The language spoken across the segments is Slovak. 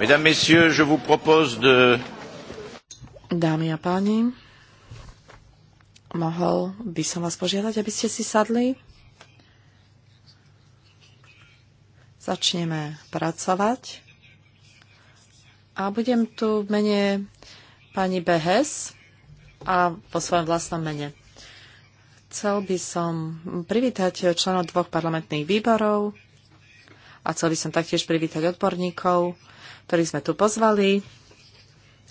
Mesdames, Messieurs, je vous propose de... Dámy a páni, mohol by som vás požiadať, aby ste si sadli. Začneme pracovať. A budem tu v mene pani Behes a po svojom vlastnom mene. Chcel by som privítať členov dvoch parlamentných výborov a chcel by som taktiež privítať odborníkov, ktorých sme tu pozvali,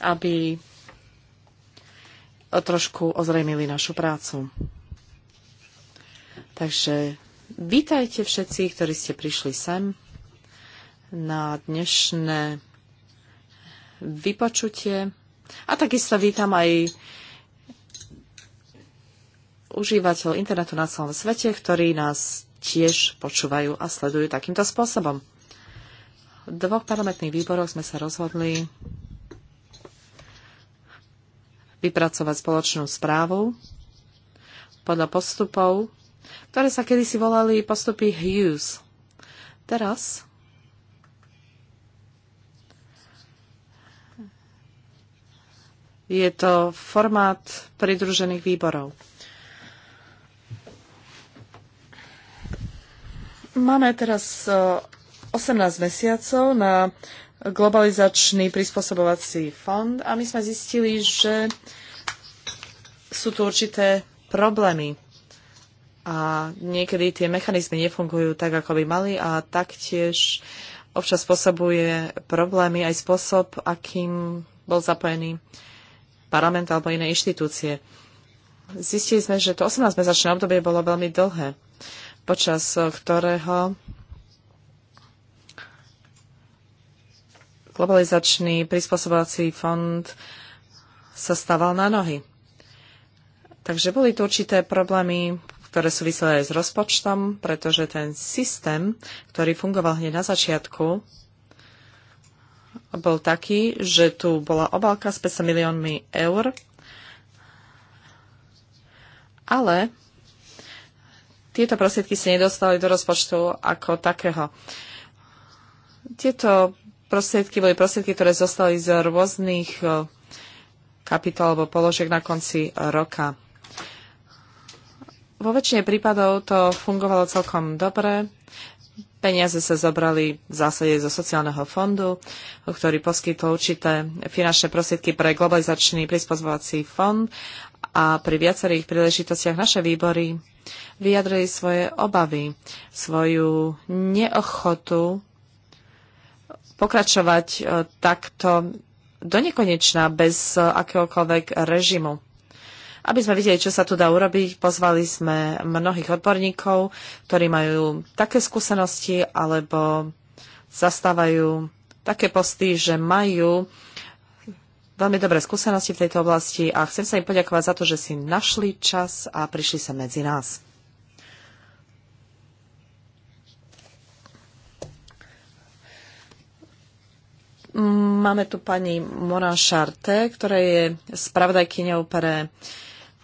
aby trošku ozrejmili našu prácu. Takže vítajte všetci, ktorí ste prišli sem na dnešné vypočutie. A takisto vítam aj užívateľ internetu na celom svete, ktorí nás tiež počúvajú a sledujú takýmto spôsobom dvoch parlamentných výboroch sme sa rozhodli vypracovať spoločnú správu podľa postupov, ktoré sa kedysi volali postupy Hughes. Teraz je to formát pridružených výborov. Máme teraz eh, 18 mesiacov na globalizačný prispôsobovací fond a my sme zistili, že sú tu určité problémy a niekedy tie mechanizmy nefungujú tak, ako by mali a taktiež občas spôsobuje problémy aj spôsob, akým bol zapojený parlament alebo iné inštitúcie. Zistili sme, že to 18-mesačné obdobie bolo veľmi dlhé, počas ktorého globalizačný prispôsobovací fond sa stával na nohy. Takže boli tu určité problémy, ktoré súviseli aj s rozpočtom, pretože ten systém, ktorý fungoval hneď na začiatku, bol taký, že tu bola obálka s 500 miliónmi eur, ale tieto prostriedky sa nedostali do rozpočtu ako takého. Tieto prostriedky boli prostriedky, ktoré zostali z rôznych e, kapitol alebo položiek na konci roka. Vo väčšine prípadov to fungovalo celkom dobre. Peniaze sa zobrali v zásade zo sociálneho fondu, ktorý poskytol určité finančné prostriedky pre globalizačný prispozovací fond a pri viacerých príležitostiach naše výbory vyjadrili svoje obavy, svoju neochotu pokračovať e, takto do nekonečna bez e, akéhokoľvek režimu. Aby sme videli, čo sa tu dá urobiť, pozvali sme mnohých odborníkov, ktorí majú také skúsenosti alebo zastávajú také posty, že majú veľmi dobré skúsenosti v tejto oblasti a chcem sa im poďakovať za to, že si našli čas a prišli sa medzi nás. Máme tu pani Moran Šarte, ktorá je spravodajkyňou pre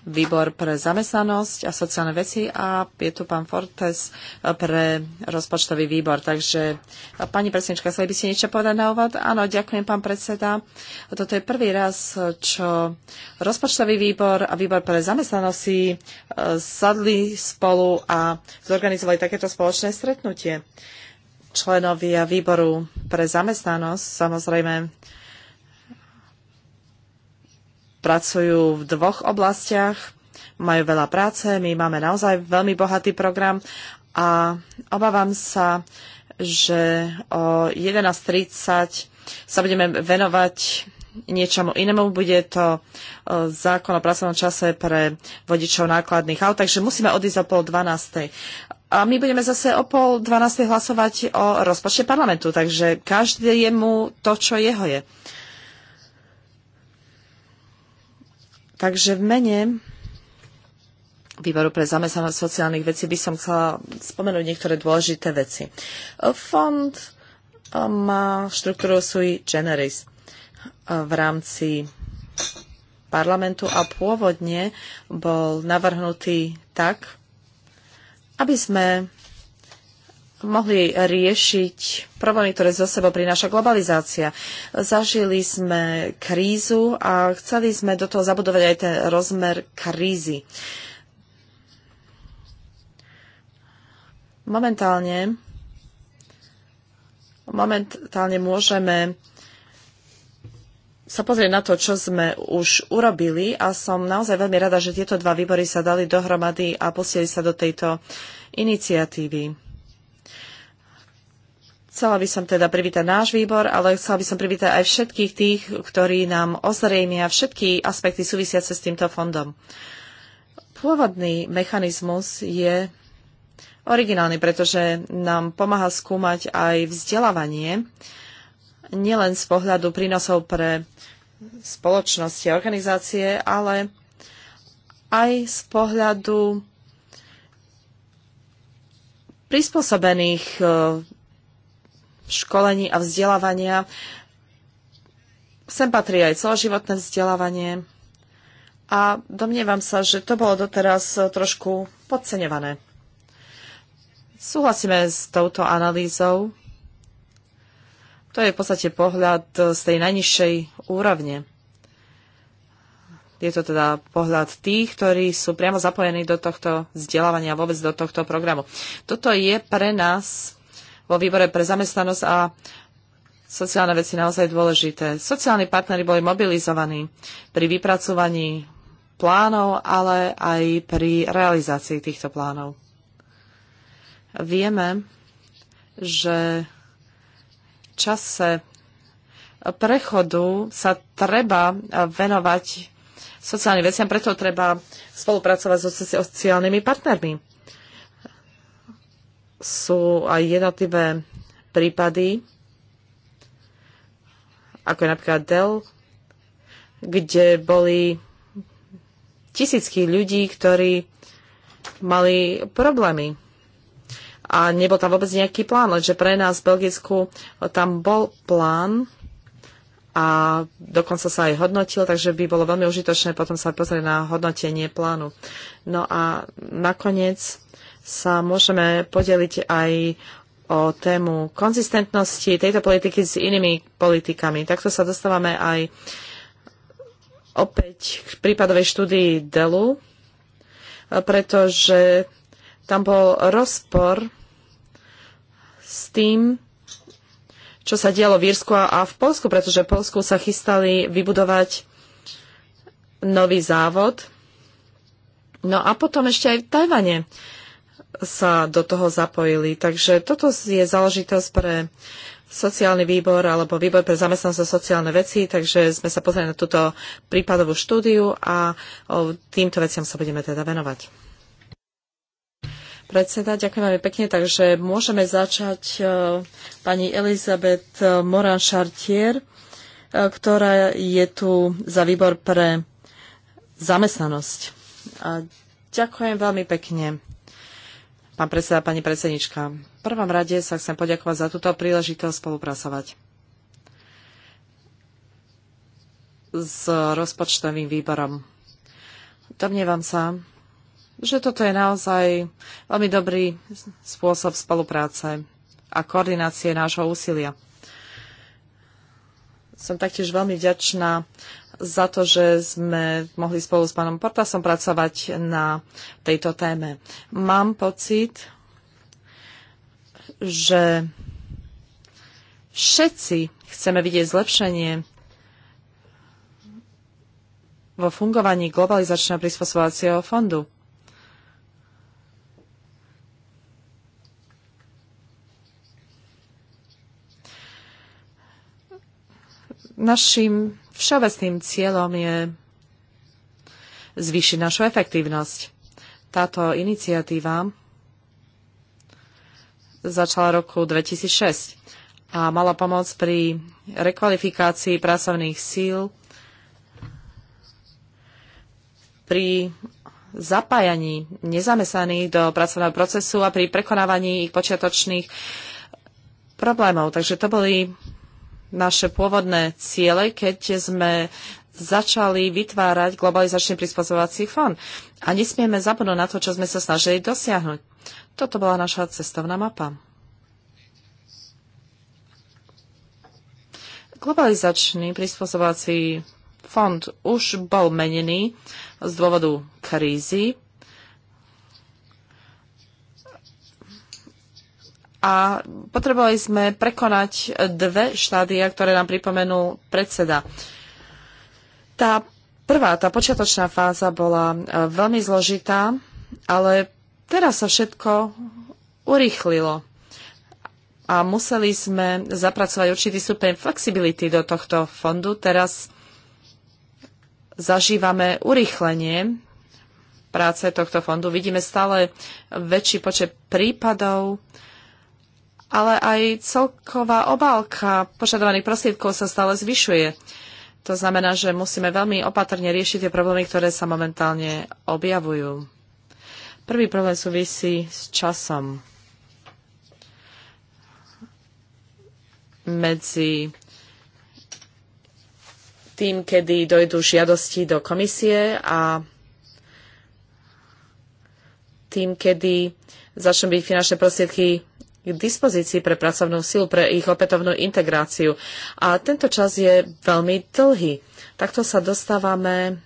výbor pre zamestnanosť a sociálne veci a je tu pán Fortes pre rozpočtový výbor. Takže, pani predsednička, chceli by ste niečo povedať na úvod? Áno, ďakujem, pán predseda. Toto je prvý raz, čo rozpočtový výbor a výbor pre zamestnanosti e, sadli spolu a zorganizovali takéto spoločné stretnutie členovia výboru pre zamestnanosť samozrejme pracujú v dvoch oblastiach, majú veľa práce, my máme naozaj veľmi bohatý program a obávam sa, že o 11.30 sa budeme venovať niečomu inému. Bude to e, zákon o pracovnom čase pre vodičov nákladných aut, takže musíme odísť o pol dvanástej. A my budeme zase o pol dvanástej hlasovať o rozpočte parlamentu, takže každému to, čo jeho je. Takže v mene Výboru pre zamestnanosť sociálnych vecí by som chcela spomenúť niektoré dôležité veci. Fond eh, má štruktúru sui generis eh, v rámci parlamentu a pôvodne bol navrhnutý tak, aby sme mohli riešiť problémy, ktoré za sebou prináša globalizácia. Zažili sme krízu a chceli sme do toho zabudovať aj ten rozmer krízy. Momentálne, momentálne môžeme sa pozrieť na to, čo sme už urobili a som naozaj veľmi rada, že tieto dva výbory sa dali dohromady a posieli sa do tejto iniciatívy. Chcela by som teda privítať náš výbor, ale chcela by som privítať aj všetkých tých, ktorí nám ozrejmia všetky aspekty súvisiace s týmto fondom. Pôvodný mechanizmus je originálny, pretože nám pomáha skúmať aj vzdelávanie, nielen z pohľadu prínosov pre spoločnosti a organizácie, ale aj z pohľadu prispôsobených e, školení a vzdelávania. Sem patrí aj celoživotné vzdelávanie a domnievam sa, že to bolo doteraz e, trošku podceňované. Súhlasíme s touto analýzou to je v podstate pohľad e, z tej najnižšej úrovne. Je to teda pohľad tých, ktorí sú priamo zapojení do tohto vzdelávania vôbec do tohto programu. Toto je pre nás vo výbore pre zamestnanosť a sociálne veci naozaj dôležité. Sociálni partnery boli mobilizovaní pri vypracovaní plánov, ale aj pri realizácii týchto plánov. Vieme, že čase prechodu sa treba venovať sociálnym veciam, preto treba spolupracovať so sociálnymi partnermi. Sú aj jednotlivé prípady, ako je napríklad Dell, kde boli tisícky ľudí, ktorí mali problémy a nebol tam vôbec nejaký plán, lenže pre nás v Belgicku tam bol plán a dokonca sa aj hodnotil, takže by bolo veľmi užitočné potom sa pozrieť na hodnotenie plánu. No a nakoniec sa môžeme podeliť aj o tému konzistentnosti tejto politiky s inými politikami. Takto sa dostávame aj opäť k prípadovej štúdii DELu, pretože tam bol rozpor s tým, čo sa dialo v Írsku a v Polsku, pretože v Polsku sa chystali vybudovať nový závod. No a potom ešte aj v Tajvane sa do toho zapojili. Takže toto je záležitosť pre sociálny výbor alebo výbor pre zamestnanosť a sociálne veci, takže sme sa pozreli na túto prípadovú štúdiu a týmto veciam sa budeme teda venovať predseda. Ďakujem veľmi pekne, takže môžeme začať e, pani Elizabeth e, Moran Chartier, e, ktorá je tu za výbor pre zamestnanosť. A ďakujem veľmi pekne. Pán predseda, pani predsednička, v prvom rade sa chcem poďakovať za túto príležitosť spolupracovať s rozpočtovým výborom. Domnievam sa, že toto je naozaj veľmi dobrý spôsob spolupráce a koordinácie nášho úsilia. Som taktiež veľmi vďačná za to, že sme mohli spolu s pánom Portasom pracovať na tejto téme. Mám pocit, že všetci chceme vidieť zlepšenie vo fungovaní globalizačného prispôsobovacieho fondu. Našim všeobecným cieľom je zvýšiť našu efektívnosť. Táto iniciatíva začala roku 2006 a mala pomôcť pri rekvalifikácii pracovných síl, pri zapájaní nezamestnaných do pracovného procesu a pri prekonávaní ich počiatočných problémov. Takže to boli naše pôvodné ciele, keď sme začali vytvárať globalizačný prispôsobovací fond. A nesmieme zabudnúť na to, čo sme sa snažili dosiahnuť. Toto bola naša cestovná mapa. Globalizačný prispôsobovací fond už bol menený z dôvodu krízy a potrebovali sme prekonať dve štádia, ktoré nám pripomenul predseda. Tá prvá, tá počiatočná fáza bola e, veľmi zložitá, ale teraz sa všetko urýchlilo a museli sme zapracovať určitý stupeň flexibility do tohto fondu. Teraz zažívame urýchlenie práce tohto fondu. Vidíme stále väčší počet prípadov, ale aj celková obálka požadovaných prostriedkov sa stále zvyšuje. To znamená, že musíme veľmi opatrne riešiť tie problémy, ktoré sa momentálne objavujú. Prvý problém súvisí s časom. Medzi tým, kedy dojdú žiadosti do komisie a tým, kedy začnú byť finančné prostriedky k dispozícii pre pracovnú silu, pre ich opätovnú integráciu. A tento čas je veľmi dlhý. Takto sa dostávame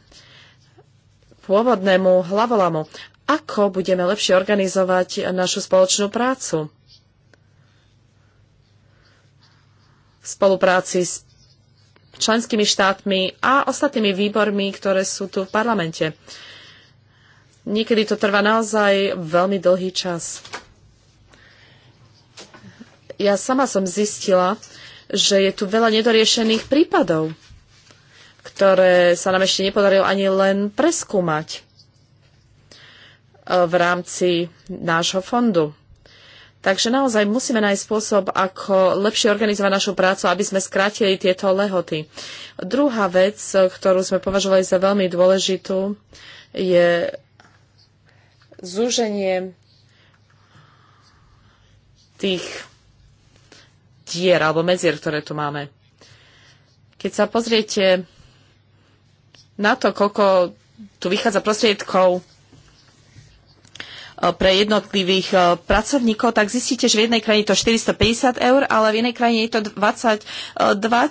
pôvodnému hlavolamu. Ako budeme lepšie organizovať našu spoločnú prácu? V spolupráci s členskými štátmi a ostatnými výbormi, ktoré sú tu v parlamente. Niekedy to trvá naozaj veľmi dlhý čas ja sama som zistila, že je tu veľa nedoriešených prípadov, ktoré sa nám ešte nepodarilo ani len preskúmať e, v rámci nášho fondu. Takže naozaj musíme nájsť spôsob, ako lepšie organizovať našu prácu, aby sme skrátili tieto lehoty. Druhá vec, ktorú sme považovali za veľmi dôležitú, je zúženie tých dier alebo medzier, ktoré tu máme. Keď sa pozriete na to, koľko tu vychádza prostriedkov e, pre jednotlivých e, pracovníkov, tak zistíte, že v jednej krajine je to 450 eur, ale v inej krajine je to 22 e,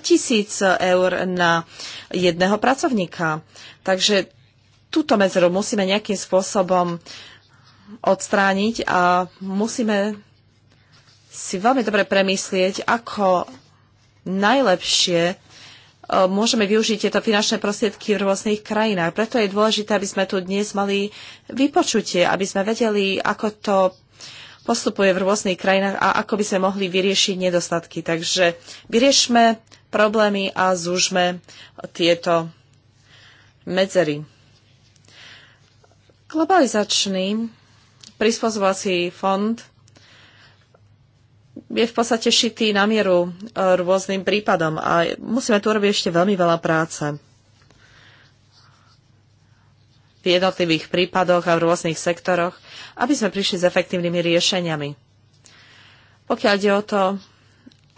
tisíc eur na jedného pracovníka. Takže túto medzeru musíme nejakým spôsobom odstrániť a musíme si veľmi dobre premyslieť, ako najlepšie e, môžeme využiť tieto finančné prostriedky v rôznych krajinách. Preto je dôležité, aby sme tu dnes mali vypočutie, aby sme vedeli, ako to postupuje v rôznych krajinách a ako by sme mohli vyriešiť nedostatky. Takže vyriešme problémy a zúžme tieto medzery. Globalizačný prispôsobací fond je v podstate šitý na mieru e, rôznym prípadom a musíme tu robiť ešte veľmi veľa práce. V jednotlivých prípadoch a v rôznych sektoroch, aby sme prišli s efektívnymi riešeniami. Pokiaľ ide o to,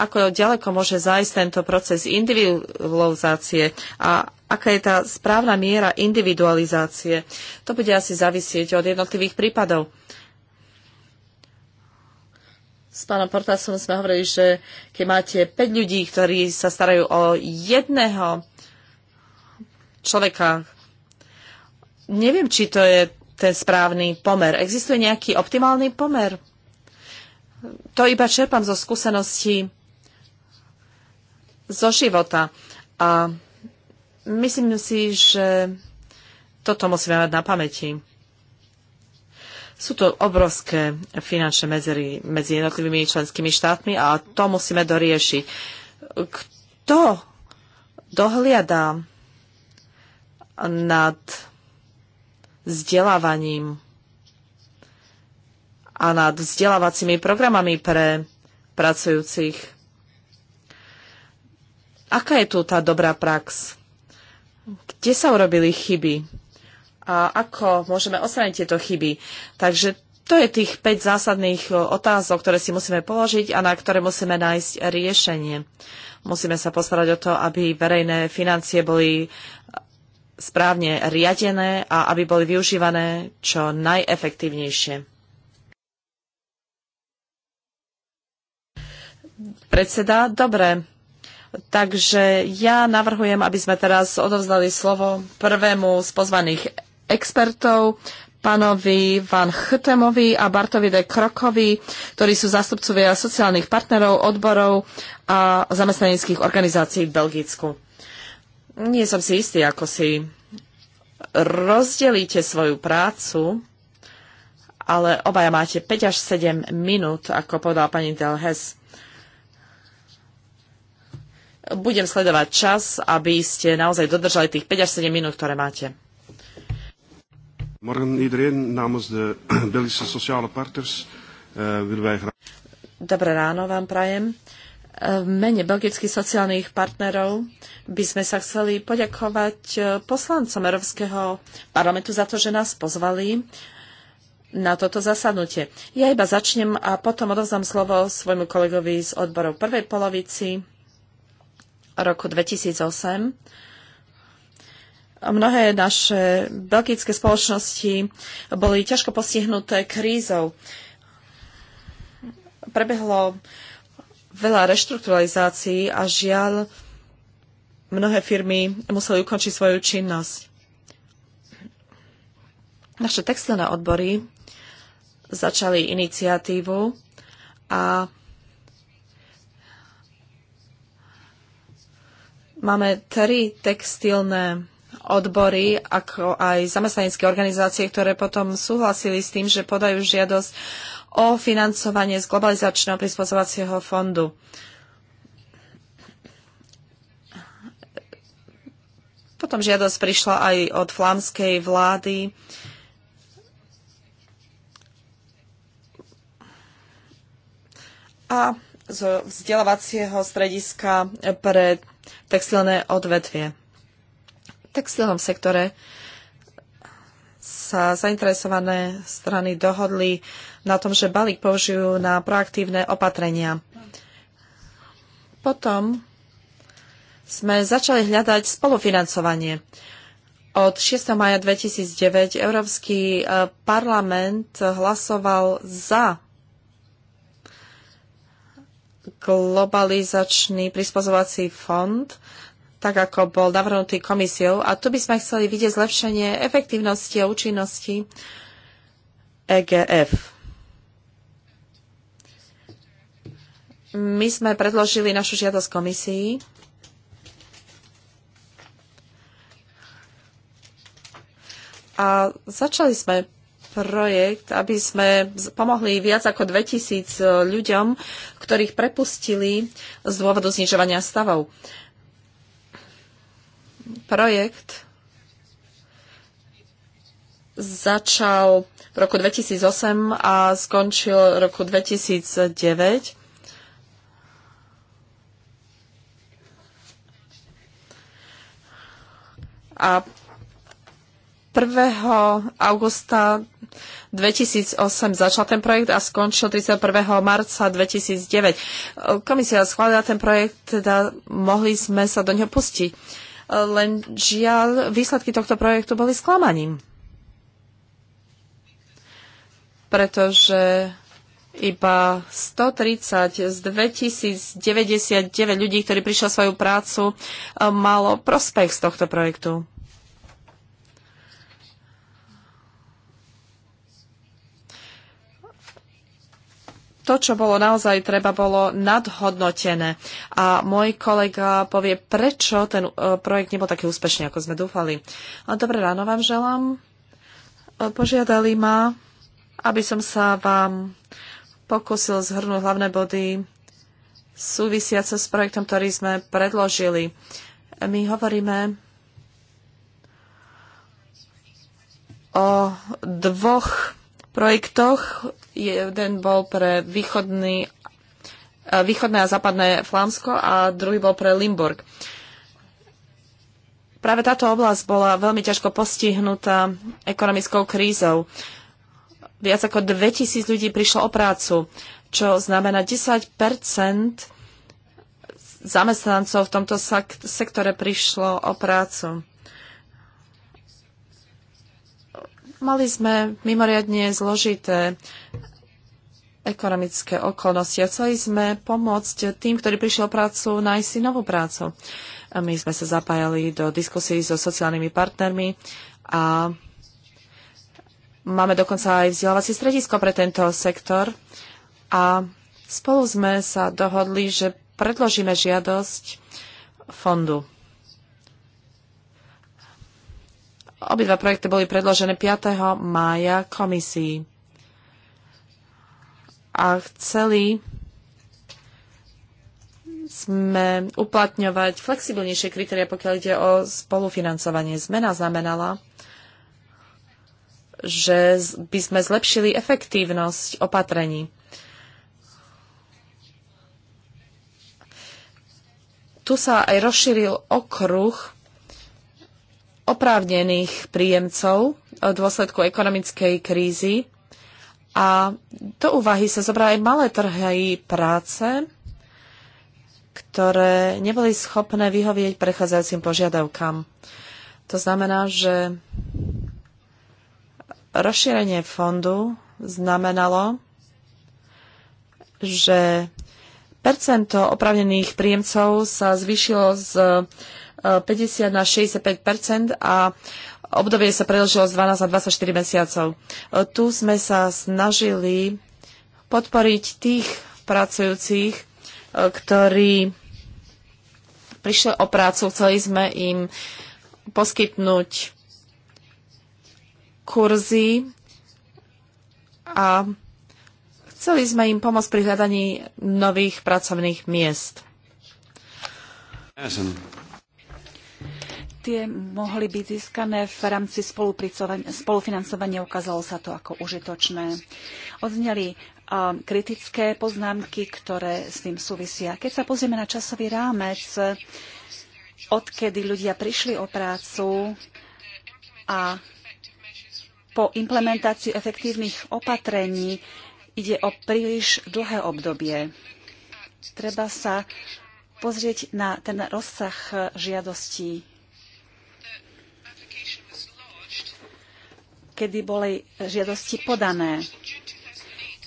ako ďaleko môže zájsť tento proces individualizácie a aká je tá správna miera individualizácie, to bude asi zavisieť od jednotlivých prípadov s pánom Portasom sme hovorili, že keď máte 5 ľudí, ktorí sa starajú o jedného človeka, neviem, či to je ten správny pomer. Existuje nejaký optimálny pomer? To iba čerpám zo skúseností zo života. A myslím si, že toto musíme mať na pamäti. Sú to obrovské finančné medzery medzi jednotlivými členskými štátmi a to musíme doriešiť. Kto dohliada nad vzdelávaním a nad vzdelávacími programami pre pracujúcich? Aká je tu tá dobrá prax? Kde sa urobili chyby? a ako môžeme odstrániť tieto chyby. Takže to je tých 5 zásadných e, otázok, ktoré si musíme položiť a na ktoré musíme nájsť riešenie. Musíme sa postarať o to, aby verejné financie boli e, správne riadené a aby boli využívané čo najefektívnejšie. Predseda, dobre. Takže ja navrhujem, aby sme teraz odovzdali slovo prvému z pozvaných expertov, pánovi Van Chtemovi a Bartovi de Krokovi, ktorí sú zástupcovia sociálnych partnerov, odborov a zamestnaneckých organizácií v Belgicku. Nie som si istý, ako si rozdelíte svoju prácu, ale obaja máte 5 až 7 minút, ako povedal pani Delhes. Budem sledovať čas, aby ste naozaj dodržali tých 5 až 7 minút, ktoré máte. Morgen iedereen, namens de Belgische sociale partners uh, willen wij graag... Dobré ráno vám prajem. Eh, v mene belgických sociálnych partnerov by sme sa chceli poďakovať eh, poslancom Európskeho parlamentu za to, že nás pozvali na toto zasadnutie. Ja iba začnem a potom odovzdám slovo svojmu kolegovi z odborov prvej polovici roku 2008 Mnohé naše belgické spoločnosti boli ťažko postihnuté krízou. Prebehlo veľa reštrukturalizácií a žiaľ mnohé firmy museli ukončiť svoju činnosť. Naše textilné odbory začali iniciatívu a máme tri textilné odbory, ako aj zamestnanecké organizácie, ktoré potom súhlasili s tým, že podajú žiadosť o financovanie z globalizačného prispôsobacieho fondu. Potom žiadosť prišla aj od flámskej vlády. A z vzdelávacieho strediska pre textilné odvetvie textilnom sektore sa zainteresované strany dohodli na tom, že balík použijú na proaktívne opatrenia. Potom sme začali hľadať spolufinancovanie. Od 6. maja 2009 Európsky e, parlament hlasoval za globalizačný prispôsobací fond tak ako bol navrhnutý komisiou. A tu by sme chceli vidieť zlepšenie efektívnosti a účinnosti EGF. My sme predložili našu žiadosť komisii. A začali sme projekt, aby sme pomohli viac ako 2000 e, ľuďom, ktorých prepustili z dôvodu znižovania stavov. Projekt začal v roku 2008 a skončil v roku 2009. A 1. augusta 2008 začal ten projekt a skončil 31. marca 2009. Komisia schválila ten projekt, teda mohli sme sa do neho pustiť len žiaľ, výsledky tohto projektu boli sklamaním. Pretože iba 130 z 2099 ľudí, ktorí prišli svoju prácu, e, malo prospech z tohto projektu. to, čo bolo naozaj treba, bolo nadhodnotené. A môj kolega povie, prečo ten e, projekt nebol taký úspešný, ako sme dúfali. Dobré ráno vám želám. E, požiadali ma, aby som sa vám pokusil zhrnúť hlavné body súvisiace s projektom, ktorý sme predložili. My hovoríme o dvoch projektoch. Jeden bol pre východný, e, východné a západné Flámsko a druhý bol pre Limburg. Práve táto oblasť bola veľmi ťažko postihnutá ekonomickou krízou. Viac ako 2000 ľudí prišlo o prácu, čo znamená 10 zamestnancov v tomto sektore prišlo o prácu. Mali sme mimoriadne zložité ekonomické okolnosti a chceli sme pomôcť tým, ktorí prišli o prácu, nájsť si novú prácu. My sme sa zapájali do diskusí so sociálnymi partnermi a máme dokonca aj vzdelávacie stredisko pre tento sektor a spolu sme sa dohodli, že predložíme žiadosť fondu. Obidva projekty boli predložené 5. mája komisii a chceli sme uplatňovať flexibilnejšie kritéria, pokiaľ ide o spolufinancovanie. Zmena znamenala, že by sme zlepšili efektívnosť opatrení. Tu sa aj rozšíril okruh oprávnených príjemcov v dôsledku ekonomickej krízy. A do úvahy sa zobrali aj malé trhy práce, ktoré neboli schopné vyhovieť prechádzajúcim požiadavkám. To znamená, že rozšírenie fondu znamenalo, že percento opravnených príjemcov sa zvýšilo z 50 na 65 a obdobie sa predlžilo z 12 na 24 mesiacov. E, tu sme sa snažili podporiť tých pracujúcich, e, ktorí prišli o prácu, chceli sme im poskytnúť kurzy a chceli sme im pomôcť pri hľadaní nových pracovných miest tie mohli byť získané v rámci spolufinancovania. Ukázalo sa to ako užitočné. Odzneli kritické poznámky, ktoré s tým súvisia. Keď sa pozrieme na časový rámec, odkedy ľudia prišli o prácu a po implementácii efektívnych opatrení ide o príliš dlhé obdobie. Treba sa pozrieť na ten rozsah žiadostí kedy boli žiadosti podané.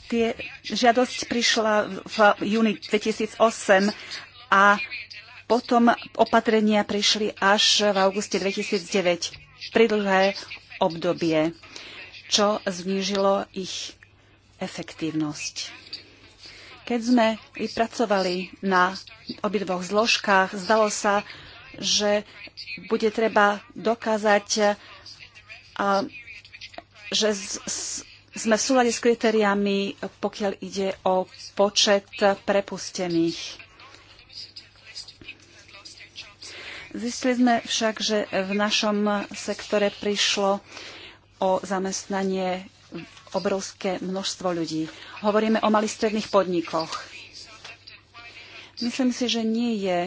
Tie, žiadosť prišla v júni 2008 a potom opatrenia prišli až v auguste 2009, pridlhé obdobie, čo znížilo ich efektívnosť. Keď sme vypracovali na obidvoch zložkách, zdalo sa, že bude treba dokázať že z, z, sme v súlade s kritériami, pokiaľ ide o počet prepustených. Zistili sme však, že v našom sektore prišlo o zamestnanie obrovské množstvo ľudí. Hovoríme o malých stredných podnikoch. Myslím si, že nie je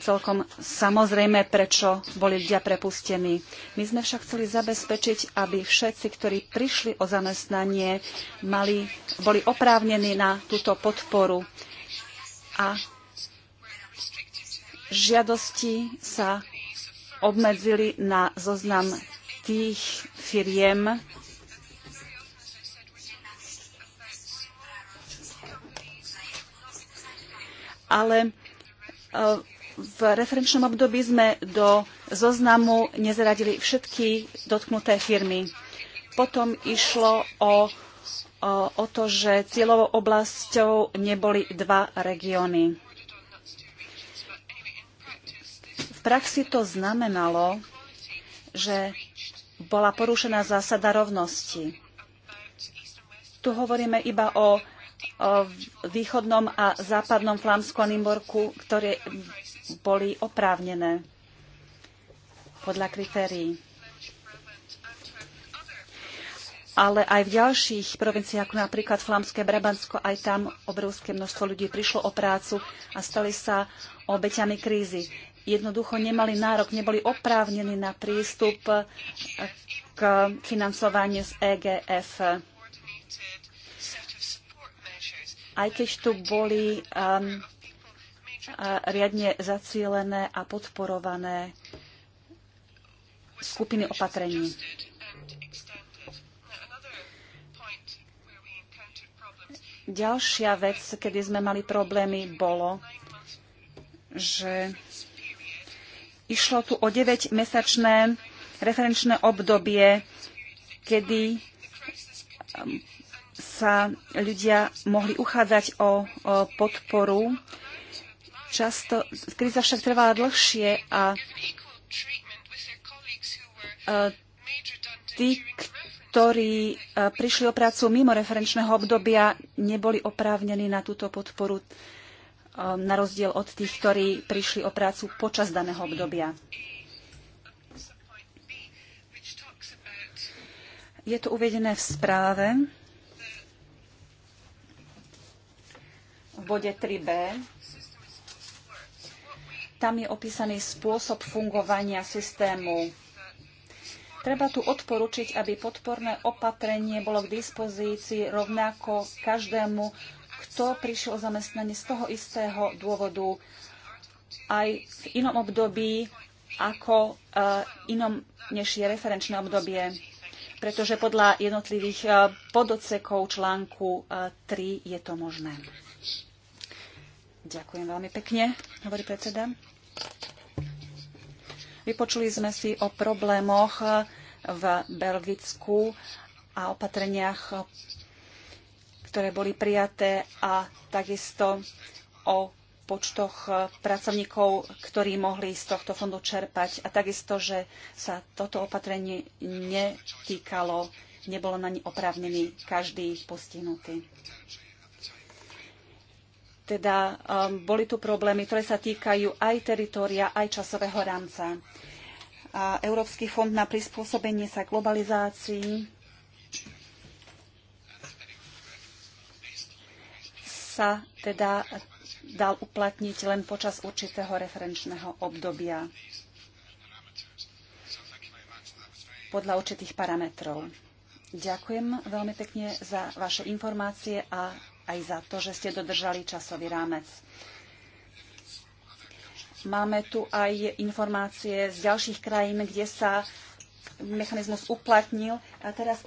celkom samozrejme, prečo boli ľudia prepustení. My sme však chceli zabezpečiť, aby všetci, ktorí prišli o zamestnanie, mali, boli oprávnení na túto podporu. A žiadosti sa obmedzili na zoznam tých firiem, ale e, v referenčnom období sme do zoznamu nezaradili všetky dotknuté firmy. Potom išlo o, o, o to, že cieľovou oblasťou neboli dva regióny. V praxi to znamenalo, že bola porušená zásada rovnosti. Tu hovoríme iba o, o východnom a západnom Flámsku a Nimborku, ktoré boli oprávnené podľa kritérií. Ale aj v ďalších provinciách, ako napríklad Flámske Brabansko, aj tam obrovské množstvo ľudí prišlo o prácu a stali sa obeťami krízy. Jednoducho nemali nárok, neboli oprávnení na prístup k financovaniu z EGF aj keď tu boli um, riadne zacielené a podporované skupiny opatrení. Ďalšia vec, kedy sme mali problémy, bolo, že išlo tu o 9-mesačné referenčné obdobie, kedy um, sa ľudia mohli uchádzať o, podporu Často kríza však trvala dlhšie a e, tí, ktorí e, prišli o prácu mimo referenčného obdobia, neboli oprávnení na túto podporu e, na rozdiel od tých, ktorí prišli o prácu počas daného obdobia. Je to uvedené v správe v bode 3b tam je opísaný spôsob fungovania systému. Treba tu odporučiť, aby podporné opatrenie bolo k dispozícii rovnako každému, kto prišiel o zamestnanie z toho istého dôvodu aj v inom období ako uh, inom než je referenčné obdobie, pretože podľa jednotlivých uh, článku uh, eh, 3 je to možné. Ďakujem veľmi pekne, hovorí predseda. Vypočuli sme si o problémoch v Belgicku a opatreniach, ktoré boli prijaté a takisto o počtoch pracovníkov, ktorí mohli z tohto fondu čerpať a takisto, že sa toto opatrenie netýkalo, nebolo na ni oprávnený každý postihnutý. Teda um, boli tu problémy, ktoré sa týkajú aj teritoria, aj časového rámca. A Európsky fond na prispôsobenie sa globalizácii sa teda dal uplatniť len počas určitého referenčného obdobia podľa určitých parametrov. Ďakujem veľmi pekne za vaše informácie a aj za to, že ste dodržali časový rámec. Máme tu aj informácie z ďalších krajín, kde sa mechanizmus uplatnil. A teraz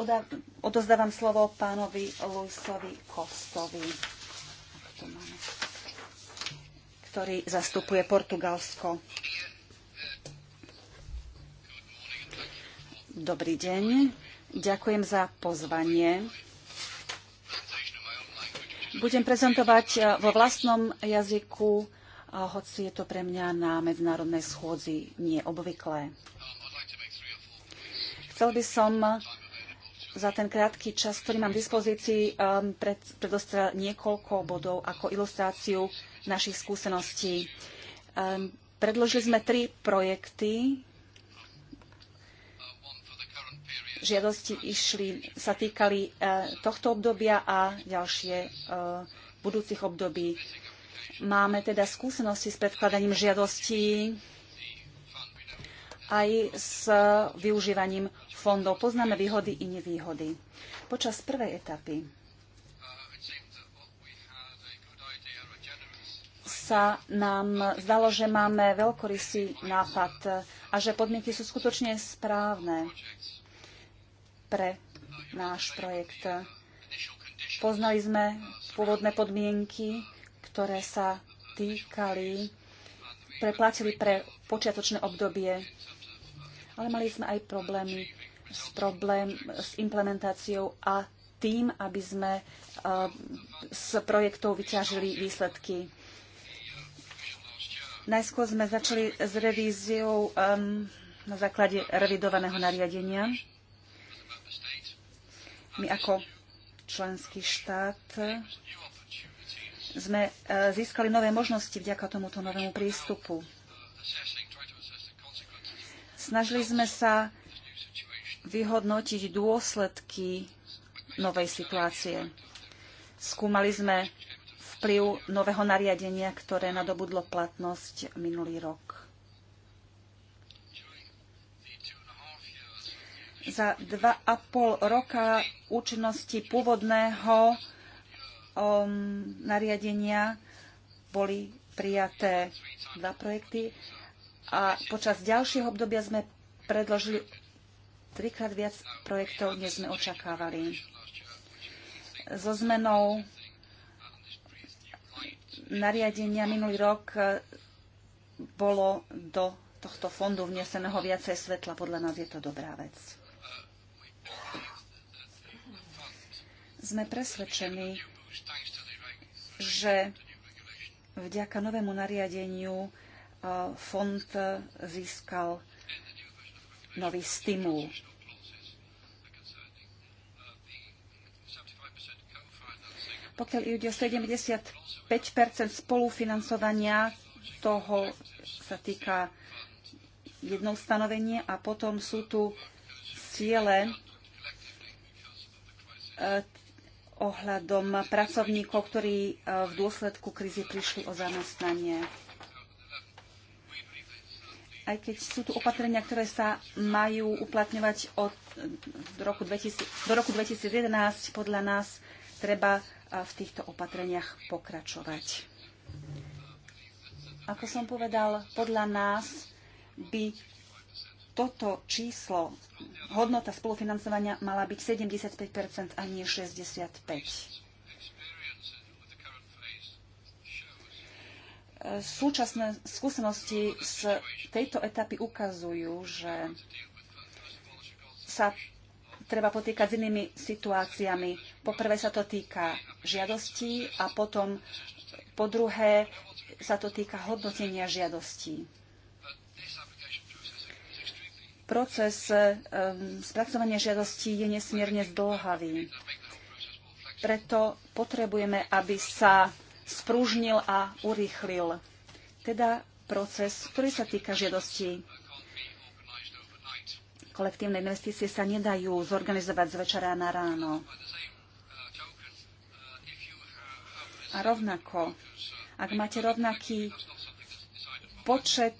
odozdávam slovo pánovi Luisovi Kostovi, ktorý zastupuje Portugalsko. Dobrý deň. Ďakujem za pozvanie budem prezentovať e, vo vlastnom jazyku, e, hoci je to pre mňa na medzinárodnej schôdzi neobvyklé. Chcel by som za ten krátky čas, ktorý mám v dispozícii, e, pred, predostrel niekoľko bodov ako ilustráciu našich skúseností. Predložili sme tri projekty žiadosti išli, sa týkali e, tohto obdobia a ďalšie e, budúcich období. Máme teda skúsenosti s predkladaním žiadostí aj s využívaním fondov. Poznáme výhody i nevýhody. Počas prvej etapy sa nám zdalo, že máme veľkorysý nápad a že podmienky sú skutočne správne pre náš projekt. Poznali sme pôvodné podmienky, ktoré sa týkali, preplatili pre počiatočné obdobie, ale mali sme aj problémy s, problém, s implementáciou a tým, aby sme z e, projektov vyťažili výsledky. Najskôr sme začali s revíziou um, na základe revidovaného nariadenia my ako členský štát sme e, získali nové možnosti vďaka tomuto novému prístupu. Snažili sme sa vyhodnotiť dôsledky novej situácie. Skúmali sme vplyv nového nariadenia, ktoré nadobudlo platnosť minulý rok. za 2,5 roka účinnosti pôvodného um, nariadenia boli prijaté dva projekty a počas ďalšieho obdobia sme predložili trikrát viac projektov, než sme očakávali. So zmenou nariadenia minulý rok e, bolo do tohto fondu vneseného viacej svetla. Podľa nás je to dobrá vec. Sme presvedčení, že vďaka novému nariadeniu e, fond získal nový stimul. Pokiaľ ide o 75 spolufinancovania, toho sa týka jedno stanovenie a potom sú tu ciele e, ohľadom pracovníkov, ktorí e, v dôsledku krízy prišli o zamestnanie. Aj keď sú tu opatrenia, ktoré sa majú uplatňovať od roku e, 2000, do roku 2011, podľa nás treba e, v týchto opatreniach pokračovať. Ako som povedal, podľa nás by toto číslo, hodnota spolufinancovania mala byť 75 a nie 65 Súčasné skúsenosti z tejto etapy ukazujú, že sa treba potýkať s inými situáciami. Poprvé sa to týka žiadostí a potom po druhé sa to týka hodnotenia žiadostí. Proces eh, spracovania žiadostí je nesmierne zdlhavý. Preto potrebujeme, aby sa sprúžnil a urýchlil. Teda proces, ktorý sa týka žiadostí. Kolektívne investície sa nedajú zorganizovať z večera na ráno. A rovnako, ak máte rovnaký počet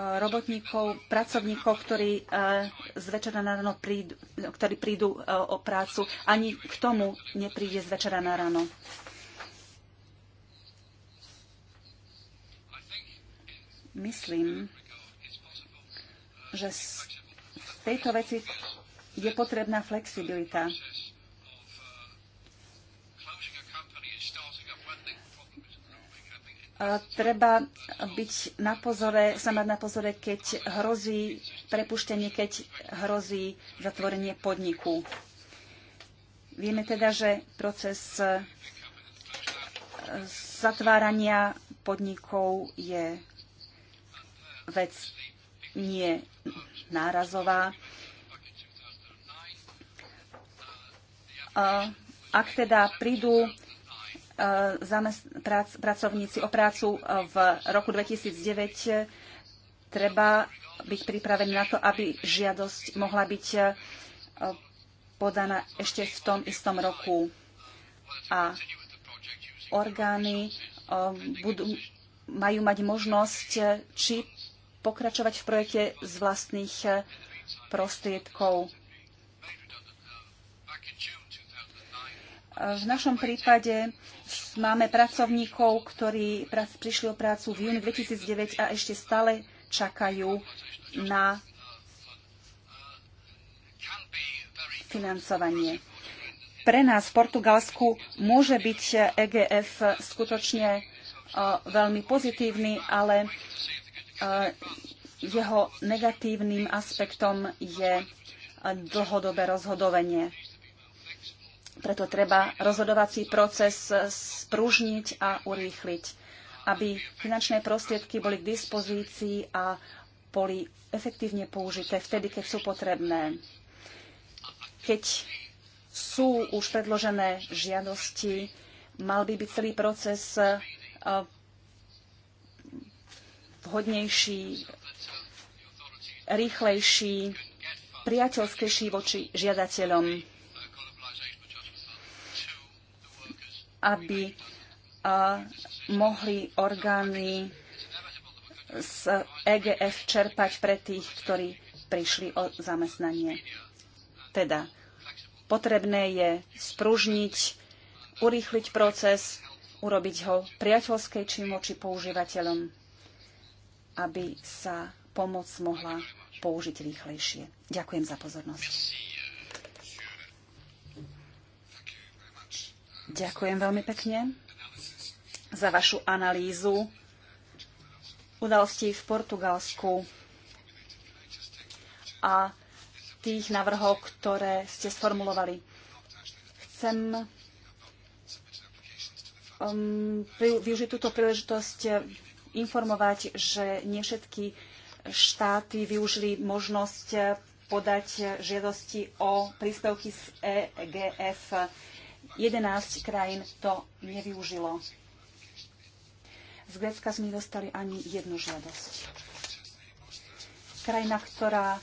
robotníkov, pracovníkov, ktorí eh, z večera na ráno prídu, ktorí prídu eh, o prácu. Ani k tomu nepríde z večera na ráno. Myslím, že v tejto veci je potrebná flexibilita treba byť na pozore, sa mať na pozore, keď hrozí prepuštenie, keď hrozí zatvorenie podniku. Vieme teda, že proces e, zatvárania podnikov je vec nie nárazová. E, ak teda prídu E, pracovníci o prácu e, v roku 2009, treba byť pripravený na to, aby žiadosť mohla byť e, podaná ešte v tom istom roku. A orgány budú, majú mať možnosť, či pokračovať v projekte z vlastných prostriedkov. V našom prípade máme pracovníkov, ktorí prišli o prácu v júni 2009 a ešte stále čakajú na financovanie. Pre nás v Portugalsku môže byť EGF skutočne e, veľmi pozitívny, ale e, jeho negatívnym aspektom je e, dlhodobé rozhodovanie preto treba rozhodovací proces spružniť a urýchliť, aby finančné prostriedky boli k dispozícii a boli efektívne použité vtedy, keď sú potrebné. Keď sú už predložené žiadosti, mal by byť celý proces e, vhodnejší, rýchlejší, priateľskejší voči žiadateľom. aby mohli orgány z EGF čerpať pre tých, ktorí prišli o zamestnanie. Teda potrebné je spružniť, urýchliť proces, urobiť ho priateľskej či používateľom, aby sa pomoc mohla použiť rýchlejšie. Ďakujem za pozornosť. Ďakujem veľmi pekne za vašu analýzu udalostí v Portugalsku a tých navrhov, ktoré ste sformulovali. Chcem um, využiť túto príležitosť eh, informovať, že nie všetky štáty využili možnosť eh, podať eh, žiadosti o príspevky z EGF 11 krajín to nevyužilo. Z Grécka sme nedostali ani jednu žiadosť. Krajina, ktorá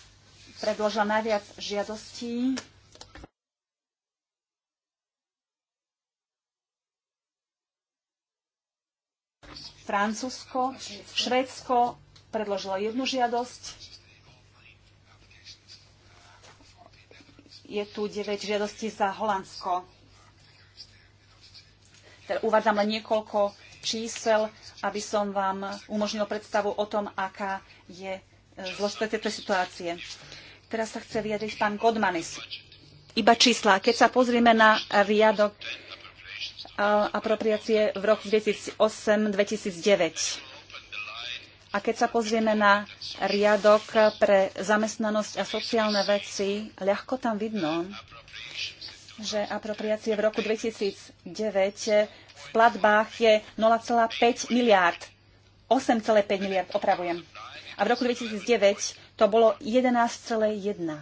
predložila najviac žiadostí, Francúzsko, Švédsko predložilo jednu žiadosť. Je tu 9 žiadostí za Holandsko. Teda uvádzam len niekoľko čísel, aby som vám umožnil predstavu o tom, aká je e, zložité tejto situácie. Teraz sa chce vyjadriť pán Godmanis. Iba čísla. Keď sa pozrieme na riadok e, apropriácie v roku 2008-2009, a keď sa pozrieme na riadok pre zamestnanosť a sociálne veci, ľahko tam vidno, že apropriácie v roku 2009 v platbách je 0,5 miliárd. 8,5 miliard opravujem. A v roku 2009 to bolo 11,1.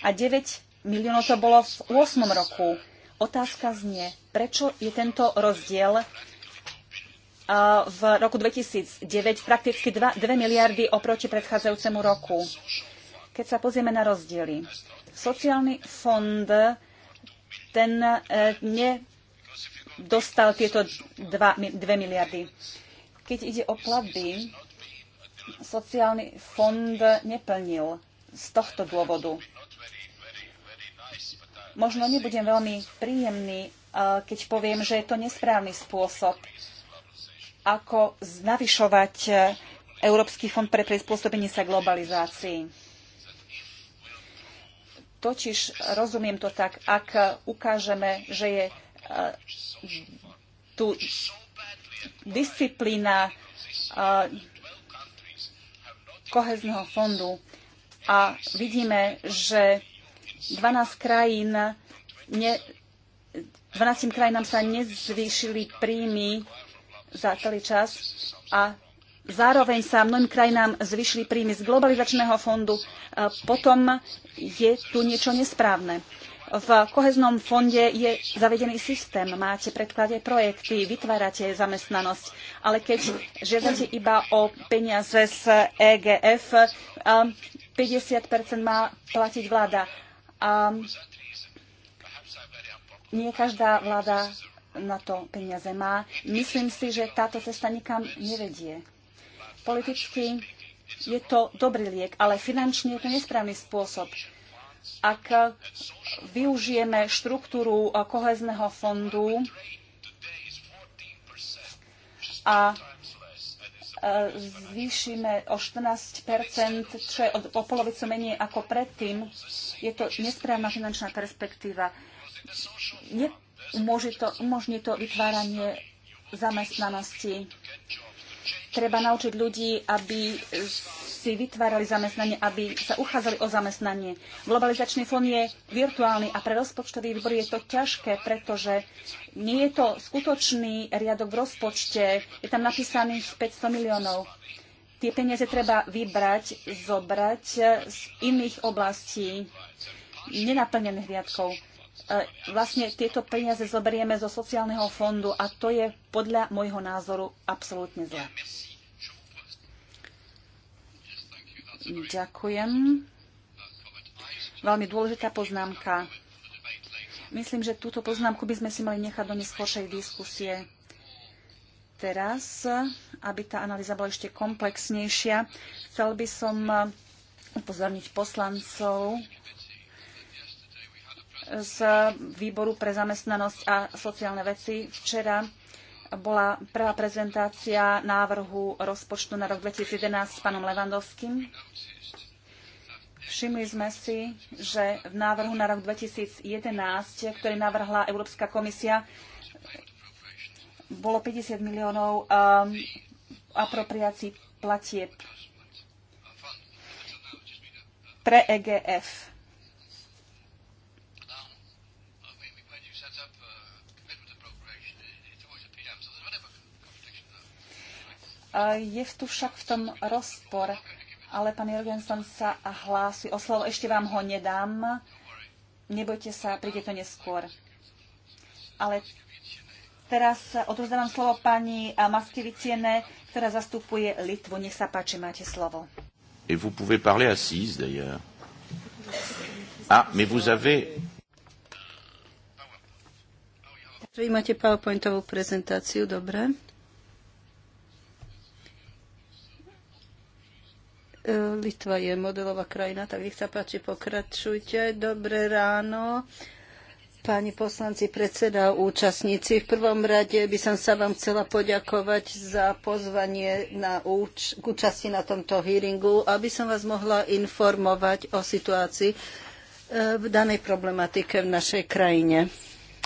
A 9 miliónov to bolo v 8 roku. Otázka znie, prečo je tento rozdiel v roku 2009 prakticky 2, 2 miliardy oproti predchádzajúcemu roku. Keď sa pozrieme na rozdiely, Sociálny fond ten e, nedostal tieto 2 miliardy. Keď ide o platby, sociálny fond neplnil z tohto dôvodu. Možno nebudem veľmi príjemný, e, keď poviem, že je to nesprávny spôsob, ako znavyšovať e, Európsky fond pre prispôsobenie sa globalizácii Totiž rozumiem to tak, ak ukážeme, že je e, tu disciplína e, kohezného fondu a vidíme, že 12 krajín ne, 12 krajinám sa nezvýšili príjmy za celý čas a Zároveň sa mnohým krajinám zvyšili príjmy z globalizačného fondu. E, potom je tu niečo nesprávne. V koheznom fonde je zavedený systém, máte predklade projekty, vytvárate zamestnanosť, ale keď žiadate iba o peniaze z EGF, 50% e, má platiť vláda. A nie každá vláda na to peniaze má. Myslím si, že táto cesta nikam nevedie. Politicky je to dobrý liek, ale finančne je to nesprávny spôsob. Ak využijeme štruktúru kohezného fondu a e, zvýšime o 14 čo je o polovicu menej ako predtým, je to nesprávna finančná perspektíva. Neumožní to, umožní to vytváranie zamestnanosti Treba naučiť ľudí, aby si vytvárali zamestnanie, aby sa uchádzali o zamestnanie. Globalizačný fond je virtuálny a pre rozpočtový výbor je to ťažké, pretože nie je to skutočný riadok v rozpočte. Je tam napísaných 500 miliónov. Tie peniaze treba vybrať, zobrať z iných oblastí nenaplnených riadkov. E, vlastne tieto peniaze zoberieme zo sociálneho fondu a to je podľa môjho názoru absolútne zle. Ďakujem. Veľmi dôležitá poznámka. Myslím, že túto poznámku by sme si mali nechať do neskôršej diskusie teraz, aby tá analýza bola ešte komplexnejšia. Chcel by som upozorniť poslancov z výboru pre zamestnanosť a sociálne veci. Včera bola prvá prezentácia návrhu rozpočtu na rok 2011 s pánom Levandovským. Všimli sme si, že v návrhu na rok 2011, ktorý navrhla Európska komisia, bolo 50 miliónov um, apropriácií platieb pre EGF. Je tu však v tom rozpor, ale pán Jorgensen sa hlási o slovo. Ešte vám ho nedám. Nebojte sa, príde to neskôr. Ale teraz odrozdávam slovo pani Maskiviciene, ktorá zastupuje Litvu. Nech sa páči, máte slovo. Et vous pouvez parler assise, d'ailleurs. Ah, mais vous avez... Vy máte PowerPointovú prezentáciu, dobre. Litva je modelová krajina, tak nech sa páči, pokračujte. Dobré ráno. Páni poslanci, predseda, účastníci, v prvom rade by som sa vám chcela poďakovať za pozvanie na úč- k účasti na tomto hearingu, aby som vás mohla informovať o situácii eh, v danej problematike v našej krajine,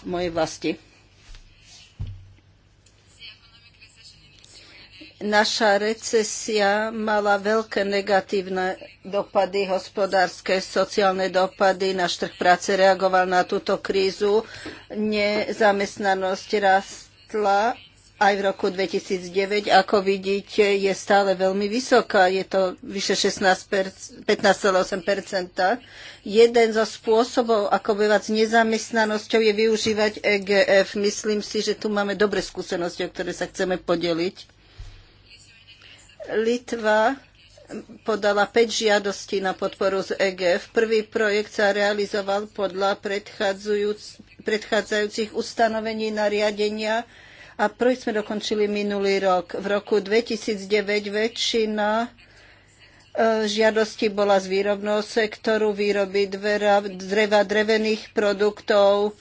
mojej vlasti. Naša recesia mala veľké negatívne dopady, hospodárske, sociálne dopady. Náš trh práce reagoval na túto krízu. Nezamestnanosť rastla aj v roku 2009. Ako vidíte, je stále veľmi vysoká. Je to vyše 15,8 Jeden zo spôsobov, ako bývať s nezamestnanosťou, je využívať EGF. Myslím si, že tu máme dobre skúsenosti, o ktoré sa chceme podeliť. Litva podala 5 žiadostí na podporu z EGF. Prvý projekt sa realizoval podľa predchádzajúcich ustanovení nariadenia a projekt sme dokončili minulý rok. V roku 2009 väčšina e, žiadostí bola z výrobného sektoru, výroby dvera, dreva, drevených produktov,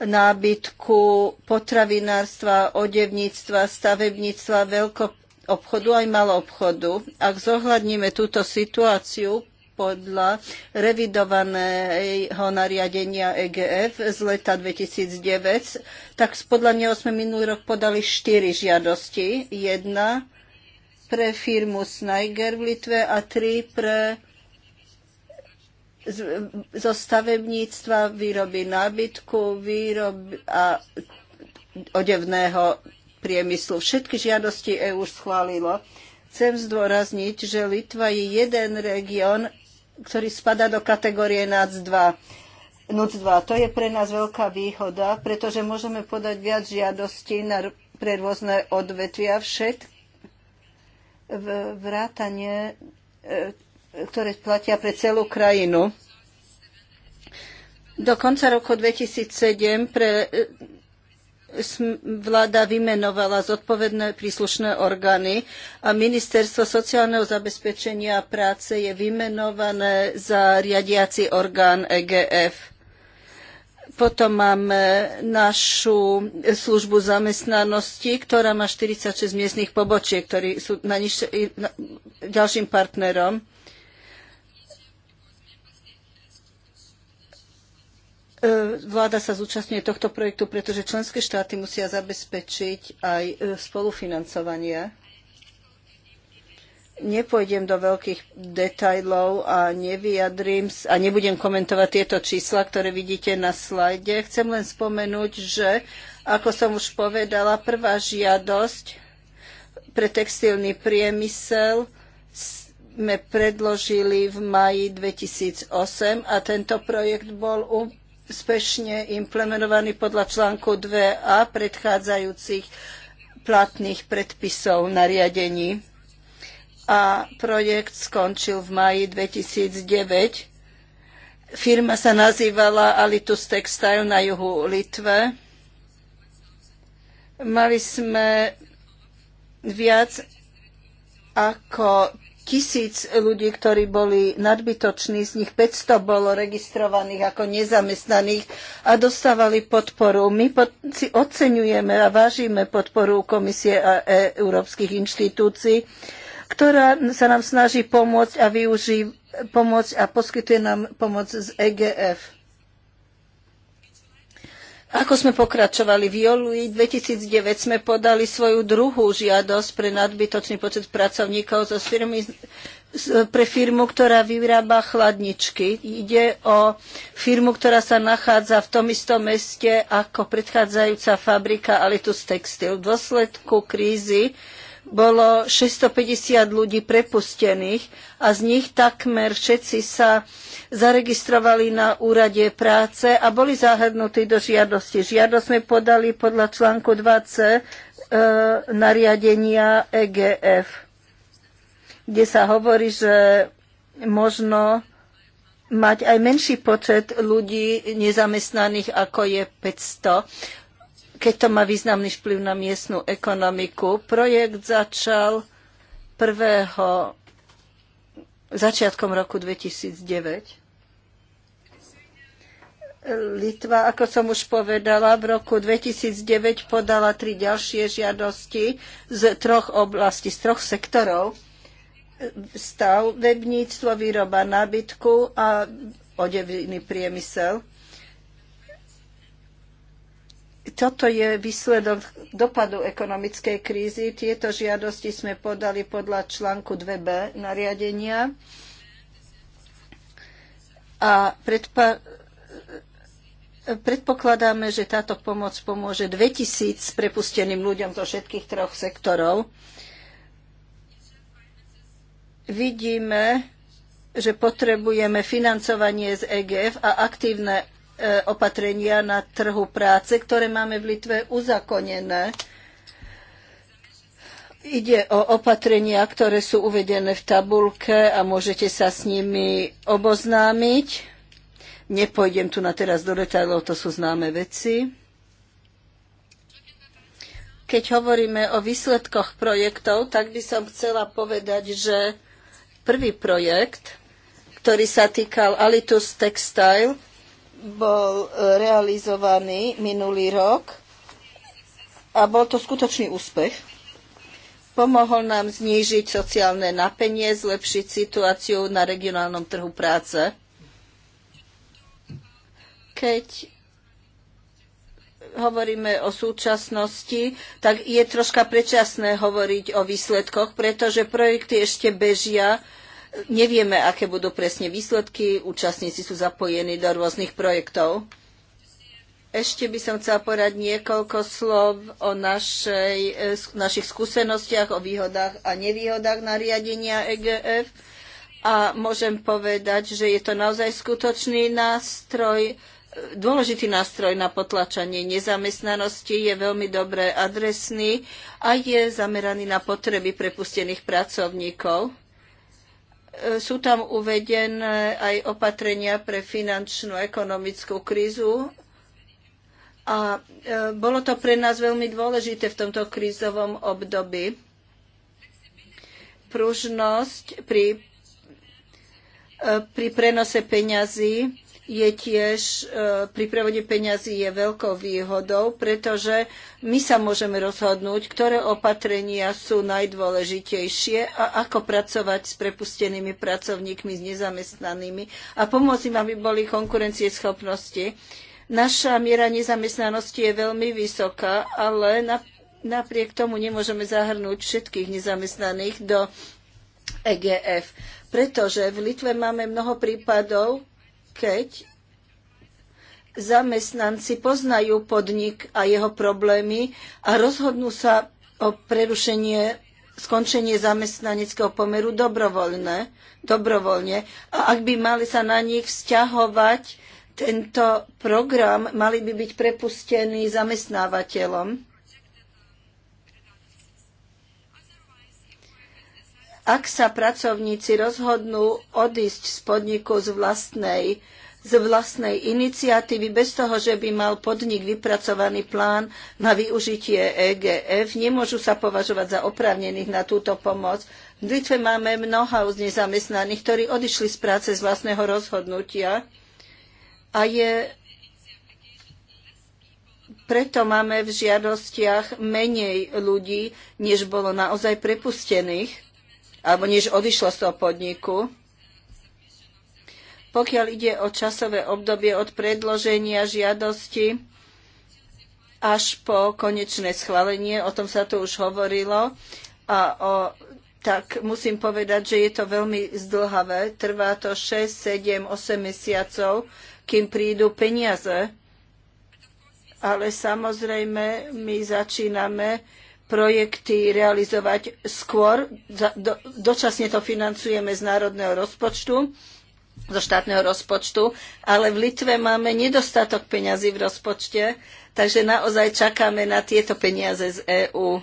nábytku, potravinárstva, odevníctva, stavebníctva, veľko, obchodu aj malou obchodu. Ak zohľadníme túto situáciu podľa revidovaného nariadenia EGF z leta 2009, tak podľa neho sme minulý rok podali štyri žiadosti. Jedna pre firmu Snyger v Litve a tri pre zo stavebníctva, výroby nábytku, výrob a odevného priemyslu. Všetky žiadosti EÚ schválilo. Chcem zdôrazniť, že Litva je jeden región, ktorý spada do kategórie NAC 2. NUC 2. To je pre nás veľká výhoda, pretože môžeme podať viac žiadostí na, pre rôzne odvetvia, všet v, vrátanie, e, ktoré platia pre celú krajinu. Do konca roku 2007 pre e, vláda vymenovala zodpovedné príslušné orgány a Ministerstvo sociálneho zabezpečenia a práce je vymenované za riadiaci orgán EGF. Potom máme našu službu zamestnanosti, ktorá má 46 miestnych pobočiek, ktorí sú na na, ďalším partnerom. E, vláda sa zúčastňuje tohto projektu, pretože členské štáty musia zabezpečiť aj e, spolufinancovanie. Nepôjdem do veľkých detajlov a nevyjadrím a nebudem komentovať tieto čísla, ktoré vidíte na slajde. Chcem len spomenúť, že, ako som už povedala, prvá žiadosť pre textilný priemysel sme predložili v maji 2008 a tento projekt bol úspešne implementovaný podľa článku 2a predchádzajúcich platných predpisov nariadení. A projekt skončil v maji 2009. Firma sa nazývala Alitus Textile na juhu Litve. Mali sme viac ako tisíc ľudí, ktorí boli nadbytoční, z nich 500 bolo registrovaných ako nezamestnaných a dostávali podporu. My pod, si oceňujeme a vážime podporu Komisie a e, európskych inštitúcií, ktorá sa nám snaží pomôcť a využiť pomôcť a poskytuje nám pomoc z EGF. Ako sme pokračovali? V júli 2009 sme podali svoju druhú žiadosť pre nadbytočný počet pracovníkov zo firmy, pre firmu, ktorá vyrába chladničky. Ide o firmu, ktorá sa nachádza v tom istom meste ako predchádzajúca fabrika Alitus Textil. V dôsledku krízy bolo 650 ľudí prepustených a z nich takmer všetci sa zaregistrovali na úrade práce a boli zahrnutí do žiadosti. Žiadosť sme podali podľa článku 20 e, nariadenia EGF, kde sa hovorí, že možno mať aj menší počet ľudí nezamestnaných, ako je 500 keď to má významný vplyv na miestnu ekonomiku. Projekt začal prvého. začiatkom roku 2009. Litva, ako som už povedala, v roku 2009 podala tri ďalšie žiadosti z troch oblastí, z troch sektorov. Stav, webníctvo, výroba nábytku a odevný priemysel toto je výsledok dopadu ekonomickej krízy. Tieto žiadosti sme podali podľa článku 2b nariadenia. A predpa- predpokladáme, že táto pomoc pomôže 2000 prepusteným ľuďom zo všetkých troch sektorov. Vidíme, že potrebujeme financovanie z EGF a aktívne E, opatrenia na trhu práce, ktoré máme v Litve uzakonené. Ide o opatrenia, ktoré sú uvedené v tabulke a môžete sa s nimi oboznámiť. Nepôjdem tu na teraz do detailov, to sú známe veci. Keď hovoríme o výsledkoch projektov, tak by som chcela povedať, že prvý projekt, ktorý sa týkal Alitus Textile, bol e, realizovaný minulý rok a bol to skutočný úspech. Pomohol nám znížiť sociálne napenie, zlepšiť situáciu na regionálnom trhu práce. Keď hovoríme o súčasnosti, tak je troška predčasné hovoriť o výsledkoch, pretože projekty ešte bežia Nevieme, aké budú presne výsledky. Účastníci sú zapojení do rôznych projektov. Ešte by som chcela porať niekoľko slov o našej, e, našich skúsenostiach, o výhodách a nevýhodách nariadenia EGF. A môžem povedať, že je to naozaj skutočný nástroj, e, dôležitý nástroj na potlačanie nezamestnanosti, je veľmi dobre adresný a je zameraný na potreby prepustených pracovníkov E, sú tam uvedené aj opatrenia pre finančnú ekonomickú krízu a e, bolo to pre nás veľmi dôležité v tomto krízovom období. Pružnosť pri, e, pri prenose peňazí je tiež e, pri prevode peňazí je veľkou výhodou, pretože my sa môžeme rozhodnúť, ktoré opatrenia sú najdôležitejšie a ako pracovať s prepustenými pracovníkmi, s nezamestnanými a pomôcť im, aby boli konkurencieschopnosti. Naša miera nezamestnanosti je veľmi vysoká, ale napriek tomu nemôžeme zahrnúť všetkých nezamestnaných do EGF, pretože v Litve máme mnoho prípadov, keď zamestnanci poznajú podnik a jeho problémy a rozhodnú sa o prerušenie, skončenie zamestnaneckého pomeru dobrovoľne, dobrovoľne. A ak by mali sa na nich vzťahovať tento program, mali by byť prepustení zamestnávateľom. Ak sa pracovníci rozhodnú odísť z podniku z vlastnej, z vlastnej iniciatívy, bez toho, že by mal podnik vypracovaný plán na využitie EGF, nemôžu sa považovať za oprávnených na túto pomoc. V Litve máme mnoha z nezamestnaných, ktorí odišli z práce z vlastného rozhodnutia a je preto máme v žiadostiach menej ľudí, než bolo naozaj prepustených alebo než odišlo z toho podniku. Pokiaľ ide o časové obdobie od predloženia žiadosti až po konečné schválenie, o tom sa tu už hovorilo, a o, tak musím povedať, že je to veľmi zdlhavé. Trvá to 6, 7, 8 mesiacov, kým prídu peniaze ale samozrejme my začíname projekty realizovať skôr. dočasne to financujeme z národného rozpočtu zo štátneho rozpočtu, ale v Litve máme nedostatok peňazí v rozpočte, takže naozaj čakáme na tieto peniaze z EÚ.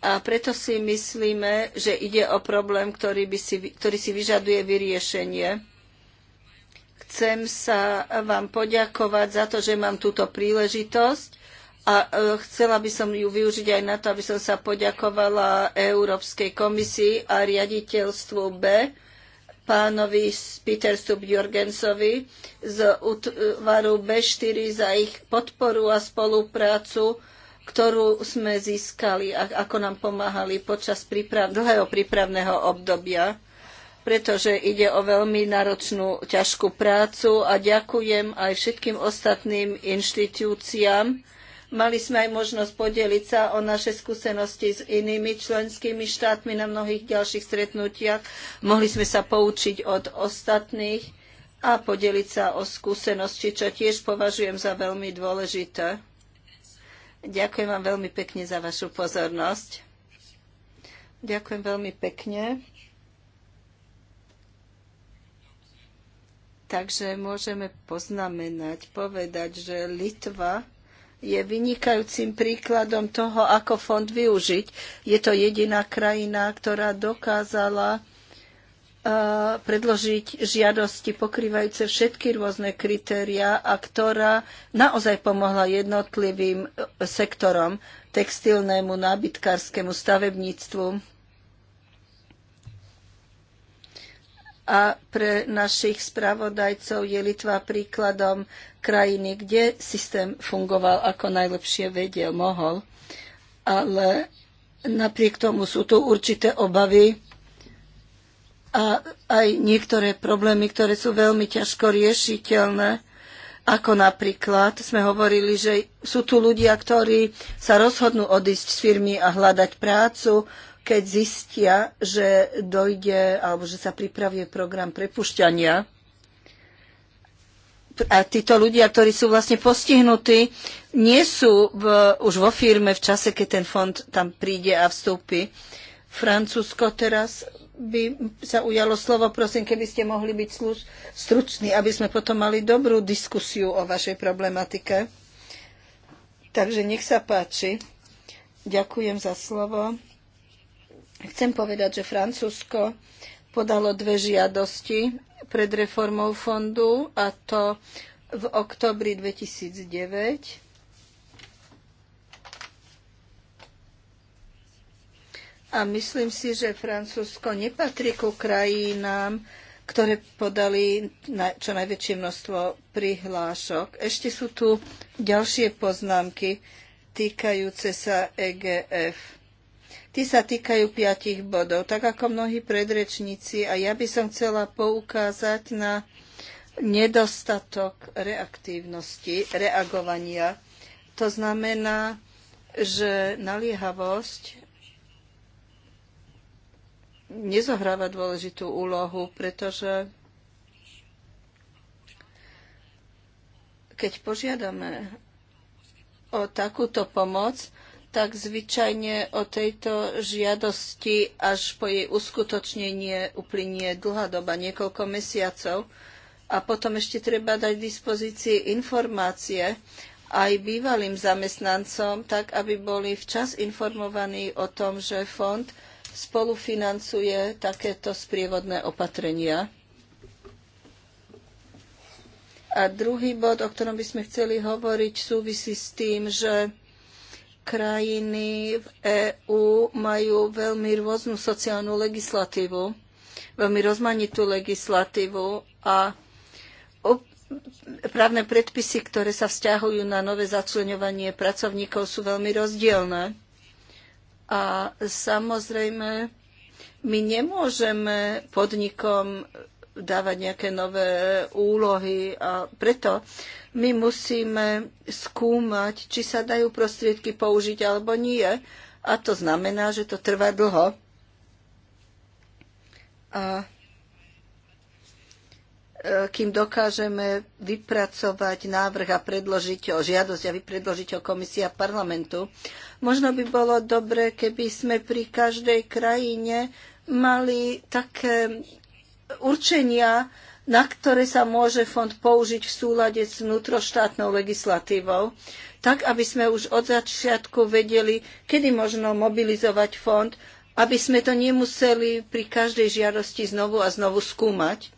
A preto si myslíme, že ide o problém, ktorý, by si, ktorý si vyžaduje vyriešenie. Chcem sa vám poďakovať za to, že mám túto príležitosť a e, chcela by som ju využiť aj na to, aby som sa poďakovala Európskej komisii a riaditeľstvu B, pánovi Peter Stub Jorgensovi z útvaru B4 za ich podporu a spoluprácu, ktorú sme získali a ako nám pomáhali počas príprav, dlhého prípravného obdobia pretože ide o veľmi náročnú, ťažkú prácu a ďakujem aj všetkým ostatným inštitúciám, Mali sme aj možnosť podeliť sa o naše skúsenosti s inými členskými štátmi na mnohých ďalších stretnutiach. Mohli sme sa poučiť od ostatných a podeliť sa o skúsenosti, čo tiež považujem za veľmi dôležité. Ďakujem vám veľmi pekne za vašu pozornosť. Ďakujem veľmi pekne. Takže môžeme poznamenať, povedať, že Litva je vynikajúcim príkladom toho, ako fond využiť. Je to jediná krajina, ktorá dokázala e, predložiť žiadosti pokrývajúce všetky rôzne kritériá a ktorá naozaj pomohla jednotlivým e, sektorom, textilnému, nábytkárskému, stavebníctvu. A pre našich spravodajcov je Litva príkladom krajiny, kde systém fungoval ako najlepšie vedel, mohol. Ale napriek tomu sú tu určité obavy a aj niektoré problémy, ktoré sú veľmi ťažko riešiteľné. Ako napríklad sme hovorili, že sú tu ľudia, ktorí sa rozhodnú odísť z firmy a hľadať prácu, keď zistia, že dojde alebo že sa pripravuje program prepušťania a títo ľudia, ktorí sú vlastne postihnutí, nie sú v, už vo firme v čase, keď ten fond tam príde a vstúpi. Francúzsko teraz by sa ujalo slovo, prosím, keby ste mohli byť struční, aby sme potom mali dobrú diskusiu o vašej problematike. Takže nech sa páči. Ďakujem za slovo. Chcem povedať, že Francúzsko podalo dve žiadosti pred reformou fondu a to v oktobri 2009. A myslím si, že Francúzsko nepatrí ku krajinám, ktoré podali čo najväčšie množstvo prihlášok. Ešte sú tu ďalšie poznámky týkajúce sa EGF. Tí sa týkajú piatich bodov, tak ako mnohí predrečníci. A ja by som chcela poukázať na nedostatok reaktívnosti, reagovania. To znamená, že naliehavosť nezohráva dôležitú úlohu, pretože keď požiadame o takúto pomoc, tak zvyčajne o tejto žiadosti až po jej uskutočnenie uplynie dlhá doba, niekoľko mesiacov. A potom ešte treba dať dispozícii informácie aj bývalým zamestnancom, tak aby boli včas informovaní o tom, že fond spolufinancuje takéto sprievodné opatrenia. A druhý bod, o ktorom by sme chceli hovoriť, súvisí s tým, že Krajiny v EÚ majú veľmi rôznu sociálnu legislatívu, veľmi rozmanitú legislatívu a právne predpisy, ktoré sa vzťahujú na nové začlenovanie pracovníkov, sú veľmi rozdielne. A samozrejme, my nemôžeme podnikom dávať nejaké nové úlohy a preto my musíme skúmať, či sa dajú prostriedky použiť alebo nie. A to znamená, že to trvá dlho. A e, kým dokážeme vypracovať návrh a predložiť ho, žiadosť a vypredložiť ho komisia parlamentu. Možno by bolo dobre, keby sme pri každej krajine mali také určenia, na ktoré sa môže fond použiť v súlade s vnútroštátnou legislatívou, tak aby sme už od začiatku vedeli, kedy možno mobilizovať fond, aby sme to nemuseli pri každej žiadosti znovu a znovu skúmať.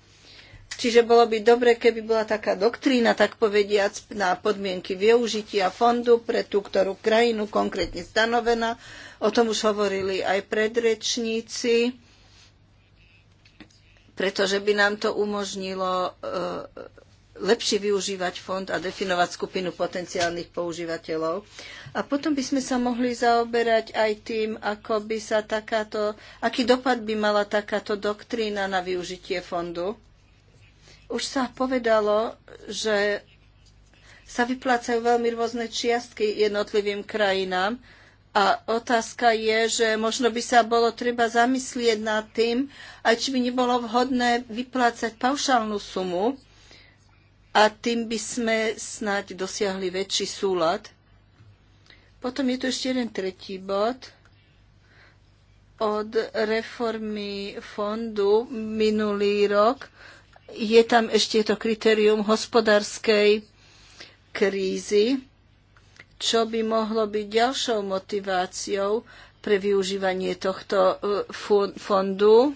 Čiže bolo by dobre, keby bola taká doktrína, tak povediac, na podmienky využitia fondu pre tú, ktorú krajinu konkrétne stanovená. O tom už hovorili aj predrečníci pretože by nám to umožnilo e, lepšie využívať fond a definovať skupinu potenciálnych používateľov. A potom by sme sa mohli zaoberať aj tým, ako by sa takáto, aký dopad by mala takáto doktrína na využitie fondu. Už sa povedalo, že sa vyplácajú veľmi rôzne čiastky jednotlivým krajinám a otázka je, že možno by sa bolo treba zamyslieť nad tým, a či by nebolo vhodné vyplácať paušálnu sumu a tým by sme snáď dosiahli väčší súlad. Potom je tu ešte jeden tretí bod od reformy fondu minulý rok. Je tam ešte to kritérium hospodárskej krízy čo by mohlo byť ďalšou motiváciou pre využívanie tohto e, fondu.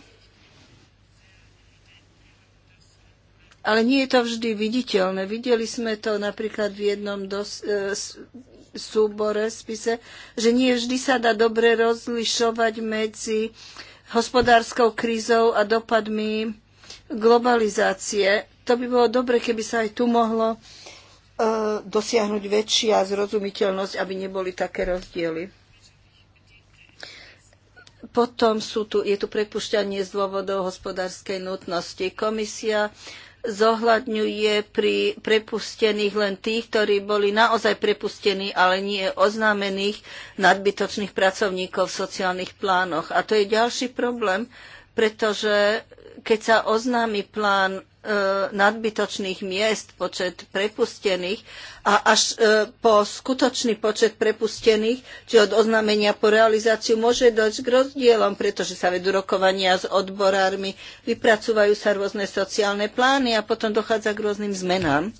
Ale nie je to vždy viditeľné. Videli sme to napríklad v jednom dos- e, súbore, spise, že nie vždy sa dá dobre rozlišovať medzi hospodárskou krízou a dopadmi globalizácie. To by bolo dobre, keby sa aj tu mohlo uh, E, dosiahnuť väčšia zrozumiteľnosť, aby neboli také rozdiely. Potom sú tu, je tu prepušťanie z dôvodov hospodárskej nutnosti. Komisia zohľadňuje pri prepustených len tých, ktorí boli naozaj prepustení, ale nie oznámených nadbytočných pracovníkov v sociálnych plánoch. A to je ďalší problém, pretože keď sa oznámi plán e, nadbytočných miest, počet prepustených a až e, po skutočný počet prepustených, či od oznámenia po realizáciu, môže dojsť k rozdielom, pretože sa vedú rokovania s odborármi, vypracúvajú sa rôzne sociálne plány a potom dochádza k rôznym zmenám.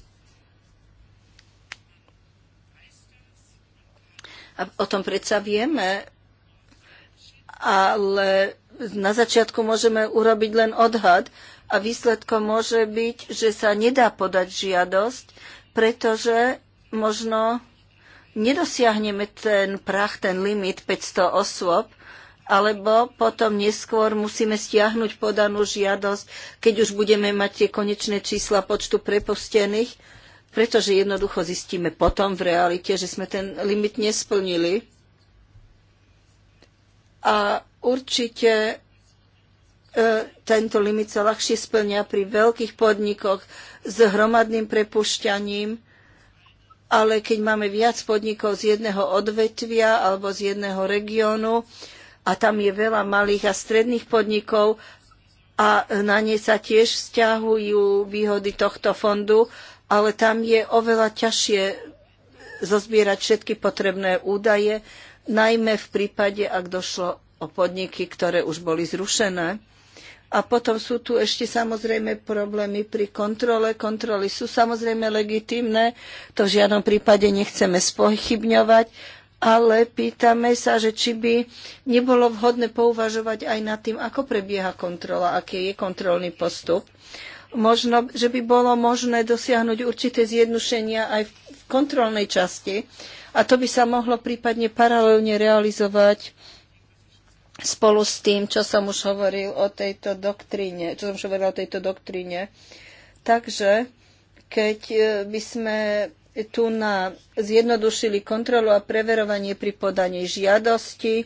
A o tom predsa vieme, ale na začiatku môžeme urobiť len odhad a výsledkom môže byť, že sa nedá podať žiadosť, pretože možno nedosiahneme ten prach, ten limit 500 osôb, alebo potom neskôr musíme stiahnuť podanú žiadosť, keď už budeme mať tie konečné čísla počtu prepustených, pretože jednoducho zistíme potom v realite, že sme ten limit nesplnili. A Určite e, tento limit sa ľahšie splňa pri veľkých podnikoch s hromadným prepušťaním, ale keď máme viac podnikov z jedného odvetvia alebo z jedného regiónu a tam je veľa malých a stredných podnikov a na ne sa tiež vzťahujú výhody tohto fondu, ale tam je oveľa ťažšie zozbierať všetky potrebné údaje, najmä v prípade, ak došlo o podniky, ktoré už boli zrušené. A potom sú tu ešte samozrejme problémy pri kontrole. Kontroly sú samozrejme legitimné, to v žiadnom prípade nechceme spochybňovať, ale pýtame sa, že či by nebolo vhodné pouvažovať aj nad tým, ako prebieha kontrola, aký je kontrolný postup. Možno, že by bolo možné dosiahnuť určité zjednušenia aj v kontrolnej časti a to by sa mohlo prípadne paralelne realizovať spolu s tým, čo som už hovoril o tejto doktríne, čo som už hovoril o tejto doktríne. Takže keď e, by sme tu na zjednodušili kontrolu a preverovanie pri podaní žiadosti,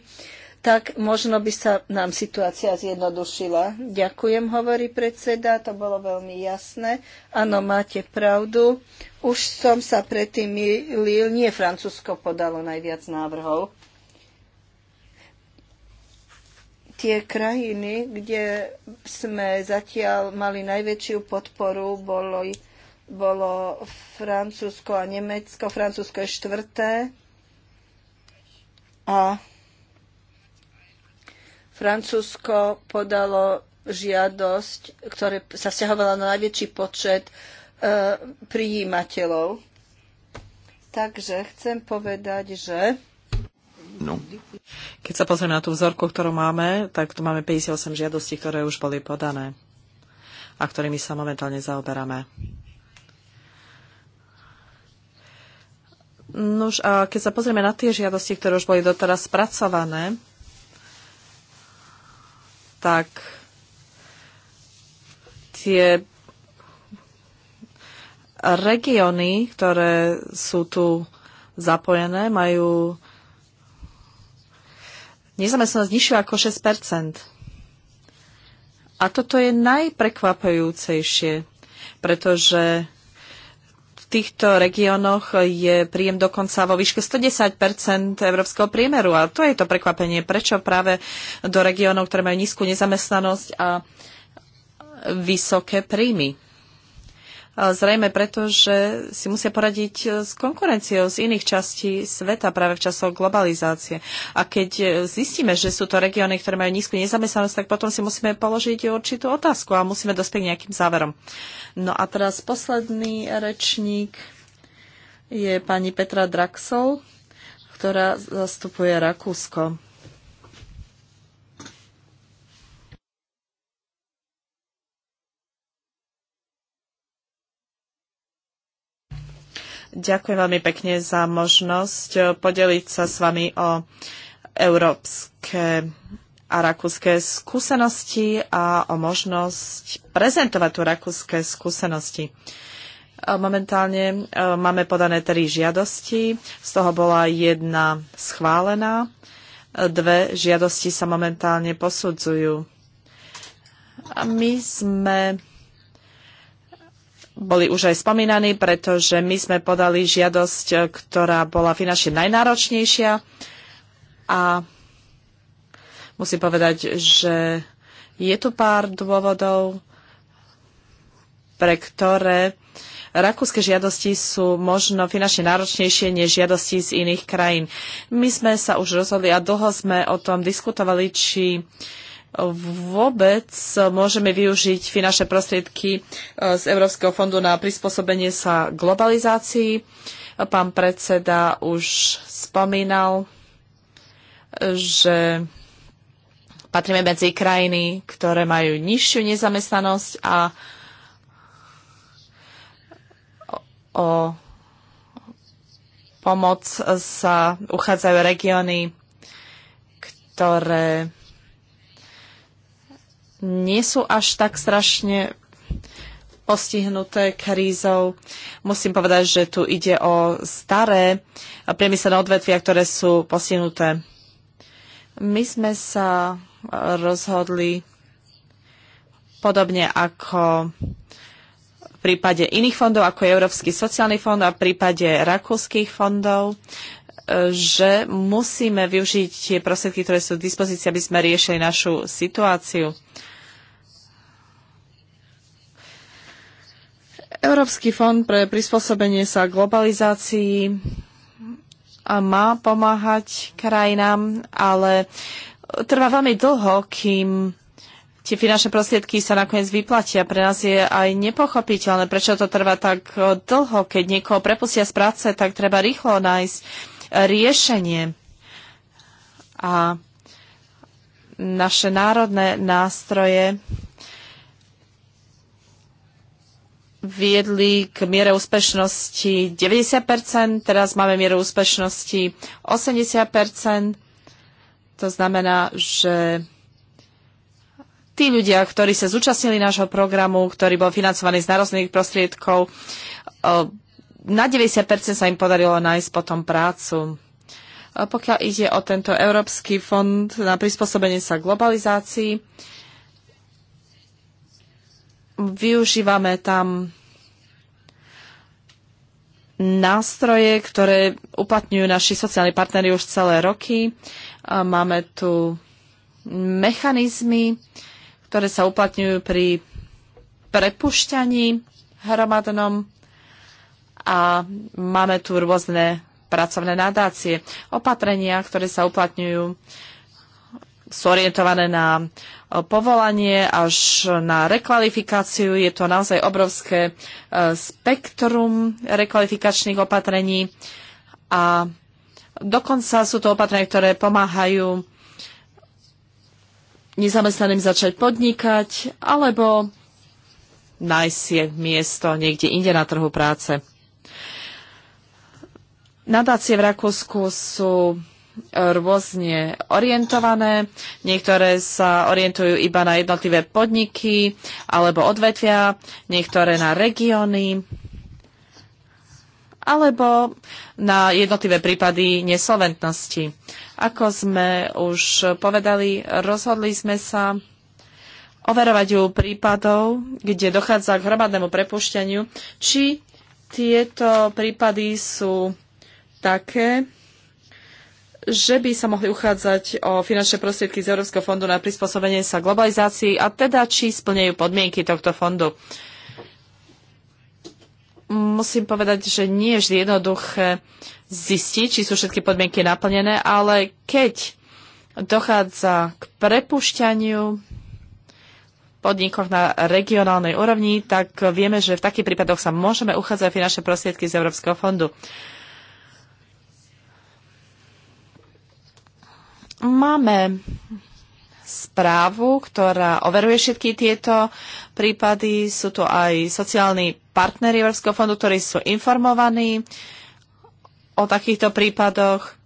tak možno by sa nám situácia zjednodušila. Ďakujem, hovorí predseda, to bolo veľmi jasné. Áno, máte pravdu. Už som sa predtým milil, nie Francúzsko podalo najviac návrhov. tie krajiny, kde sme zatiaľ mali najväčšiu podporu, bolo, bolo Francúzsko a Nemecko. Francúzsko je štvrté a Francúzsko podalo žiadosť, ktoré sa vzťahovala na najväčší počet e, prijímateľov. Takže chcem povedať, že No. Keď sa pozrieme na tú vzorku, ktorú máme, tak tu máme 58 žiadostí, ktoré už boli podané a ktorými sa momentálne zaoberáme. Nož a keď sa pozrieme na tie žiadosti, ktoré už boli doteraz spracované, tak tie regióny, ktoré sú tu zapojené, majú nezamestnanosť nižšia ako 6 A toto je najprekvapujúcejšie, pretože v týchto regiónoch je príjem dokonca vo výške 110 európskeho priemeru. A to je to prekvapenie, prečo práve do regiónov, ktoré majú nízku nezamestnanosť a vysoké príjmy. Zrejme preto, že si musia poradiť e, s konkurenciou z iných častí sveta práve v časoch globalizácie. A keď e, zistíme, že sú to regióny, ktoré majú nízku nezamestnanosť, tak potom si musíme položiť určitú otázku a musíme dospieť nejakým záverom. No a teraz posledný rečník je pani Petra Draxol, ktorá zastupuje Rakúsko. Ďakujem veľmi pekne za možnosť eh, podeliť sa s vami o európske a rakúske skúsenosti a o možnosť prezentovať tu rakúske skúsenosti. Eh, momentálne eh, máme podané tri žiadosti, z toho bola jedna schválená, dve žiadosti sa momentálne posudzujú. A my sme boli už aj spomínaní, pretože my sme podali žiadosť, e, ktorá bola finančne najnáročnejšia a musím povedať, že je tu pár dôvodov, pre ktoré rakúske žiadosti sú možno finančne náročnejšie než žiadosti z iných krajín. My sme sa už rozhodli a dlho sme o tom diskutovali, či uh, vôbec môžeme využiť finančné prostriedky e, z Európskeho fondu na prispôsobenie sa globalizácii. Pán predseda už spomínal, že patríme medzi krajiny, ktoré majú nižšiu nezamestnanosť a o pomoc sa uchádzajú regióny, ktoré nie sú až tak strašne postihnuté krízou. Musím povedať, že tu ide o staré priemyselné odvetvia, ktoré sú postihnuté. My sme sa rozhodli podobne ako v prípade iných fondov, ako je Európsky sociálny fond a v prípade rakúskych fondov, že musíme využiť tie prostriedky, ktoré sú v dispozícii, aby sme riešili našu situáciu. Európsky fond pre prispôsobenie sa globalizácii a má pomáhať krajinám, ale trvá veľmi dlho, kým tie finančné prostriedky sa nakoniec vyplatia. Pre nás je aj nepochopiteľné, prečo to trvá tak dlho. Keď niekoho prepustia z práce, tak treba rýchlo nájsť riešenie. A naše národné nástroje viedli k miere úspešnosti 90%, teraz máme mieru úspešnosti 80%. To znamená, že tí ľudia, ktorí sa zúčastnili nášho programu, ktorý bol financovaný z národných prostriedkov, na 90% sa im podarilo nájsť potom prácu. Pokiaľ ide o tento Európsky fond na prispôsobenie sa globalizácii, využívame tam nástroje, ktoré uplatňujú naši sociálni partnery už celé roky. Máme tu mechanizmy, ktoré sa uplatňujú pri prepušťaní hromadnom a máme tu rôzne pracovné nadácie. Opatrenia, ktoré sa uplatňujú, sú orientované na povolanie až na rekvalifikáciu. Je to naozaj obrovské e, spektrum rekvalifikačných opatrení a dokonca sú to opatrenia, ktoré pomáhajú nezamestnaným začať podnikať alebo nájsť si miesto niekde inde na trhu práce. Nadácie v Rakúsku sú e, rôzne orientované. Niektoré sa orientujú iba na jednotlivé podniky alebo odvetvia, niektoré na regióny alebo na jednotlivé prípady nesolventnosti. Ako sme už povedali, rozhodli sme sa overovať ju prípadov, kde dochádza k hromadnému prepušťaniu, či tieto prípady sú také, že by sa mohli uchádzať o finančné prostriedky z Európskeho fondu na prispôsobenie sa globalizácii a teda či splňajú podmienky tohto fondu. Musím povedať, že nie je vždy jednoduché zistiť, či sú všetky podmienky naplnené, ale keď dochádza k prepušťaniu podnikov na regionálnej úrovni, tak vieme, že v takých prípadoch sa môžeme uchádzať finančné prostriedky z Európskeho fondu. Máme správu, ktorá overuje všetky tieto prípady. Sú tu aj sociálni partneri Európskeho fondu, ktorí sú informovaní o takýchto prípadoch.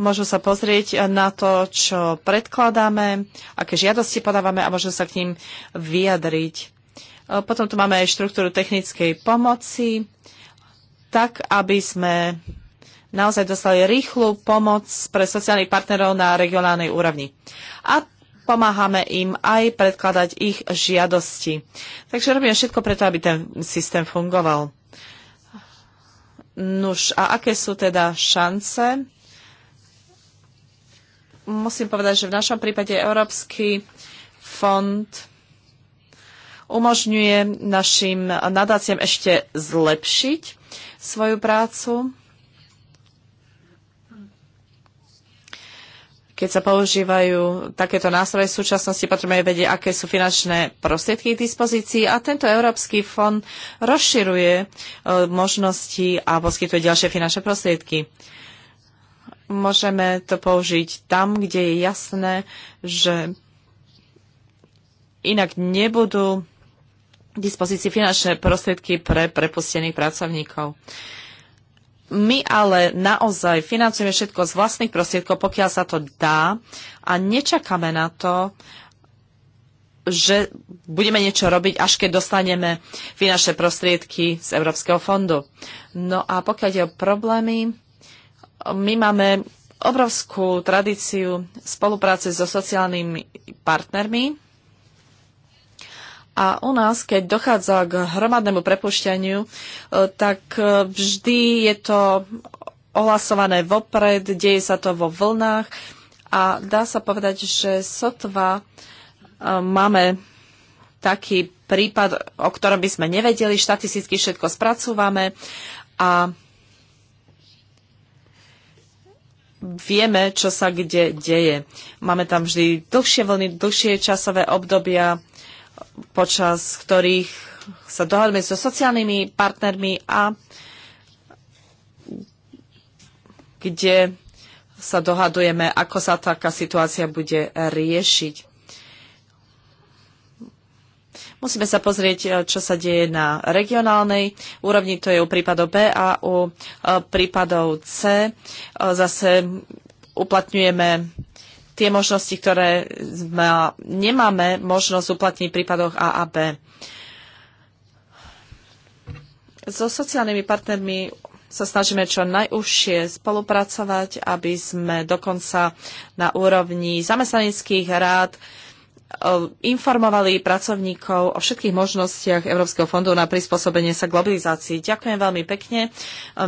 Môžu sa pozrieť na to, čo predkladáme, aké žiadosti podávame a môžu sa k ním vyjadriť. Potom tu máme aj štruktúru technickej pomoci, tak aby sme naozaj dostali rýchlu pomoc pre sociálnych partnerov na regionálnej úrovni. A pomáhame im aj predkladať ich žiadosti. Takže robíme všetko preto, aby ten systém fungoval. Nuž, a aké sú teda šance? Musím povedať, že v našom prípade Európsky fond umožňuje našim nadáciam ešte zlepšiť svoju prácu keď sa používajú takéto nástroje v súčasnosti, potrebujeme vedieť, aké sú finančné prostriedky k dispozícii a tento Európsky fond rozširuje e, možnosti a poskytuje ďalšie finančné prostriedky. Môžeme to použiť tam, kde je jasné, že inak nebudú k dispozícii finančné prostriedky pre prepustených pracovníkov. Uh, my ale naozaj financujeme všetko z vlastných prostriedkov, pokiaľ sa to dá a nečakáme na to, že budeme niečo robiť, až keď dostaneme finančné prostriedky z Európskeho fondu. No a pokiaľ ide o problémy, my máme obrovskú tradíciu spolupráce so sociálnymi partnermi a u nás, keď dochádza k hromadnému prepušťaniu, e, tak e, vždy je to ohlasované vopred, deje sa to vo vlnách a dá sa povedať, že sotva e, máme taký prípad, o ktorom by sme nevedeli, štatisticky všetko spracúvame a vieme, čo sa kde deje. Máme tam vždy dlhšie vlny, dlhšie časové obdobia, počas ktorých sa dohodneme so sociálnymi partnermi a kde sa dohadujeme, ako sa taká situácia bude riešiť. Musíme sa pozrieť, čo sa deje na regionálnej úrovni, to je u prípadov B a u e, prípadov C. E, zase uplatňujeme tie možnosti, ktoré nemáme možnosť uplatniť v prípadoch A a B. So sociálnymi partnermi sa snažíme čo najúžšie spolupracovať, aby sme dokonca na úrovni zamestnaneckých rád e, informovali pracovníkov o všetkých možnostiach Európskeho fondu na prispôsobenie sa globalizácii. Ďakujem veľmi pekne.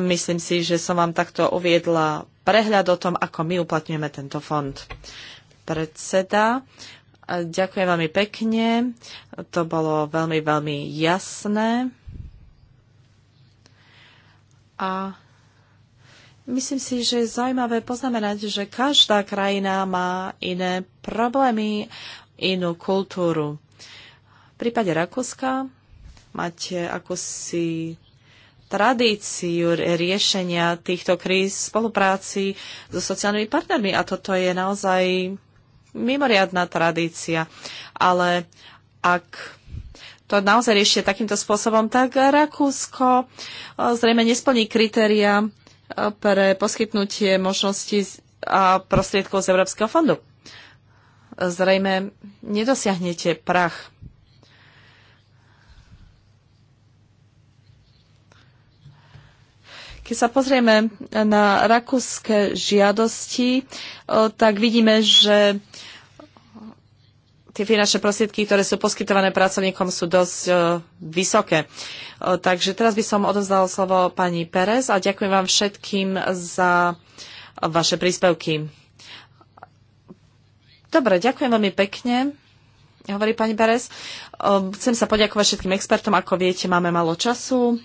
Myslím si, že som vám takto uviedla prehľad o tom, ako my uplatňujeme tento fond. Predseda, ďakujem veľmi pekne. To bolo veľmi, veľmi jasné. A Myslím si, že je zaujímavé poznamenať, že každá krajina má iné problémy, inú kultúru. V prípade Rakúska máte akúsi tradíciu riešenia týchto kríz v spolupráci so sociálnymi partnermi. A toto je naozaj mimoriadná tradícia. Ale ak to naozaj riešie takýmto spôsobom, tak Rakúsko e, zrejme nesplní kritéria e, pre poskytnutie možností a prostriedkov z Európskeho fondu. Zrejme nedosiahnete prach Keď sa pozrieme na rakúske žiadosti, tak vidíme, že tie finančné prostriedky, ktoré sú poskytované pracovníkom, sú dosť vysoké. takže teraz by som odovzdala slovo pani Perez a ďakujem vám všetkým za vaše príspevky. Dobre, ďakujem veľmi pekne, hovorí pani Perez. chcem sa poďakovať všetkým expertom. Ako viete, máme malo času.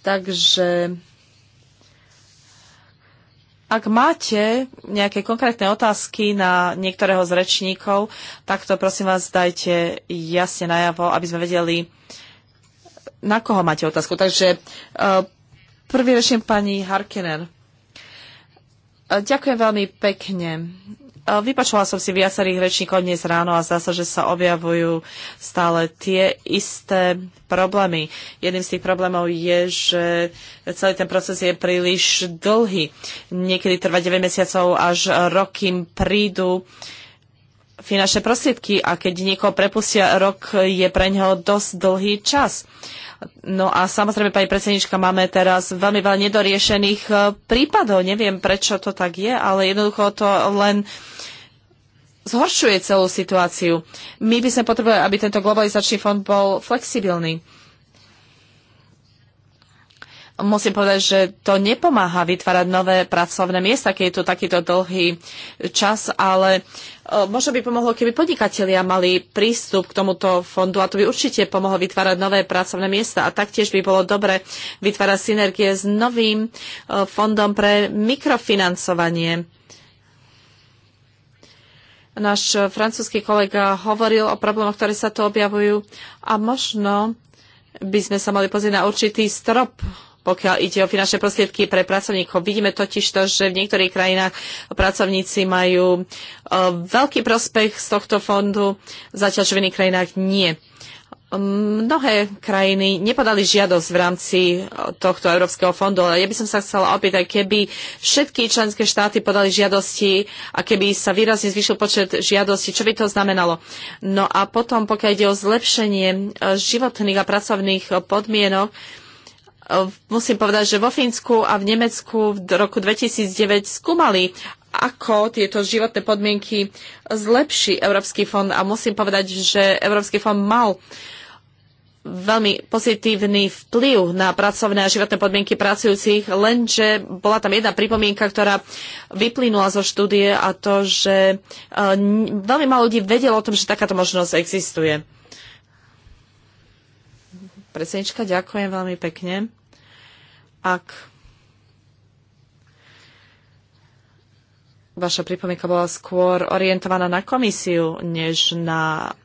Takže ak máte nejaké konkrétne otázky na niektorého z rečníkov, tak to prosím vás dajte jasne najavo, aby sme vedeli, na koho máte otázku. Takže e, prvý rečník pani Harkener. Ďakujem veľmi pekne. Vypačovala som si viacerých rečníkov dnes ráno a zdá sa, že sa objavujú stále tie isté problémy. Jedným z tých problémov je, že celý ten proces je príliš dlhý. Niekedy trvá 9 mesiacov až roky prídu finančné prostriedky a keď niekoho prepustia, rok je pre neho dosť dlhý čas. Uh, No a samozrejme, pani predsednička, máme teraz veľmi veľa nedoriešených e, prípadov. Neviem, prečo to tak je, ale jednoducho to len zhoršuje celú situáciu. My by sme potrebovali, aby tento globalizačný fond bol flexibilný musím povedať, že to nepomáha vytvárať nové pracovné miesta, keď je tu takýto dlhý čas, ale e, možno by pomohlo, keby podnikatelia mali prístup k tomuto fondu a to by určite pomohlo vytvárať nové pracovné miesta a taktiež by bolo dobre vytvárať synergie s novým e, fondom pre mikrofinancovanie. Náš francúzsky kolega hovoril o problémoch, ktoré sa tu objavujú a možno by sme sa mali pozrieť na určitý strop pokiaľ ide o finančné prostriedky pre pracovníkov. Vidíme totiž to, že v niektorých krajinách pracovníci majú e, veľký prospech z tohto fondu, zatiaľ čo v iných krajinách nie. Mnohé krajiny nepodali žiadosť v rámci e, tohto Európskeho fondu, ale ja by som sa chcela opýtať, keby všetky členské štáty podali žiadosti a keby sa výrazne zvýšil počet žiadostí, čo by to znamenalo? No a potom, pokiaľ ide o zlepšenie e, životných a pracovných podmienok, musím povedať, že vo Fínsku a v Nemecku v roku 2009 skúmali, ako tieto životné podmienky zlepší Európsky fond. A musím povedať, že Európsky fond mal veľmi pozitívny vplyv na pracovné a životné podmienky pracujúcich, lenže bola tam jedna pripomienka, ktorá vyplynula zo štúdie a to, že e, veľmi málo ľudí vedelo o tom, že takáto možnosť existuje. Predsednička, ďakujem veľmi pekne. Ak vaša pripomienka bola skôr orientovaná na komisiu, než na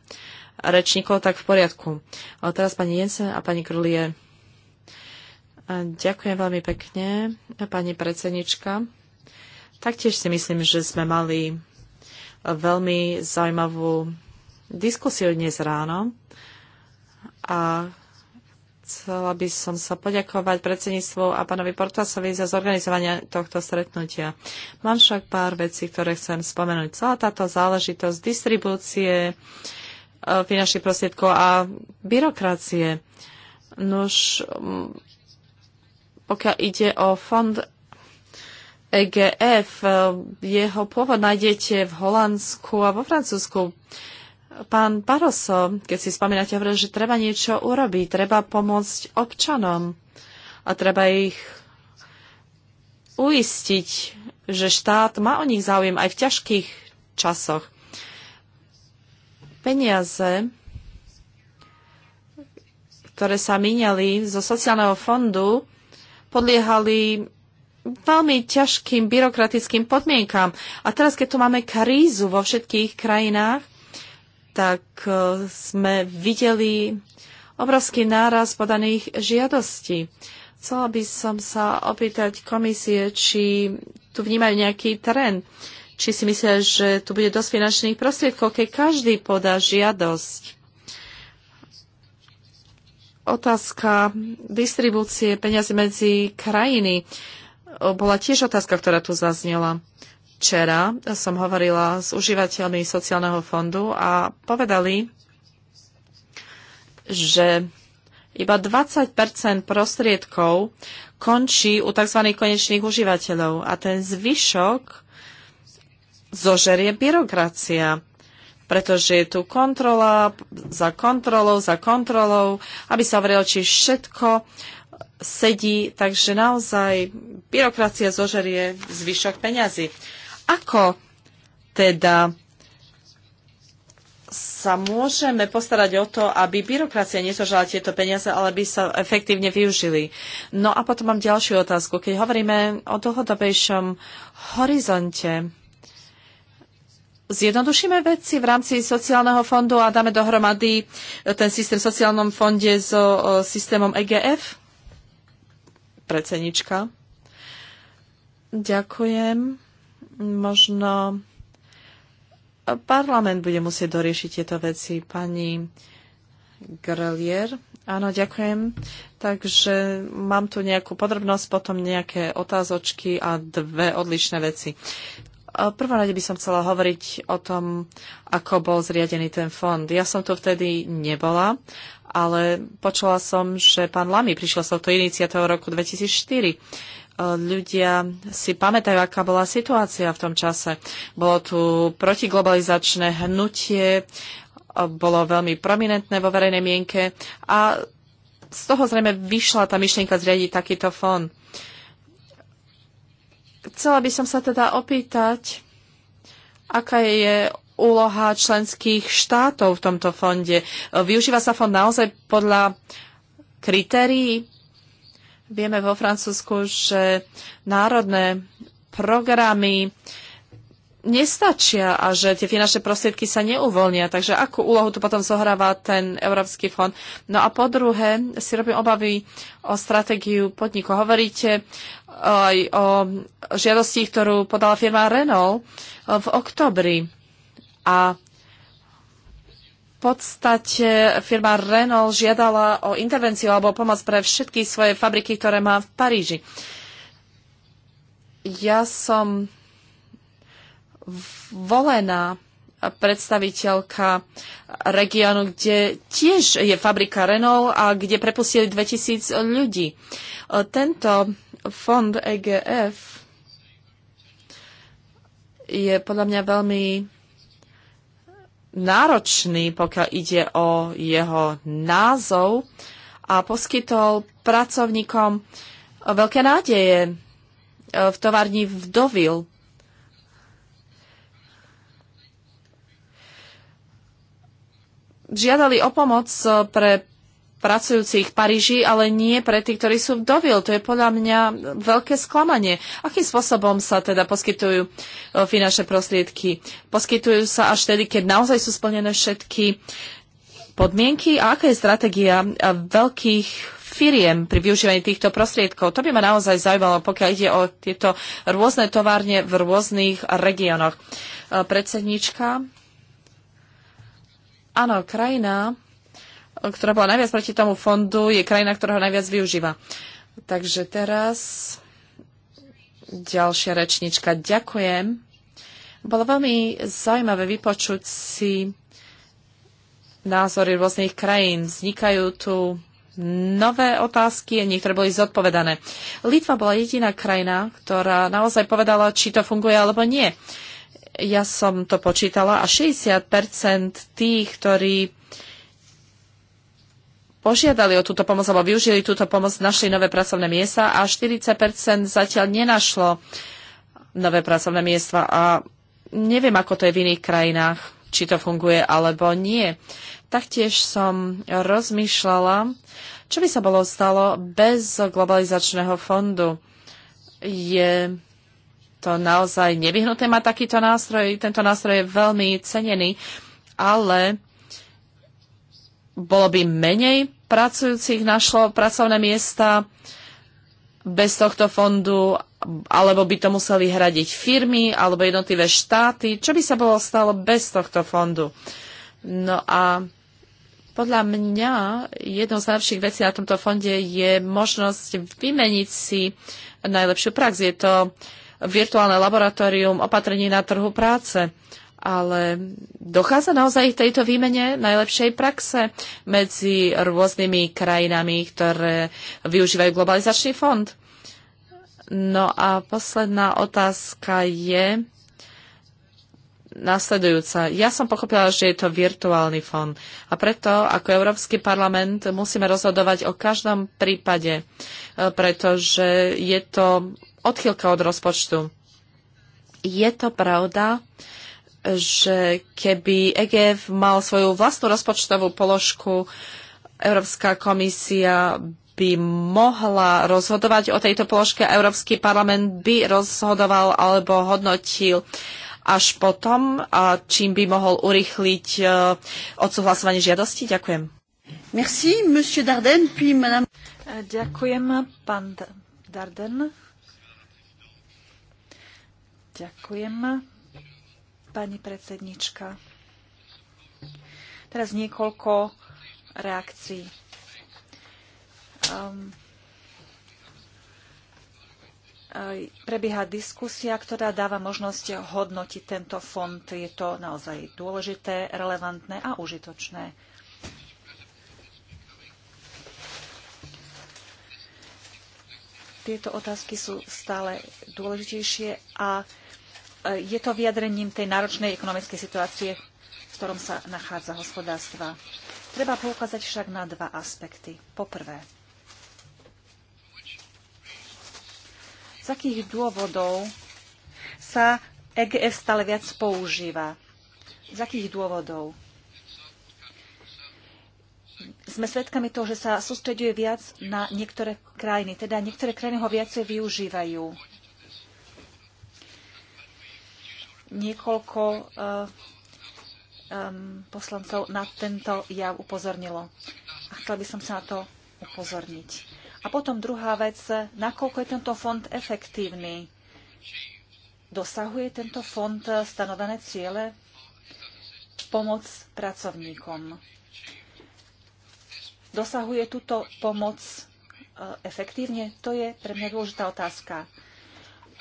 rečníkov, tak v poriadku. Ale teraz pani Jensen a pani Krulie. Ďakujem veľmi pekne, pani predsednička. Taktiež si myslím, že sme mali veľmi zaujímavú diskusiu dnes ráno a Chcela by som sa poďakovať predsedníctvu a pánovi Portasovi za zorganizovanie tohto stretnutia. Mám však pár vecí, ktoré chcem spomenúť. Celá táto záležitosť distribúcie e, finančných prostriedkov a byrokracie. Nož, pokiaľ ide o fond EGF, e, jeho pôvod nájdete v Holandsku a vo Francúzsku. Pán Barroso, keď si spomínate, hovoril, že treba niečo urobiť, treba pomôcť občanom a treba ich uistiť, že štát má o nich záujem aj v ťažkých časoch. Peniaze, ktoré sa míňali zo sociálneho fondu, podliehali veľmi ťažkým byrokratickým podmienkám. A teraz, keď tu máme krízu vo všetkých krajinách, tak eh, sme videli obrovský náraz podaných žiadostí. Chcela by som sa opýtať komisie, či tu vnímajú nejaký trend, či si myslia, že tu bude dosť finančných prostriedkov, keď každý podá žiadosť. Otázka distribúcie peňazí medzi krajiny bola tiež otázka, ktorá tu zaznela včera som hovorila s užívateľmi sociálneho fondu a povedali, že iba 20 prostriedkov končí u tzv. konečných užívateľov a ten zvyšok zožerie byrokracia pretože je tu kontrola za kontrolou, za kontrolou, aby sa vrelo, či všetko sedí, takže naozaj byrokracia zožerie zvyšok peňazí. Ako teda sa môžeme postarať o to, aby byrokracia nezožala tieto peniaze, ale by sa efektívne využili. No a potom mám ďalšiu otázku. Keď hovoríme o dlhodobejšom horizonte, zjednodušíme veci v rámci sociálneho fondu a dáme dohromady ten systém v sociálnom fonde so systémom EGF? Predsenička. Ďakujem možno parlament bude musieť doriešiť tieto veci. Pani Grelier, áno, ďakujem. Takže mám tu nejakú podrobnosť, potom nejaké otázočky a dve odlišné veci. prvom rade by som chcela hovoriť o tom, ako bol zriadený ten fond. Ja som tu vtedy nebola, ale počula som, že pán Lamy prišiel s touto iniciatívou v roku 2004 ľudia si pamätajú, aká bola situácia v tom čase. Bolo tu protiglobalizačné hnutie, bolo veľmi prominentné vo verejnej mienke a z toho zrejme vyšla tá myšlienka zriadiť takýto fond. Chcela by som sa teda opýtať, aká je úloha členských štátov v tomto fonde. Využíva sa fond naozaj podľa kritérií? Vieme vo Francúzsku, že národné programy nestačia a že tie finančné prostriedky sa neuvoľnia. Takže akú úlohu tu potom zohráva ten Európsky fond? No a po druhé, si robím obavy o stratégiu podniku. Hovoríte aj o žiadosti, ktorú podala firma Renault v oktobri. A podstate firma Renault žiadala o intervenciu alebo pomoc pre všetky svoje fabriky, ktoré má v Paríži. Ja som volená predstaviteľka regiónu, kde tiež je fabrika Renault a kde prepustili 2000 ľudí. Tento fond EGF je podľa mňa veľmi náročný, pokiaľ ide o jeho názov a poskytol pracovníkom veľké nádeje e, v továrni v Dovil. Žiadali o pomoc e, pre pracujúcich v Paríži, ale nie pre tých, ktorí sú v Dovil. To je podľa mňa veľké sklamanie. Akým spôsobom sa teda poskytujú e, finančné prostriedky? Poskytujú sa až tedy, keď naozaj sú splnené všetky podmienky a aká je stratégia veľkých firiem pri využívaní týchto prostriedkov. To by ma naozaj zaujímalo, pokiaľ ide o tieto rôzne továrne v rôznych regiónoch. E, predsednička. Áno, krajina, ktorá bola najviac proti tomu fondu, je krajina, ktorá ho najviac využíva. Takže teraz ďalšia rečnička. Ďakujem. Bolo veľmi zaujímavé vypočuť si názory rôznych krajín. Vznikajú tu nové otázky, niektoré boli zodpovedané. Litva bola jediná krajina, ktorá naozaj povedala, či to funguje alebo nie. Ja som to počítala a 60% tých, ktorí požiadali o túto pomoc alebo využili túto pomoc, našli nové pracovné miesta a 40 zatiaľ nenašlo nové pracovné miesta a neviem, ako to je v iných krajinách, či to funguje alebo nie. Taktiež som rozmýšľala, čo by sa bolo stalo bez globalizačného fondu. Je to naozaj nevyhnuté mať takýto nástroj. Tento nástroj je veľmi cenený, ale bolo by menej pracujúcich našlo pracovné miesta bez tohto fondu, alebo by to museli hradiť firmy alebo jednotlivé štáty. Čo by sa bolo stalo bez tohto fondu? No a podľa mňa jednou z najlepších vecí na tomto fonde je možnosť vymeniť si najlepšiu prax. Je to virtuálne laboratórium opatrení na trhu práce ale dochádza naozaj k tejto výmene najlepšej praxe medzi rôznymi krajinami, ktoré využívajú globalizačný fond. No a posledná otázka je nasledujúca. Ja som pochopila, že je to virtuálny fond a preto ako Európsky parlament musíme rozhodovať o každom prípade, e, pretože je to odchýlka od rozpočtu. Je to pravda, že keby EGF mal svoju vlastnú rozpočtovú položku, Európska komisia by mohla rozhodovať o tejto položke a Európsky parlament by rozhodoval alebo hodnotil až potom, a čím by mohol urychliť e, odsúhlasovanie žiadosti. Ďakujem. Merci, monsieur Darden, puis madame... Ďakujem, pán Darden. Ďakujem, pani predsednička. Teraz niekoľko reakcií. Um, prebieha diskusia, ktorá dáva možnosť hodnotiť tento fond. Je to naozaj dôležité, relevantné a užitočné. Tieto otázky sú stále dôležitejšie a E, je to vyjadrením tej náročnej ekonomickej situácie, v ktorom sa nachádza hospodárstva. Treba poukázať však na dva aspekty. Poprvé, z akých dôvodov sa EGS stále viac používa? Z akých dôvodov? Sme svedkami toho, že sa sústreďuje viac na niektoré krajiny, teda niektoré krajiny ho viacej využívajú. niekoľko um, poslancov na tento jav upozornilo. A chcela by som sa na to upozorniť. A potom druhá vec, nakoľko je tento fond efektívny. Dosahuje tento fond stanovené ciele? Pomoc pracovníkom. Dosahuje túto pomoc eh, efektívne? To je pre mňa dôležitá otázka.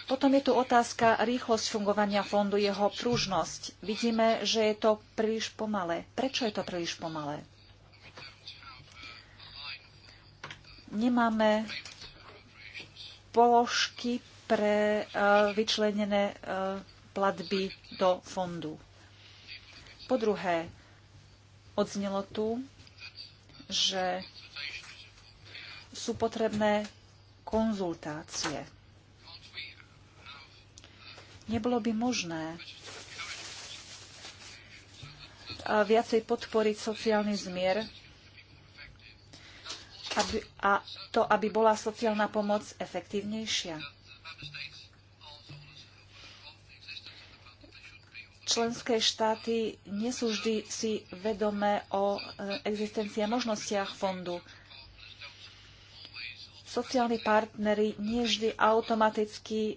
Potom je tu otázka rýchlosť fungovania fondu, jeho pružnosť. Vidíme, že je to príliš pomalé. Prečo je to príliš pomalé? Nemáme položky pre eh, vyčlenené eh, platby do fondu. Po druhé, odznelo tu, že sú potrebné konzultácie Nebolo by možné viacej podporiť sociálny zmier aby, a to, aby bola sociálna pomoc efektívnejšia. Členské štáty nie sú vždy si vedomé o e, existencii a možnostiach fondu sociálni partnery nie vždy automaticky e,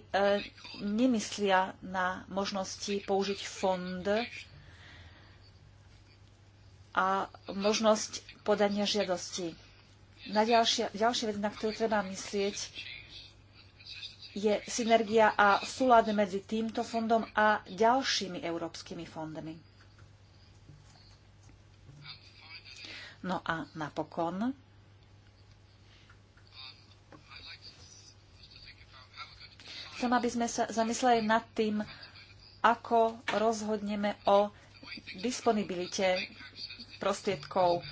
nemyslia na možnosti použiť fond a možnosť podania žiadosti. Na ďalšia, ďalšia vec, na ktorú treba myslieť, je synergia a súlad medzi týmto fondom a ďalšími európskymi fondmi. No a napokon Chcem, aby sme sa zamysleli nad tým, ako rozhodneme o disponibilite prostriedkov,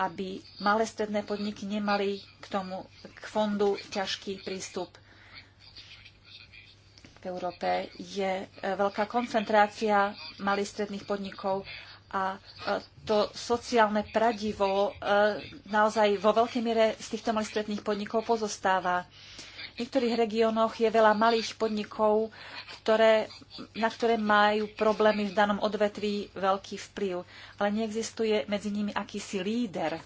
aby malé stredné podniky nemali k tomu, k fondu ťažký prístup. V Európe je e, veľká koncentrácia malých stredných podnikov a e, to sociálne pradivo e, naozaj vo veľkej miere z týchto malých stredných podnikov pozostáva. V niektorých regiónoch je veľa malých podnikov, ktoré, na ktoré majú problémy v danom odvetví veľký vplyv, ale neexistuje medzi nimi akýsi líder.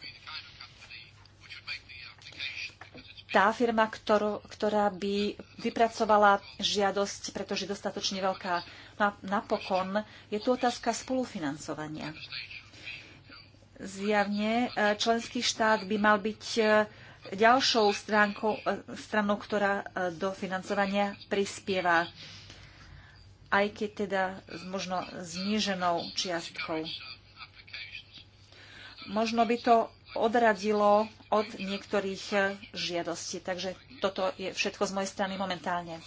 Tá firma, ktorú, ktorá by vypracovala žiadosť, pretože je dostatočne veľká. Na, napokon je tu otázka spolufinancovania. Zjavne e, členský štát by mal byť e, ďalšou stránkou, eh, stranou, ktorá eh, do financovania prispieva, aj keď teda s možno zníženou čiastkou. Možno by to odradilo od niektorých eh, žiadostí. Takže toto je všetko z mojej strany momentálne.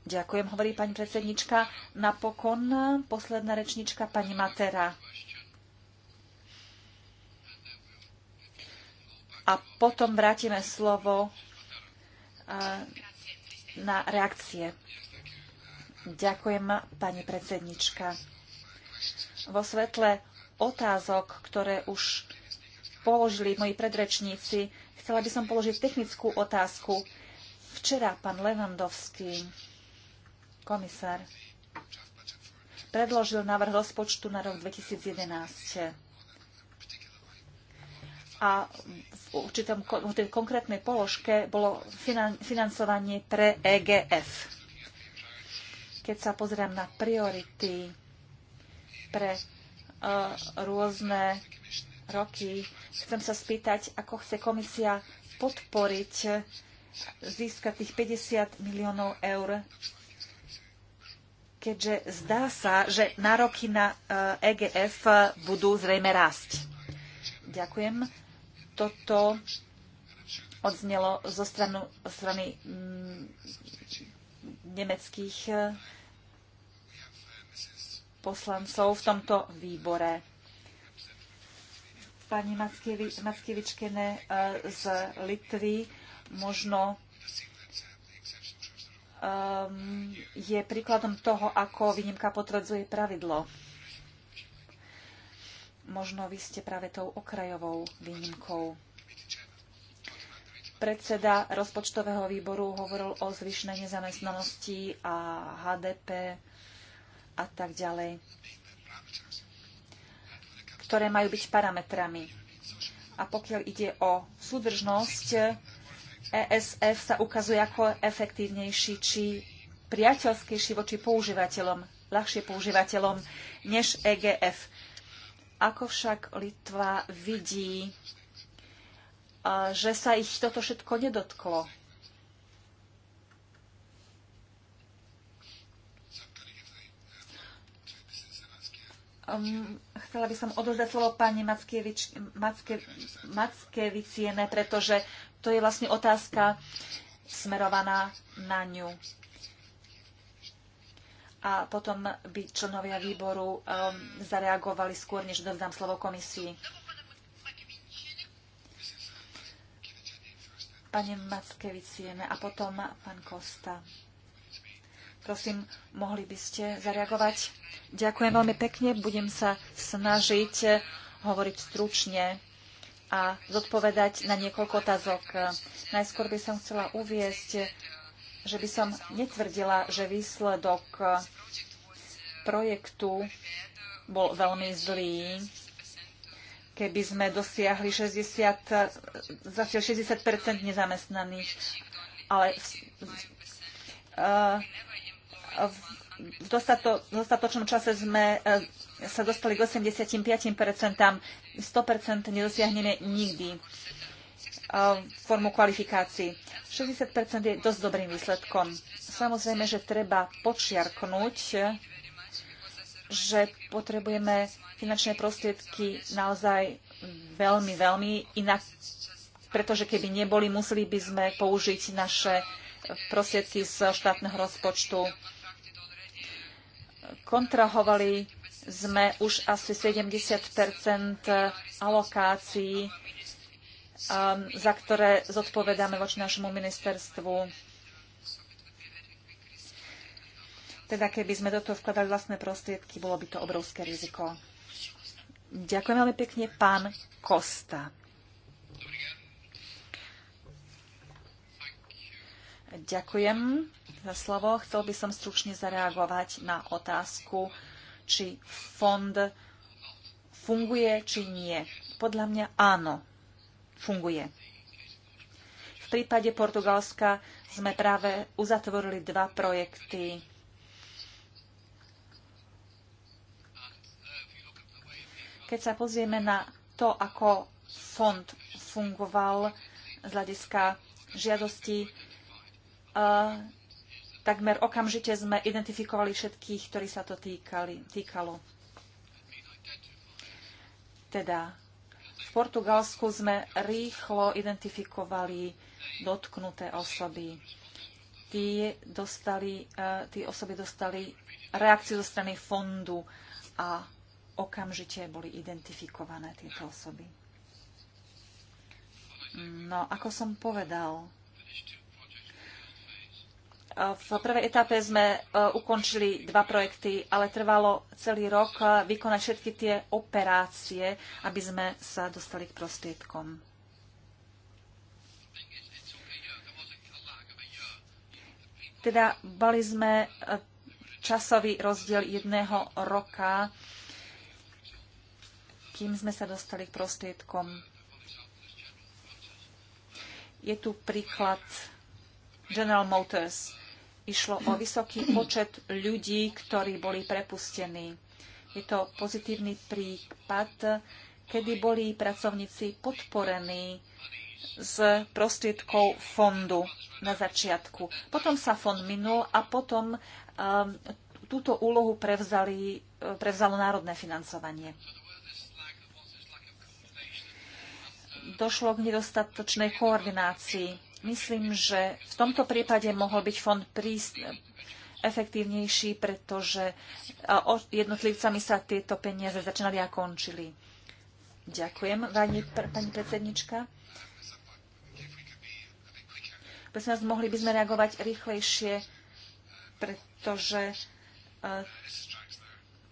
Ďakujem, hovorí pani predsednička. Napokon posledná rečnička, pani Matera. a potom vrátime slovo e, na reakcie. Ďakujem, pani predsednička. Vo svetle otázok, ktoré už položili moji predrečníci, chcela by som položiť technickú otázku. Včera pán Levandovský, komisár, predložil návrh rozpočtu na rok 2011 a v určitom v tej konkrétnej položke bolo financovanie pre EGF. Keď sa pozriem na priority pre uh, rôzne roky, chcem sa spýtať, ako chce komisia podporiť získať tých 50 miliónov eur, keďže zdá sa, že nároky na EGF e budú zrejme rásť. Ďakujem toto odznelo zo stranu, strany mm, nemeckých e, poslancov v tomto výbore. Pani Mackevičkene e, z Litvy možno e, je príkladom toho, ako výnimka potvrdzuje pravidlo. Možno vy ste práve tou okrajovou výnimkou. Predseda rozpočtového výboru hovoril o zvyšnej nezamestnanosti a HDP a tak ďalej, ktoré majú byť parametrami. A pokiaľ ide o súdržnosť, ESF sa ukazuje ako efektívnejší či priateľskejší voči používateľom, ľahšie používateľom než EGF. Ako však Litva vidí, že sa ich toto všetko nedotklo? chcela by som odozdať slovo pani Mackevič, Macke, Mackeviciene, pretože to je vlastne otázka smerovaná na ňu a potom by členovia výboru um, zareagovali skôr, než dovzdám slovo komisii. Pane Mackeviciene a potom pán Kosta. Prosím, mohli by ste zareagovať? Ďakujem veľmi pekne. Budem sa snažiť eh, hovoriť stručne a zodpovedať na niekoľko otázok. Najskôr by som chcela uviesť, že by som netvrdila, že výsledok eh, projektu bol veľmi zlý. Keby sme dosiahli 60, zatiaľ 60 nezamestnaných, ale v, eh, v, v dostato, dostatočnom čase sme eh, sa dostali k 85 100 nedosiahneme nikdy. Eh, formu kvalifikácií. 60 je dosť dobrým výsledkom. Samozrejme, že treba počiarknúť, že potrebujeme finančné prostriedky naozaj veľmi, veľmi inak, pretože keby neboli, museli by sme použiť naše prostriedky z štátneho rozpočtu. Kontrahovali sme už asi 70 alokácií Um, za ktoré zodpovedáme voči našemu ministerstvu. Teda keby sme do toho vkladali vlastné prostriedky, bolo by to obrovské riziko. Ďakujem veľmi pekne, pán Kosta. Ďakujem za slovo. Chcel by som stručne zareagovať na otázku, či fond funguje, či nie. Podľa mňa áno funguje. V prípade Portugalska sme práve uzatvorili dva projekty keď sa pozrieme na to, ako fond fungoval z hľadiska žiadosti, e, takmer okamžite sme identifikovali všetkých, ktorí sa to týkali, týkalo. Teda v Portugalsku sme rýchlo identifikovali dotknuté osoby. Tí, dostali, e, tí osoby dostali reakciu zo strany fondu a okamžite boli identifikované tieto osoby. No, ako som povedal, v prvej etape sme e, ukončili dva projekty, ale trvalo celý rok e, vykonať všetky tie operácie, aby sme sa dostali k prostriedkom. Teda bali sme e, časový rozdiel jedného roka, kým sme sa dostali k prostriedkom. Je tu príklad General Motors. Išlo o vysoký počet ľudí, ktorí boli prepustení. Je to pozitívny prípad, kedy boli pracovníci podporení z prostriedkov fondu na začiatku. Potom sa fond minul a potom um, túto úlohu prevzali, prevzalo národné financovanie. Došlo k nedostatočnej koordinácii Myslím, že v tomto prípade mohol byť fond prísť efektívnejší, pretože jednotlivcami sa tieto peniaze začínali a končili. Ďakujem, pani, pani predsednička. Prosím vás, mohli by sme reagovať rýchlejšie, pretože uh,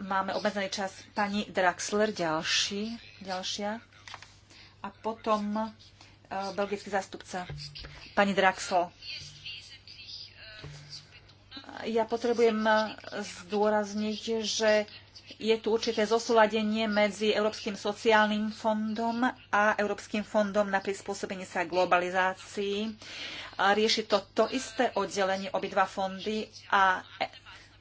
máme obmedzený čas. Pani Draxler, ďalší, ďalšia. A potom Eh, belgický zástupca, pani Draxl. Ja potrebujem zdôrazniť, že je tu určité zosúladenie medzi Európskym sociálnym fondom a Európskym fondom na prispôsobenie sa globalizácii. Rieši to to isté oddelenie obidva fondy a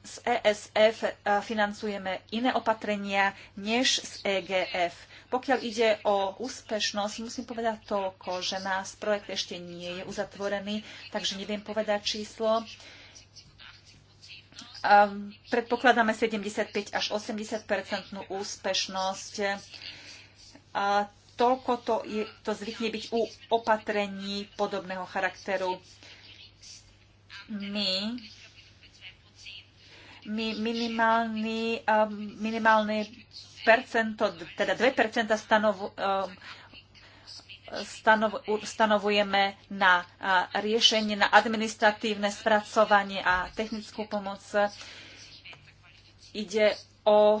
z ESF eh, financujeme iné opatrenia než z EGF. Pokiaľ ide o úspešnosť, musím povedať toľko, že nás projekt ešte nie je uzatvorený, takže neviem povedať číslo. Ehm, predpokladáme 75 až 80 úspešnosť. A toľko to, je, to zvykne byť u opatrení podobného charakteru. My my minimálny, ehm, minimálny percento, teda 2% stanovu, um, stanov, stanovujeme na riešenie, na administratívne spracovanie a technickú pomoc. Ide o e,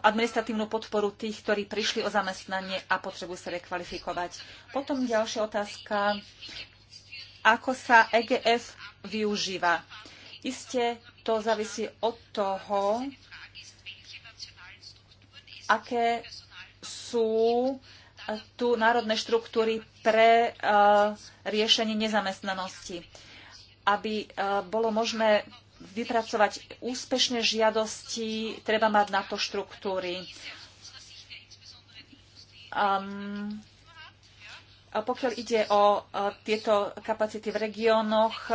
administratívnu podporu tých, ktorí prišli o zamestnanie a potrebujú sa rekvalifikovať. Potom ďalšia otázka. Ako sa EGF využíva? Isté to závisí od toho, aké sú eh, tu národné štruktúry pre eh, riešenie nezamestnanosti, aby eh, bolo možné vypracovať úspešné žiadosti, treba mať na to štruktúry. Um, a pokiaľ ide o tieto kapacity v regiónoch,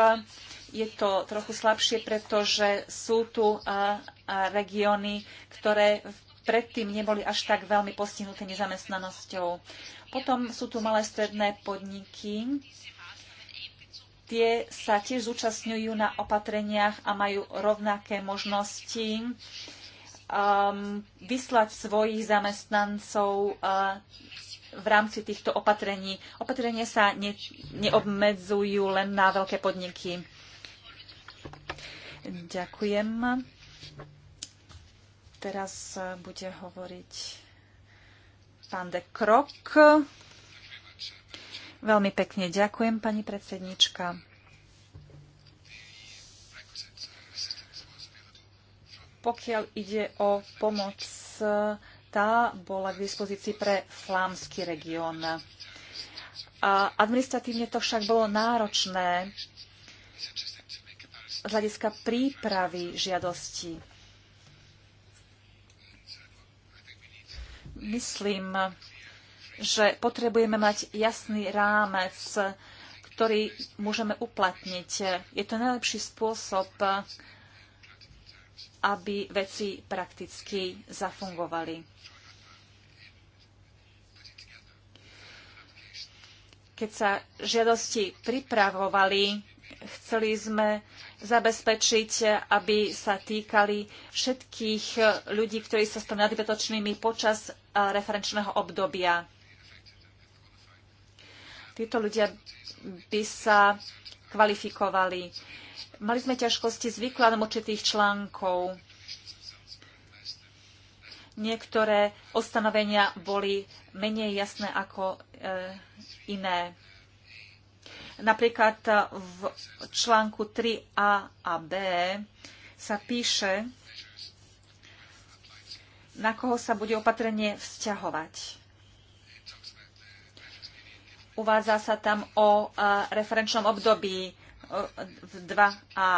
je to trochu slabšie, pretože sú tu regióny, ktoré v predtým neboli až tak veľmi postihnuté nezamestnanosťou. Potom sú tu malé stredné podniky, tie sa tiež zúčastňujú na opatreniach a majú rovnaké možnosti um, vyslať svojich zamestnancov uh, v rámci týchto opatrení. Opatrenia sa ne, neobmedzujú len na veľké podniky. Ďakujem. Teraz e, bude hovoriť pán de Krok. Veľmi pekne ďakujem, pani predsednička. Pokiaľ ide o pomoc, e, tá bola k dispozícii pre flámsky región. Administratívne to však bolo náročné z hľadiska prípravy žiadosti myslím, že potrebujeme mať jasný rámec, ktorý môžeme uplatniť. Je to najlepší spôsob, aby veci prakticky zafungovali. Keď sa žiadosti pripravovali, Chceli sme zabezpečiť, aby sa týkali všetkých ľudí, ktorí sa stanú nadbytočnými počas referenčného obdobia. Títo ľudia by sa kvalifikovali. Mali sme ťažkosti s výkladom určitých článkov. Niektoré ustanovenia boli menej jasné ako e, iné. Napríklad v článku 3a a b sa píše, na koho sa bude opatrenie vzťahovať. Uvádza sa tam o e, referenčnom období e, v 2a.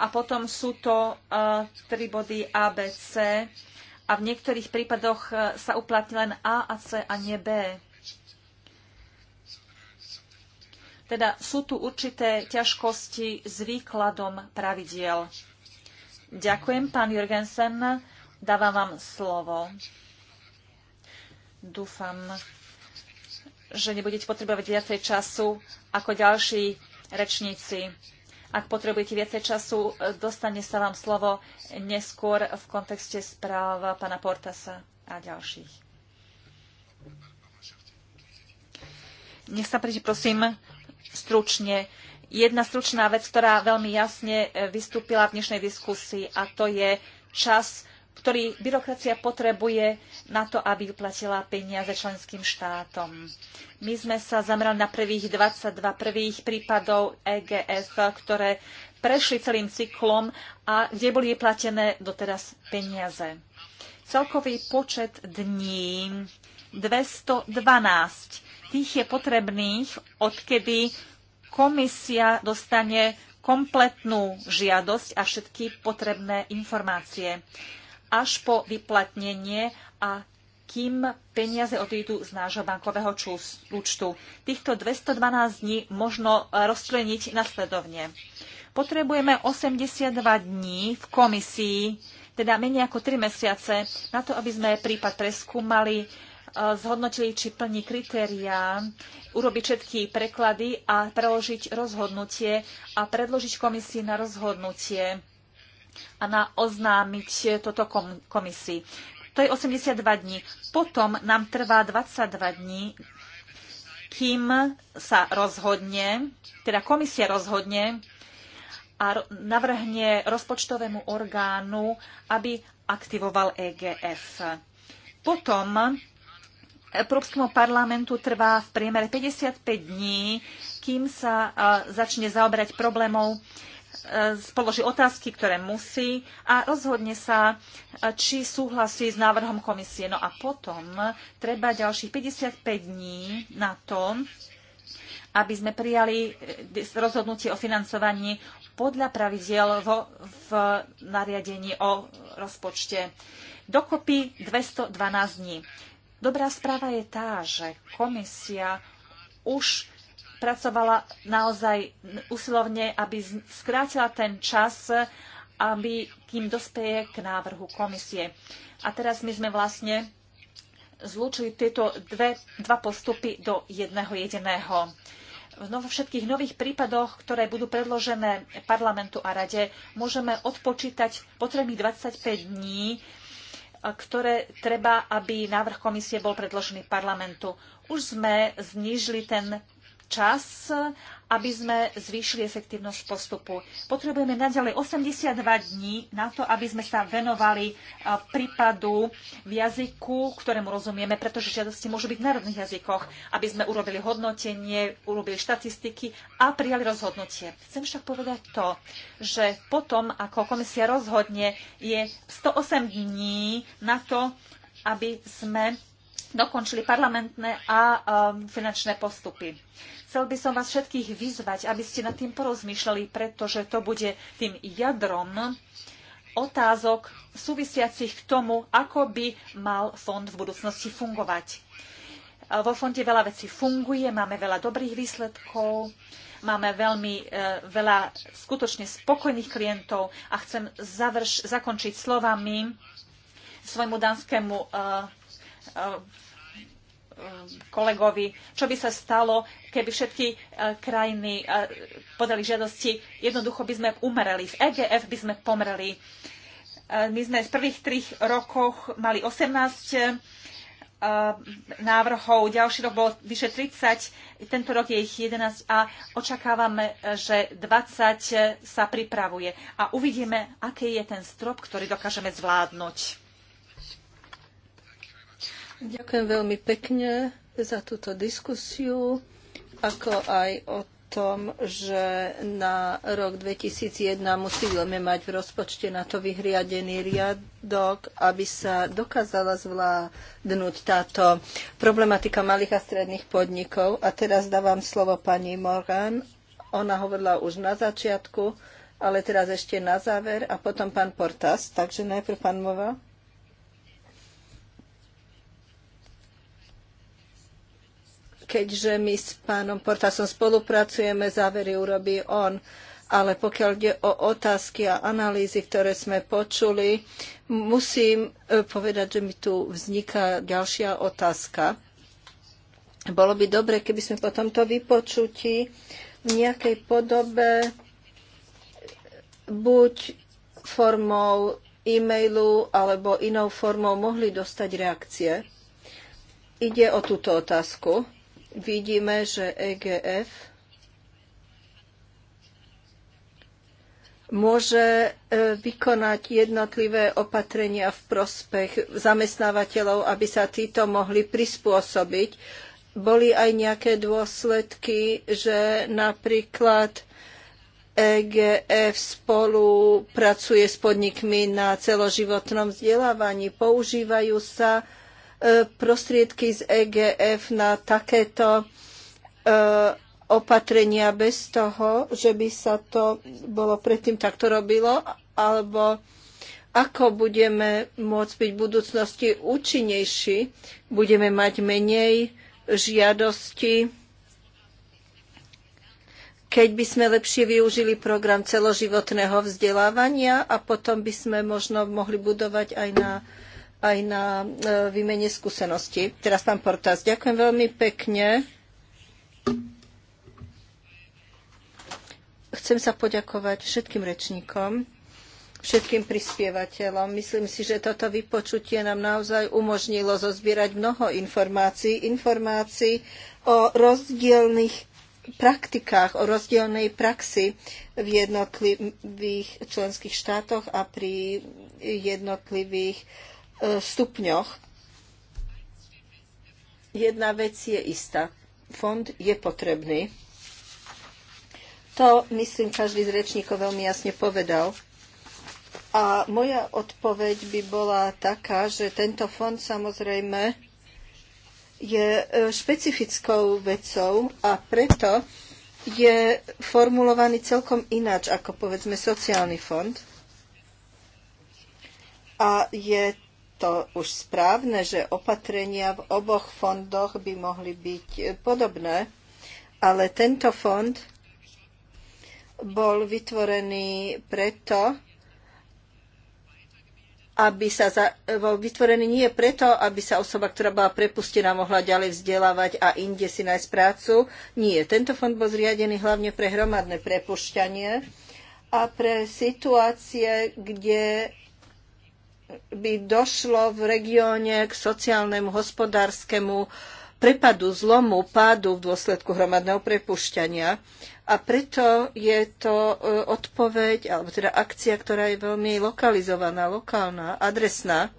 A potom sú to e, tri body A, B, C, a v niektorých prípadoch e, sa uplatní len A a C a nie B. Teda sú tu určité ťažkosti s výkladom pravidiel. Ďakujem, pán Jurgensen. Dávam vám slovo. Dúfam, že nebudete potrebovať viacej času ako ďalší rečníci. Ak potrebujete viacej času, dostane sa vám slovo neskôr v kontexte správ pana Portasa a ďalších. Nech sa príde, prosím, stručne. Jedna stručná vec, ktorá veľmi jasne vystúpila v dnešnej diskusii, a to je čas ktorý byrokracia potrebuje na to, aby uplatila peniaze členským štátom. My sme sa zamerali na prvých 22 prvých prípadov EGF, ktoré prešli celým cyklom a kde boli vyplatené doteraz peniaze. Celkový počet dní 212. Tých je potrebných, odkedy komisia dostane kompletnú žiadosť a všetky potrebné informácie až po vyplatnenie a kým peniaze odídu z nášho bankového účtu. Týchto 212 dní možno rozčleniť nasledovne. Potrebujeme 82 dní v komisii, teda menej ako 3 mesiace, na to, aby sme prípad preskúmali, e, zhodnotili, či plní kritériá, urobiť všetky preklady a preložiť rozhodnutie a predložiť komisii na rozhodnutie a na oznámiť toto komisii. To je 82 dní. Potom nám trvá 22 dní, kým sa rozhodne, teda komisia rozhodne a navrhne rozpočtovému orgánu, aby aktivoval EGF. Potom Európskemu parlamentu trvá v priemere 55 dní, kým sa začne zaoberať problémov, E, položí otázky, ktoré musí a rozhodne sa, e, či súhlasí s návrhom komisie. No a potom treba ďalších 55 dní na to, aby sme prijali e, rozhodnutie o financovaní podľa pravidiel vo, v nariadení o rozpočte. Dokopy 212 dní. Dobrá správa je tá, že komisia už pracovala naozaj usilovne, aby skrátila ten čas, aby kým dospeje k návrhu komisie. A teraz my sme vlastne zlúčili tieto dve, dva postupy do jedného jediného. no, všetkých nových prípadoch, ktoré budú predložené parlamentu a rade, môžeme odpočítať potrebných 25 dní, ktoré treba, aby návrh komisie bol predložený parlamentu. Už sme znížili ten čas, aby sme zvýšili efektívnosť postupu. Potrebujeme naďalej 82 dní na to, aby sme sa venovali e, prípadu v jazyku, ktorému rozumieme, pretože žiadosti môžu byť v národných jazykoch, aby sme urobili hodnotenie, urobili štatistiky a prijali rozhodnutie. Chcem však povedať to, že potom, ako komisia rozhodne, je 108 dní na to, aby sme dokončili parlamentné a um, finančné postupy. Chcel by som vás všetkých vyzvať, aby ste nad tým porozmýšľali, pretože to bude tým jadrom otázok súvisiacich k tomu, ako by mal fond v budúcnosti fungovať. Vo fonde veľa vecí funguje, máme veľa dobrých výsledkov, máme veľmi e, veľa skutočne spokojných klientov a chcem završ, zakončiť slovami svojmu danskému e, e, kolegovi, čo by sa stalo, keby všetky e, krajiny e, podali žiadosti. Jednoducho by sme umreli. V EGF by sme pomreli. E, my sme z prvých trich rokoch mali 18 návrhov, ďalší rok bolo vyše 30, tento rok je ich 11 a očakávame, že 20 sa pripravuje. A uvidíme, aký je ten strop, ktorý dokážeme zvládnuť. Ďakujem veľmi pekne za túto diskusiu, ako aj o tom, že na rok 2001 musíme mať v rozpočte na to vyhriadený riadok, aby sa dokázala zvládnuť táto problematika malých a stredných podnikov. A teraz dávam slovo pani Morgan. Ona hovorila už na začiatku, ale teraz ešte na záver a potom pán Portas. Takže najprv pán Mova. keďže my s pánom Portasom spolupracujeme, závery urobí on. Ale pokiaľ ide o otázky a analýzy, ktoré sme počuli, musím e, povedať, že mi tu vzniká ďalšia otázka. Bolo by dobre, keby sme po tomto vypočutí v nejakej podobe buď formou e-mailu alebo inou formou mohli dostať reakcie. Ide o túto otázku vidíme, že EGF môže e, vykonať jednotlivé opatrenia v prospech zamestnávateľov, aby sa títo mohli prispôsobiť. Boli aj nejaké dôsledky, že napríklad EGF spolu pracuje s podnikmi na celoživotnom vzdelávaní. Používajú sa E, prostriedky z EGF na takéto e, opatrenia bez toho, že by sa to bolo predtým takto robilo, alebo ako budeme môcť byť v budúcnosti účinnejší, budeme mať menej žiadosti, keď by sme lepšie využili program celoživotného vzdelávania a potom by sme možno mohli budovať aj na aj na e, výmene skúseností. Teraz pán Portas, ďakujem veľmi pekne. Chcem sa poďakovať všetkým rečníkom, všetkým prispievateľom. Myslím si, že toto vypočutie nám naozaj umožnilo zozbierať mnoho informácií, informácií o rozdielných praktikách, o rozdielnej praxi v jednotlivých členských štátoch a pri jednotlivých stupňoch. Jedna vec je istá. Fond je potrebný. To, myslím, každý z rečníkov veľmi jasne povedal. A moja odpoveď by bola taká, že tento fond samozrejme je e, špecifickou vecou a preto je formulovaný celkom ináč ako povedzme sociálny fond. A je to už správne, že opatrenia v oboch fondoch by mohli byť podobné, ale tento fond bol vytvorený preto, aby sa za, bol vytvorený nie preto, aby sa osoba, ktorá bola prepustená, mohla ďalej vzdelávať a inde si nájsť prácu. Nie, tento fond bol zriadený hlavne pre hromadné prepušťanie a pre situácie, kde by došlo v regióne k sociálnemu, hospodárskemu prepadu, zlomu, pádu v dôsledku hromadného prepušťania. A preto je to e, odpoveď, alebo teda akcia, ktorá je veľmi lokalizovaná, lokálna, adresná.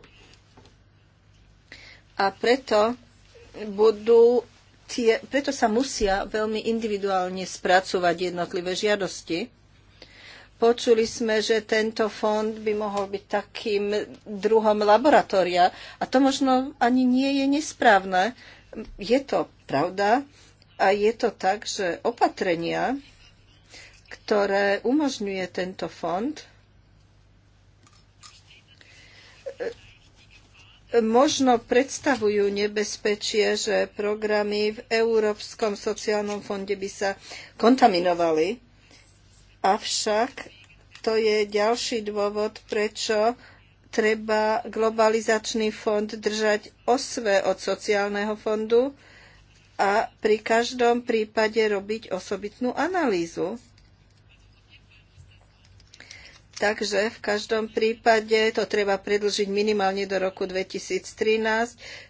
A preto, budú tie, preto sa musia veľmi individuálne spracovať jednotlivé žiadosti Počuli sme, že tento fond by mohol byť takým druhom laboratória a to možno ani nie je nesprávne. Je to pravda a je to tak, že opatrenia, ktoré umožňuje tento fond, možno predstavujú nebezpečie, že programy v Európskom sociálnom fonde by sa kontaminovali Avšak to je ďalší dôvod, prečo treba globalizačný fond držať osve od sociálneho fondu a pri každom prípade robiť osobitnú analýzu. Takže v každom prípade to treba predlžiť minimálne do roku 2013.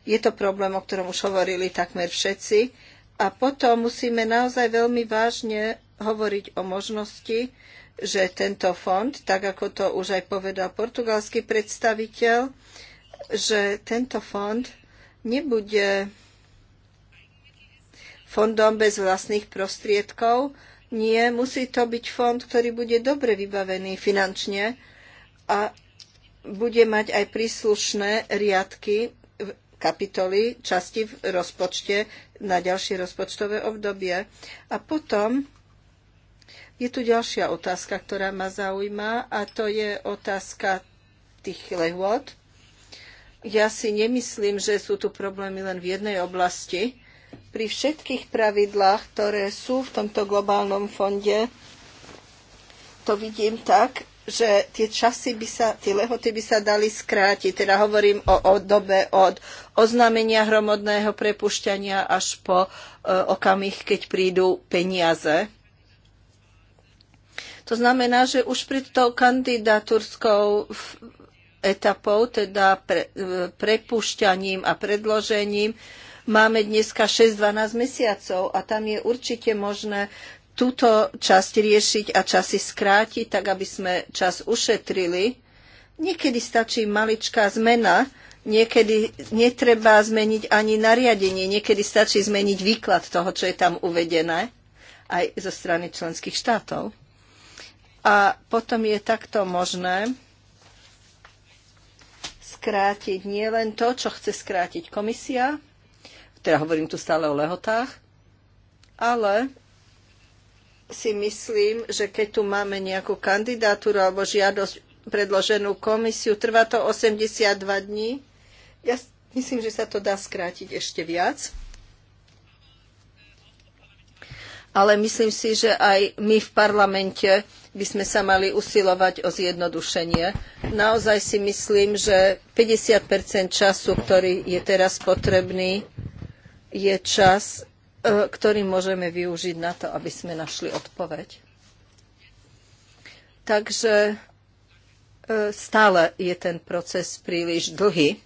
Je to problém, o ktorom už hovorili takmer všetci. A potom musíme naozaj veľmi vážne hovoriť o možnosti, že tento fond, tak ako to už aj povedal portugalský predstaviteľ, že tento fond nebude fondom bez vlastných prostriedkov. Nie, musí to byť fond, ktorý bude dobre vybavený finančne a bude mať aj príslušné riadky kapitoly, časti v rozpočte na ďalšie rozpočtové obdobie. A potom je tu ďalšia otázka, ktorá ma zaujíma, a to je otázka tých lehôd. Ja si nemyslím, že sú tu problémy len v jednej oblasti. Pri všetkých pravidlách, ktoré sú v tomto globálnom fonde, to vidím tak, že tie časy by sa, tie lehoty by sa dali skrátiť. Teda hovorím o, o dobe od oznámenia hromadného prepušťania až po e, okamih, keď prídu peniaze. To znamená, že už pred tou kandidatúrskou etapou, teda pre, e, prepušťaním a predložením, máme dneska 6-12 mesiacov a tam je určite možné túto časť riešiť a časy skrátiť, tak aby sme čas ušetrili. Niekedy stačí maličká zmena, niekedy netreba zmeniť ani nariadenie, niekedy stačí zmeniť výklad toho, čo je tam uvedené aj zo strany členských štátov. A potom je takto možné skrátiť nie len to, čo chce skrátiť komisia, teda hovorím tu stále o lehotách, ale si myslím, že keď tu máme nejakú kandidatúru alebo žiadosť predloženú komisiu, trvá to 82 dní. Ja myslím, že sa to dá skrátiť ešte viac. Ale myslím si, že aj my v parlamente by sme sa mali usilovať o zjednodušenie. Naozaj si myslím, že 50 času, ktorý je teraz potrebný, je čas E, ktorý môžeme využiť na to, aby sme našli odpoveď. Takže e, stále je ten proces príliš dlhý.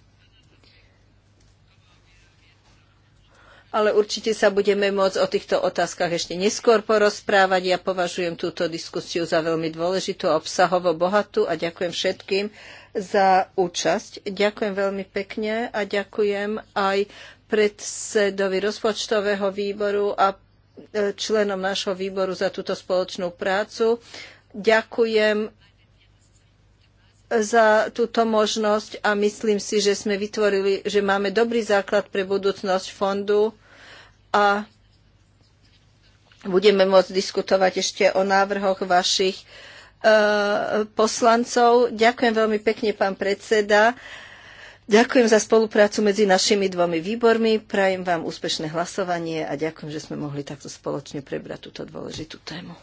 Ale určite sa budeme môcť o týchto otázkach ešte neskôr porozprávať. Ja považujem túto diskusiu za veľmi dôležitú, a obsahovo bohatú a ďakujem všetkým za účasť. Ďakujem veľmi pekne a ďakujem aj predsedovi rozpočtového výboru a e, členom nášho výboru za túto spoločnú prácu. Ďakujem za túto možnosť a myslím si, že sme vytvorili, že máme dobrý základ pre budúcnosť fondu a budeme môcť diskutovať ešte o návrhoch vašich e, poslancov. Ďakujem veľmi pekne, pán predseda. Ďakujem za spoluprácu medzi našimi dvomi výbormi, prajem vám úspešné hlasovanie a ďakujem, že sme mohli takto spoločne prebrať túto dôležitú tému.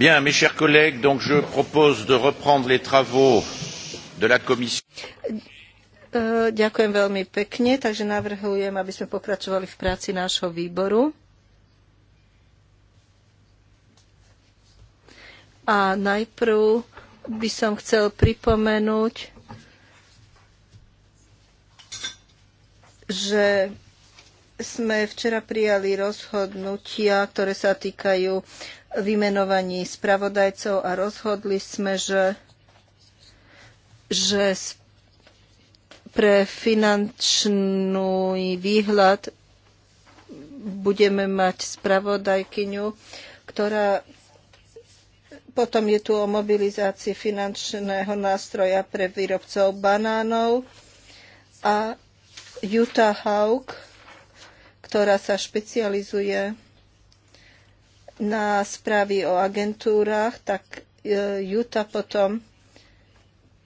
mes chers collègues, donc je propose de reprendre les travaux de la commission. E, ďakujem veľmi pekne, takže navrhujem, aby sme pokračovali v práci nášho výboru. A najprv by som chcel pripomenúť, že sme včera prijali rozhodnutia, ktoré sa týkajú vymenovaní spravodajcov a rozhodli sme, že, že pre finančný výhľad budeme mať spravodajkyňu, ktorá potom je tu o mobilizácii finančného nástroja pre výrobcov banánov a Jutta Haug, ktorá sa špecializuje na správy o agentúrach, tak Juta e, potom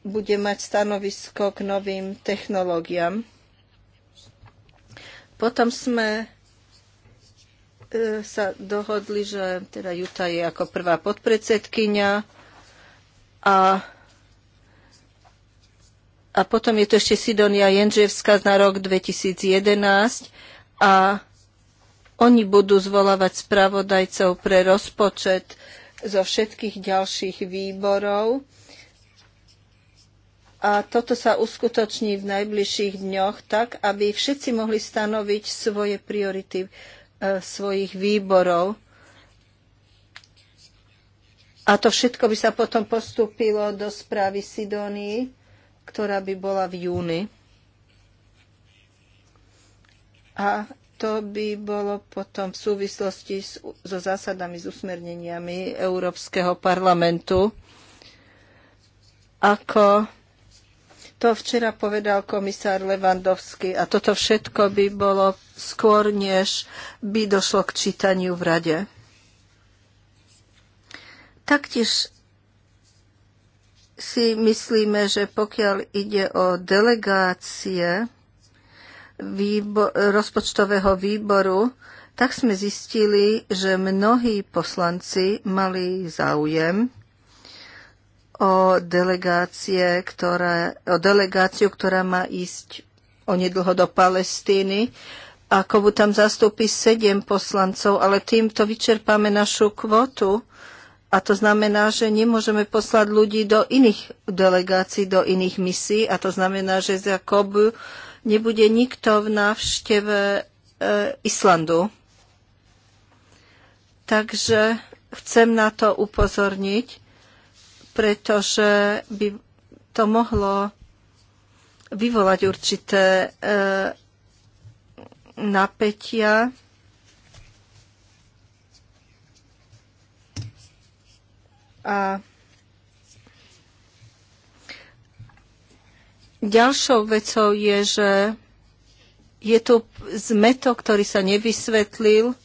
bude mať stanovisko k novým technológiám. Potom sme e, sa dohodli, že teda Juta je ako prvá podpredsedkynia a, a potom je to ešte Sidonia Jendřevská na rok 2011 a oni budú zvolávať spravodajcov pre rozpočet zo všetkých ďalších výborov. A toto sa uskutoční v najbližších dňoch tak, aby všetci mohli stanoviť svoje priority e, svojich výborov. A to všetko by sa potom postúpilo do správy Sidónii, ktorá by bola v júni. A to by bolo potom v súvislosti s, so zásadami, s usmerneniami Európskeho parlamentu. Ako to včera povedal komisár Levandovský a toto všetko by bolo skôr, než by došlo k čítaniu v rade. Taktiež si myslíme, že pokiaľ ide o delegácie, výbo- rozpočtového výboru, tak sme zistili, že mnohí poslanci mali záujem o, delegácie, ktoré, o delegáciu, ktorá má ísť onedlho do Palestíny. Ako tam zastúpi sedem poslancov, ale týmto vyčerpáme našu kvotu. A to znamená, že nemôžeme poslať ľudí do iných delegácií, do iných misií. A to znamená, že za Kobu nebude nikto v návšteve e, Islandu. Takže chcem na to upozorniť, pretože by to mohlo vyvolať určité e, napätia. A Ďalšou vecou je, že je tu zmeto, ktorý sa nevysvetlil.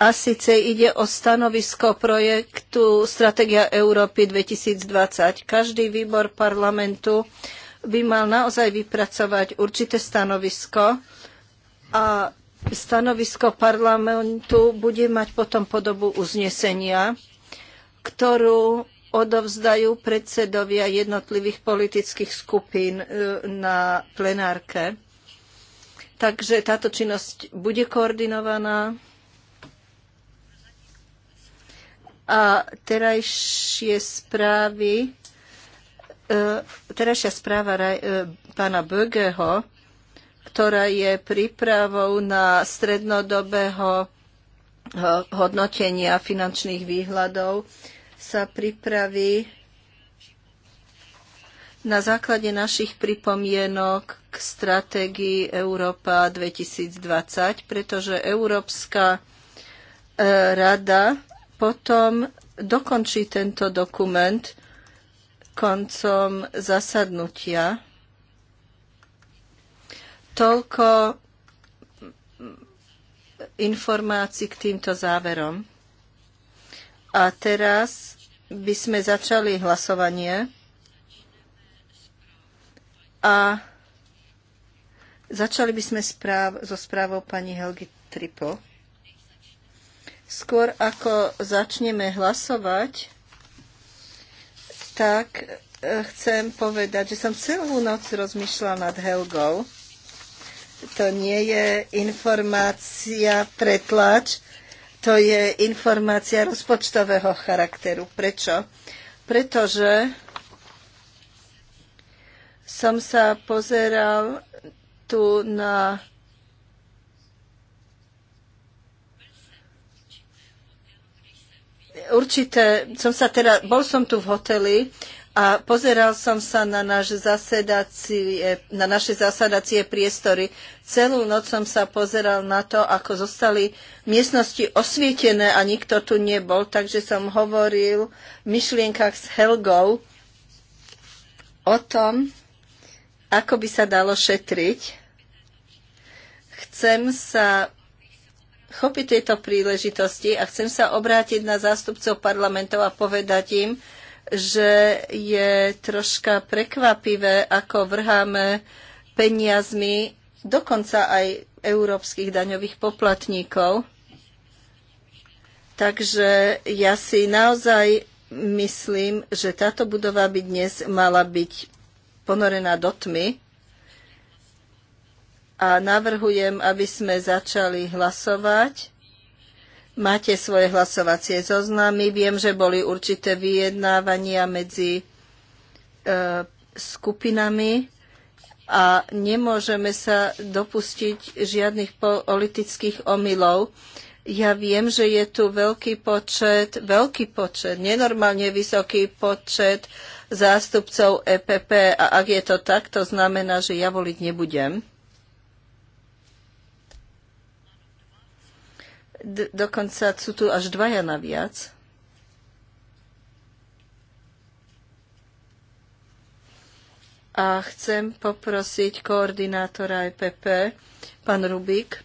A síce ide o stanovisko projektu Stratégia Európy 2020. Každý výbor parlamentu by mal naozaj vypracovať určité stanovisko a stanovisko parlamentu bude mať potom podobu uznesenia, ktorú odovzdajú predsedovia jednotlivých politických skupín e, na plenárke. Takže táto činnosť bude koordinovaná. A terajšie správy, e, terajšia správa e, pána Bögeho, ktorá je prípravou na strednodobého hodnotenia finančných výhľadov, sa pripraví na základe našich pripomienok k stratégii Európa 2020, pretože Európska e, rada potom dokončí tento dokument koncom zasadnutia. Toľko informácií k týmto záverom. A teraz by sme začali hlasovanie. A začali by sme správ, so správou pani Helgi Tripo. Skôr ako začneme hlasovať, tak e, chcem povedať, že som celú noc rozmýšľala nad Helgou. To nie je informácia pre tlač, to je informácia rozpočtového charakteru. Prečo? Pretože som sa pozeral tu na určité, som sa teda, bol som tu v hoteli a pozeral som sa na, naš e, na naše zasadacie priestory. Celú noc som sa pozeral na to, ako zostali miestnosti osvietené a nikto tu nebol, takže som hovoril v myšlienkach s Helgou o tom, ako by sa dalo šetriť. Chcem sa chopiť tejto príležitosti a chcem sa obrátiť na zástupcov parlamentov a povedať im, že je troška prekvapivé, ako vrháme peniazmi dokonca aj európskych daňových poplatníkov. Takže ja si naozaj myslím, že táto budova by dnes mala byť ponorená do tmy a navrhujem, aby sme začali hlasovať. Máte svoje hlasovacie zoznamy. Viem, že boli určité vyjednávania medzi e, skupinami a nemôžeme sa dopustiť žiadnych politických omylov. Ja viem, že je tu veľký počet, veľký počet, nenormálne vysoký počet zástupcov EPP a ak je to tak, to znamená, že ja voliť nebudem. dokonca sú tu až dvaja naviac. A chcem poprosiť koordinátora EPP, pán Rubik,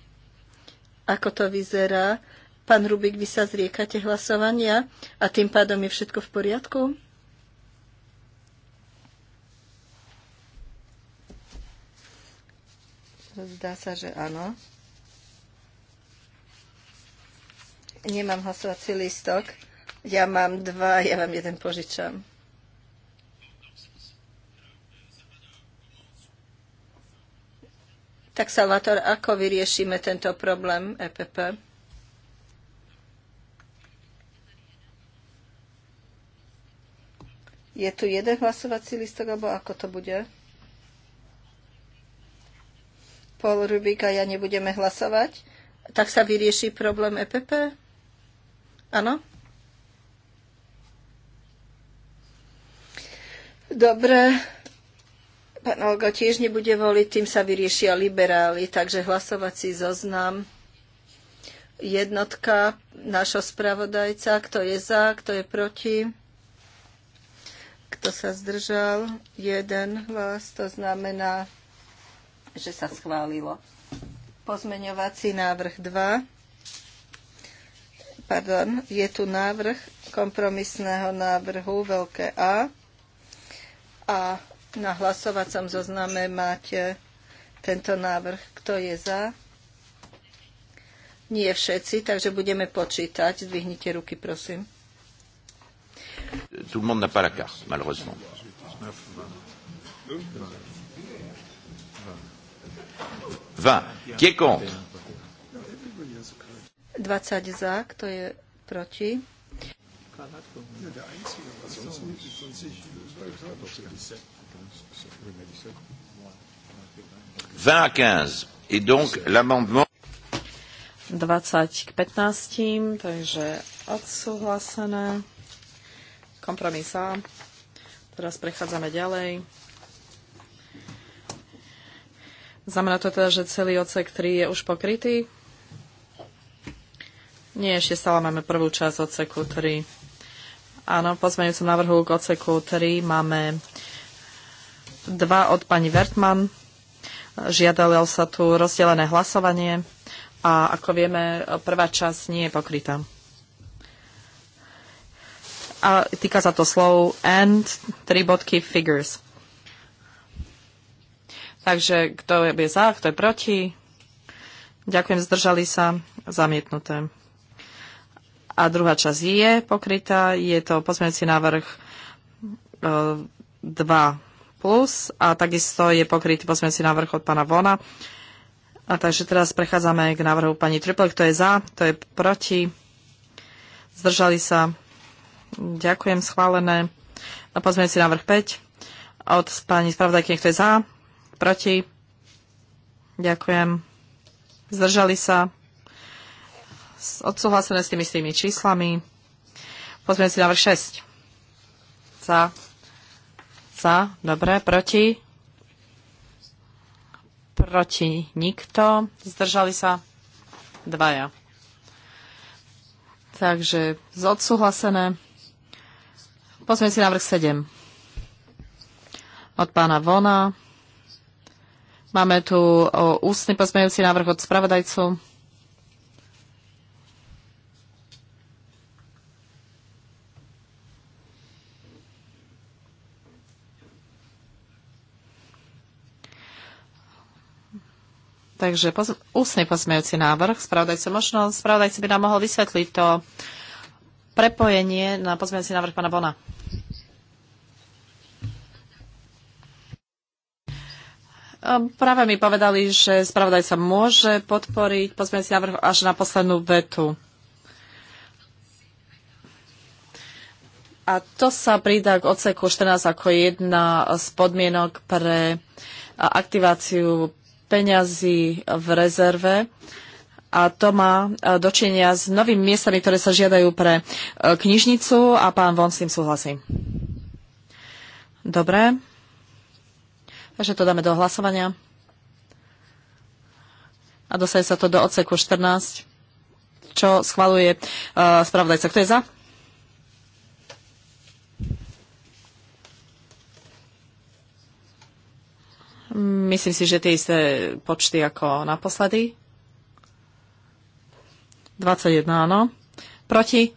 ako to vyzerá. Pán Rubik, vy sa zriekate hlasovania a tým pádom je všetko v poriadku? Zdá sa, že áno. Nemám hlasovací lístok. Ja mám dva, ja vám jeden požičam. Tak Salvator, ako vyriešime tento problém EPP? Je tu jeden hlasovací listok, alebo ako to bude? Paul Rubik a ja nebudeme hlasovať? Tak sa vyrieši problém EPP? Áno? Dobre. Pán Olgo tiež nebude voliť, tým sa vyriešia liberáli, takže hlasovací zoznam. Jednotka nášho spravodajca, kto je za, kto je proti, kto sa zdržal, jeden hlas, to znamená, že sa schválilo. Pozmeňovací návrh 2 pardon, je tu návrh kompromisného návrhu veľké A a na hlasovacom zozname máte tento návrh. Kto je za? Nie všetci, takže budeme počítať. Zdvihnite ruky, prosím. Tout le monde n'a pas la carte, malheureusement. Vingt. Qui est contre 20 za, kto je proti? Vingt Et donc 20 k 15, takže odsúhlasené. Kompromis A. Teraz prechádzame ďalej. Znamená to teda, že celý odsek 3 je už pokrytý? Nie, ešte stále máme prvú časť odseku 3. Áno, po zmenujúcom návrhu k odseku 3 máme dva od pani Vertman. Žiadalo sa tu rozdelené hlasovanie a ako vieme, prvá časť nie je pokrytá. A týka sa to slov and, tri bodky, figures. Takže kto je za, kto je proti? Ďakujem, zdržali sa, zamietnuté a druhá časť je pokrytá. Je to pozmeňujúci návrh 2 e, plus a takisto je pokrytý pozmeňujúci návrh od pána Vona. A takže teraz prechádzame k návrhu pani Triple, kto je za, kto je proti. Zdržali sa. Ďakujem, schválené. A pozmeňujúci si návrh 5 od pani spravodajky, kto je za, proti. Ďakujem. Zdržali sa odsúhlasené s tými istými číslami. Pozrieme si návrh 6. Za. Za. Dobre. Proti. Proti nikto. Zdržali sa dvaja. Takže odsúhlasené. Pozrieme si návrh 7. Od pána Vona. Máme tu ústny pozmeňujúci návrh od spravodajcu. Takže poz- úsne pozmejúci návrh, spravodajca, možno spravodajca by nám mohol vysvetliť to prepojenie na pozmejúci návrh pana Bona. Práve mi povedali, že spravodajca môže podporiť pozmeňujúci návrh až na poslednú vetu. A to sa pridá k odseku 14 ako jedna z podmienok pre aktiváciu peňazí v rezerve a to má e, dočenia s novými miestami, ktoré sa žiadajú pre e, knižnicu a pán Von s tým súhlasí. Dobre. Takže to dáme do hlasovania. A dostane sa to do odseku 14, čo schvaluje uh, spravodajca. Kto je za? Myslím si, že tie isté počty ako naposledy. 21, áno. Proti?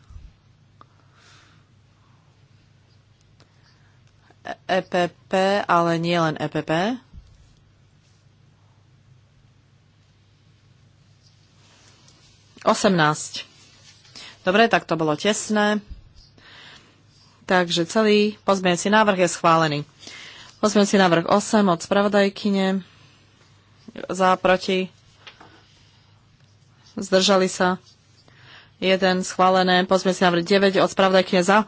EPP, ale nie len EPP. Osemnáct. Dobre, tak to bolo tesné. Takže celý pozmienci návrh je schválený si návrh 8 od spravodajkyne. Za, proti. Zdržali sa. 1 schválené. si návrh 9 od spravodajkyne za.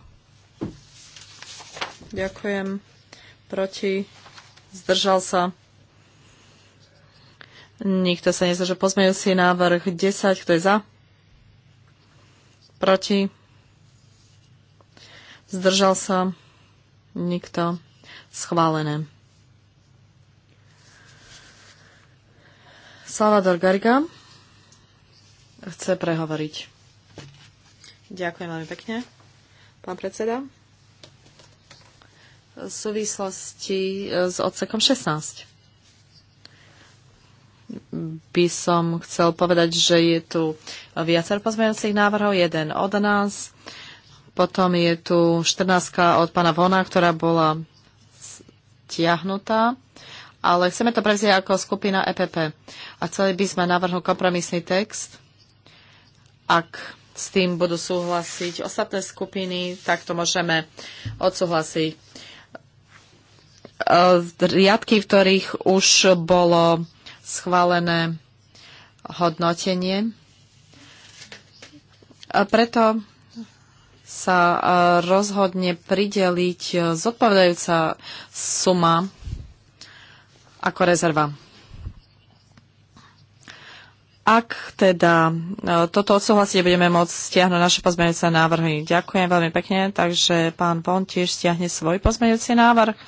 Ďakujem. Proti. Zdržal sa. Nikto sa nezdržal. si návrh 10. Kto je za? Proti. Zdržal sa. Nikto. Schválené. Salvador Garga chce prehovoriť. Ďakujem veľmi pekne, pán predseda. V súvislosti e, s odsekom 16 by som chcel povedať, že je tu viacer pozmeňujúcich návrhov. Jeden od nás, potom je tu 14 od pána Vona, ktorá bola stiahnutá, ale chceme to prevziať ako skupina EPP. A chceli by sme navrhnúť kompromisný text. Ak s tým budú súhlasiť ostatné skupiny, tak to môžeme odsúhlasiť. E, riadky, v ktorých už bolo schválené hodnotenie. A e, preto sa e, rozhodne prideliť e, zodpovedajúca suma ako rezerva. Ak teda e, toto odsúhlasíte, budeme môcť stiahnuť naše pozmeňujúce návrhy. Ďakujem veľmi pekne, takže pán Von tiež stiahne svoj pozmeňujúci návrh.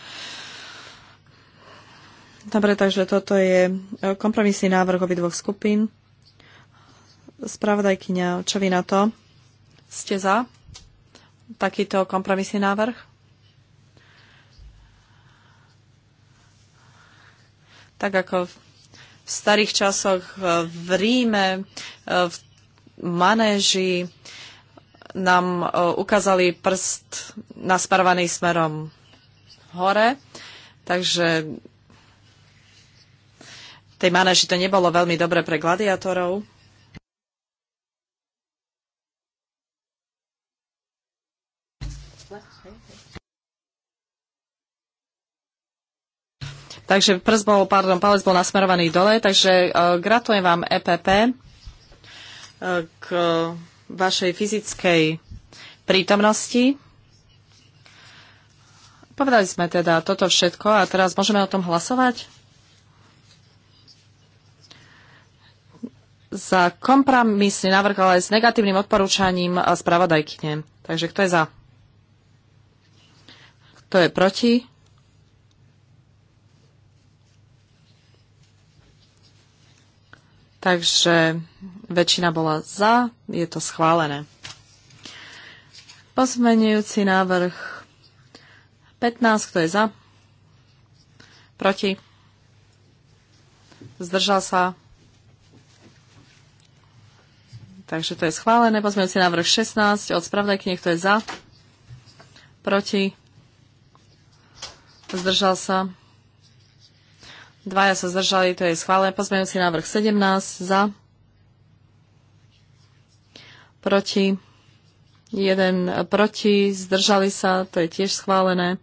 Dobre, takže toto je kompromisný návrh obidvoch skupín. Spravodajkyňa, čo vy na to? Ste za? takýto kompromisný návrh? Tak ako v starých časoch v Ríme, e, v manéži nám e, ukázali prst nasparovaný smerom hore, takže tej manéži to nebolo veľmi dobre pre gladiátorov. Takže prst bol, pardon, palec bol nasmerovaný dole, takže uh, gratulujem vám EPP uh, e, k uh, vašej fyzickej prítomnosti. Povedali sme teda toto všetko a teraz môžeme o tom hlasovať? Za kompromisný návrh, ale s negatívnym odporúčaním a spravodajkyne. Takže kto je za? Kto je proti? Takže väčšina bola za, je to schválené. Pozmenujúci návrh 15, kto je za? Proti? Zdržal sa? Takže to je schválené. Pozmenujúci návrh 16 od spravodajky, kto je za? Proti? Zdržal sa? Dvaja sa zdržali, to je schválené. Pozmeňujúci návrh 17 za. Proti. Jeden e, proti, zdržali sa, to je tiež schválené.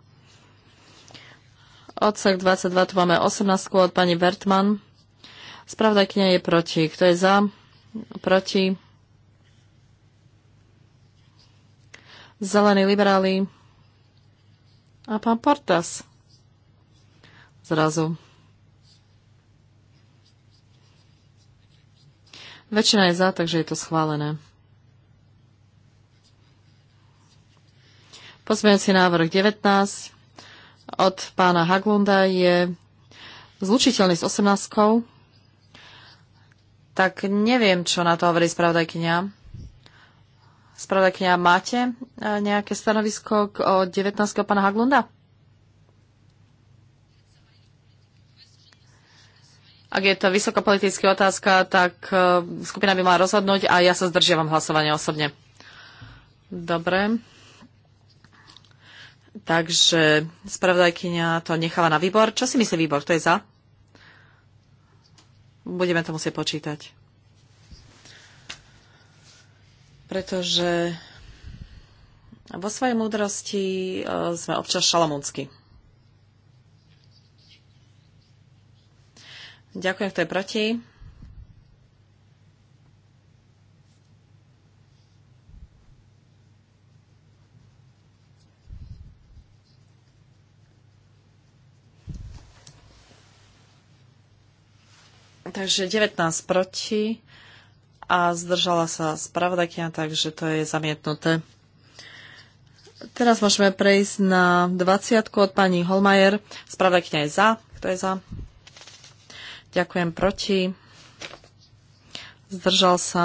Odsek 22, tu máme 18 od pani Bertman. Spravdajkňa je proti. Kto je za? Proti. Zelení liberáli. A pán Portas. Zrazu. Väčšina je za, takže je to schválené. Pozmeňujúci návrh 19 od pána Haglunda je zlučiteľný s 18. Tak neviem, čo na to hovorí spravodajkynia. Spravodajkynia, máte eh, nejaké stanovisko k 19. pána Haglunda? Ak je to vysoká politická otázka, tak e, skupina by mala rozhodnúť a ja sa zdržiavam hlasovania osobne. Dobre. Takže spravodajkynia to necháva na výbor. Čo si myslí výbor? To je za? Budeme to musieť počítať. Pretože vo svojej múdrosti e, sme občas šalamúnsky. Ďakujem, kto je proti. Takže 19 proti a zdržala sa spravodajkina, takže to je zamietnuté. Teraz môžeme prejsť na 20 od pani Holmajer. Spravodajkina je za. Kto je za? Ďakujem proti. Zdržal sa.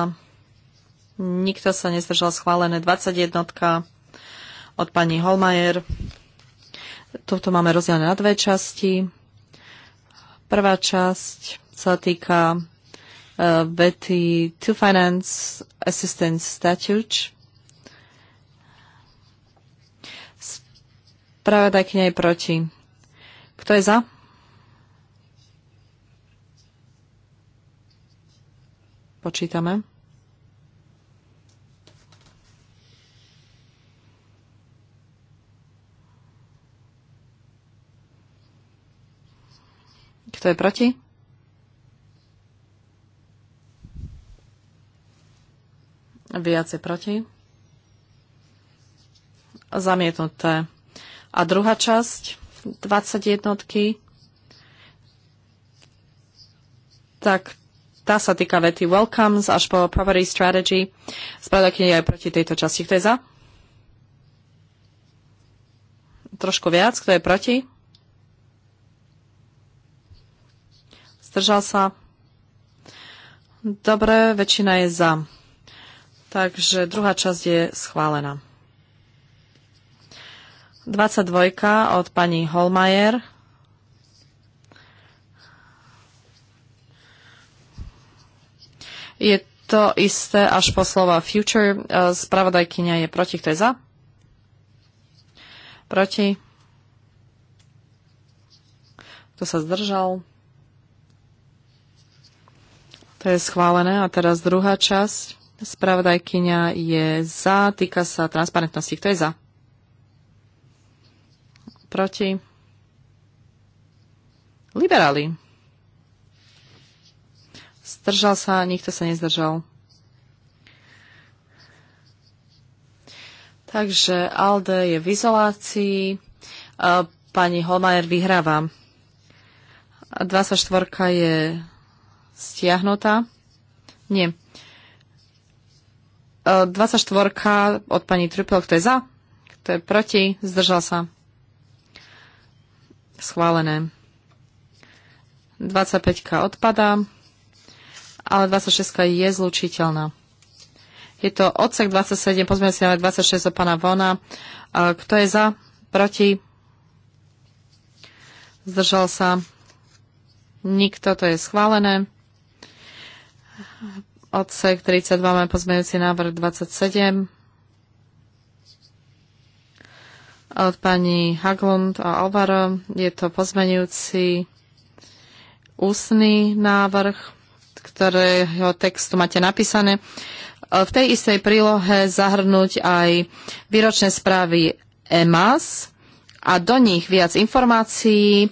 Nikto sa nezdržal schválené. 21 od pani Holmajer. Toto máme rozdelené na dve časti. Prvá časť sa týka uh, vety to finance assistance statute. Spravodajkňa je proti. Kto je za? počítame. Kto je proti? Viacej proti. Zamietnuté. A druhá časť, 20 jednotky, tak tá sa týka vety Welcomes až po Property Strategy. Spravodajky je aj proti tejto časti. Kto je za? Trošku viac. Kto je proti? Zdržal sa? Dobre, väčšina je za. Takže druhá časť je schválená. 22 od pani Holmajer. Je to isté až po slova future. E, spravodajkynia je proti. Kto je za? Proti. Kto sa zdržal? To je schválené. A teraz druhá časť. Spravodajkyňa je za. Týka sa transparentnosti. Kto je za? Proti? Liberáli. Zdržal sa, nikto sa nezdržal. Takže Alde je v izolácii. Pani Holmajer vyhráva. 24 je stiahnutá. Nie. 24 od pani Trupel, kto je za, kto je proti, zdržal sa. Schválené. 25 odpadá ale 26 je zlučiteľná. Je to odsek 27, pozme si 26 od pána Vona. Kto je za? Proti? Zdržal sa? Nikto, to je schválené. Odsek 32 máme pozmeňujúci návrh 27 od pani Haglund a Alvaro. Je to pozmeňujúci ústny návrh ktorého textu máte napísané, e, v tej istej prílohe zahrnúť aj výročné správy EMAS a do nich viac informácií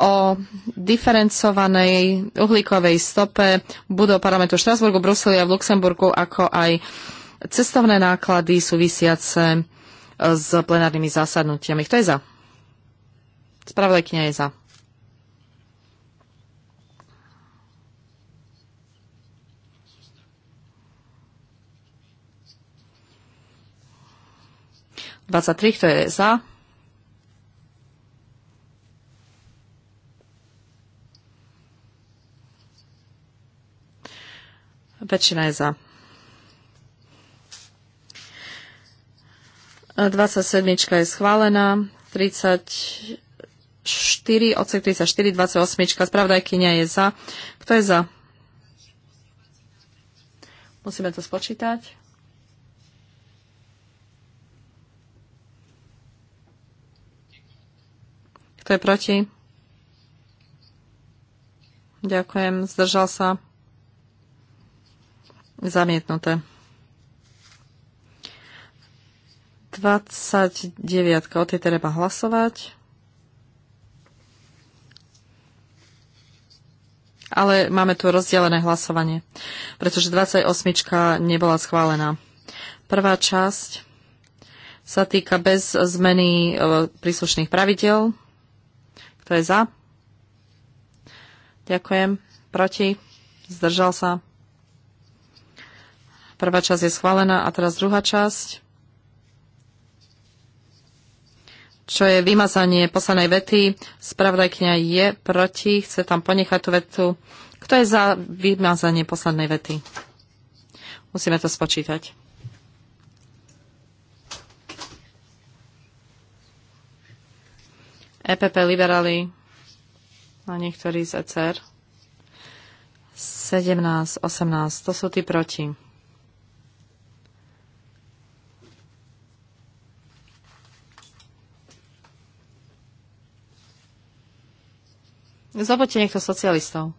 o diferencovanej uhlíkovej stope budov parlamentu Štrasburgu, Bruseli a v Luxemburgu, ako aj cestovné náklady súvisiace e, s plenárnymi zásadnutiami. Kto je za? Spravodajkynia je za. 23, kto je za? Väčšina je za. 27 je schválená, 34, odsek 34, 28, spravdajkynia je za. Kto je za? Musíme to spočítať. Kto je proti? Ďakujem. Zdržal sa. Zamietnuté. 29. O tej treba hlasovať. Ale máme tu rozdelené hlasovanie, pretože 28. nebola schválená. Prvá časť sa týka bez zmeny e, príslušných pravidel. Kto je za? Ďakujem. Proti? Zdržal sa? Prvá časť je schválená a teraz druhá časť, čo je vymazanie poslednej vety. Spravodajkňa je proti, chce tam ponechať tú vetu. Kto je za vymazanie poslednej vety? Musíme to spočítať. EPP Liberali a niektorí z ECR. 17, 18, to sú tí proti. Zobote niekto socialistov.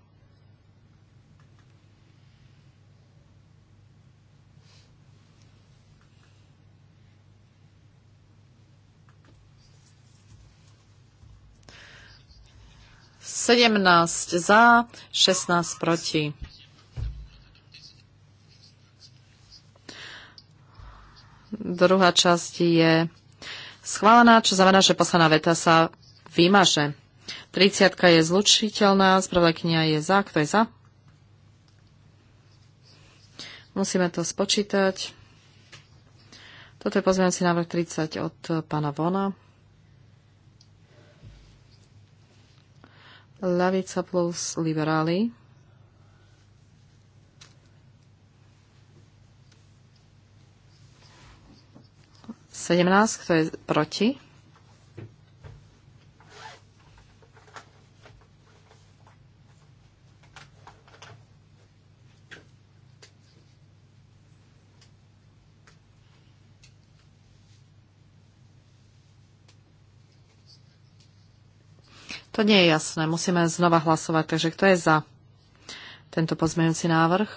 17 za, 16 proti. Druhá časť je schválená, čo znamená, že posledná veta sa vymaže. 30 je zlučiteľná, spravodajkynia je za. Kto je za? Musíme to spočítať. Toto je pozmeňujúci návrh 30 od pána Vona. Lavica plus liberáli. Sedemnáct, kto je proti? To nie je jasné. Musíme znova hlasovať. Takže kto je za tento pozmeňujúci návrh?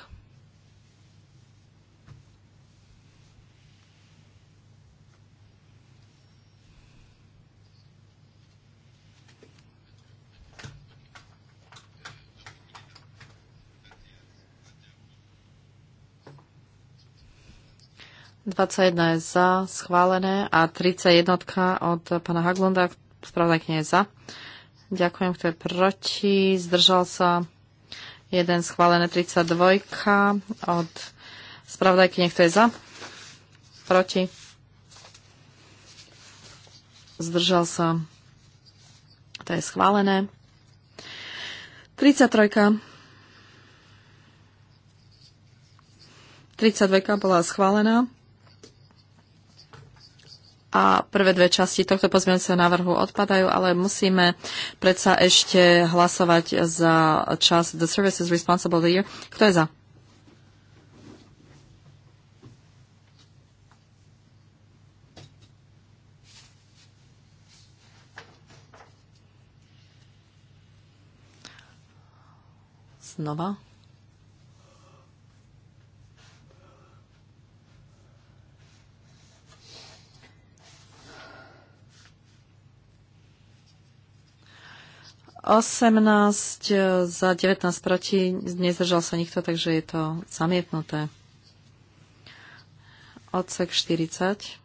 Dvadsaťjedna je za, schválené a jednotka od pána Haglunda, spravodajkne je za. Ďakujem, kto je proti. Zdržal sa. 1 schválené 32 od spravodajky. Niekto je za? Proti? Zdržal sa. To je schválené. 33. 32 bola schválená a prvé dve časti tohto pozmeňujúceho návrhu odpadajú, ale musíme predsa ešte hlasovať za čas The Services Responsible Year. Kto je za? Znova. 18 eh, za 19 proti, nezdržal sa nikto, takže je to zamietnuté. Odsek 40.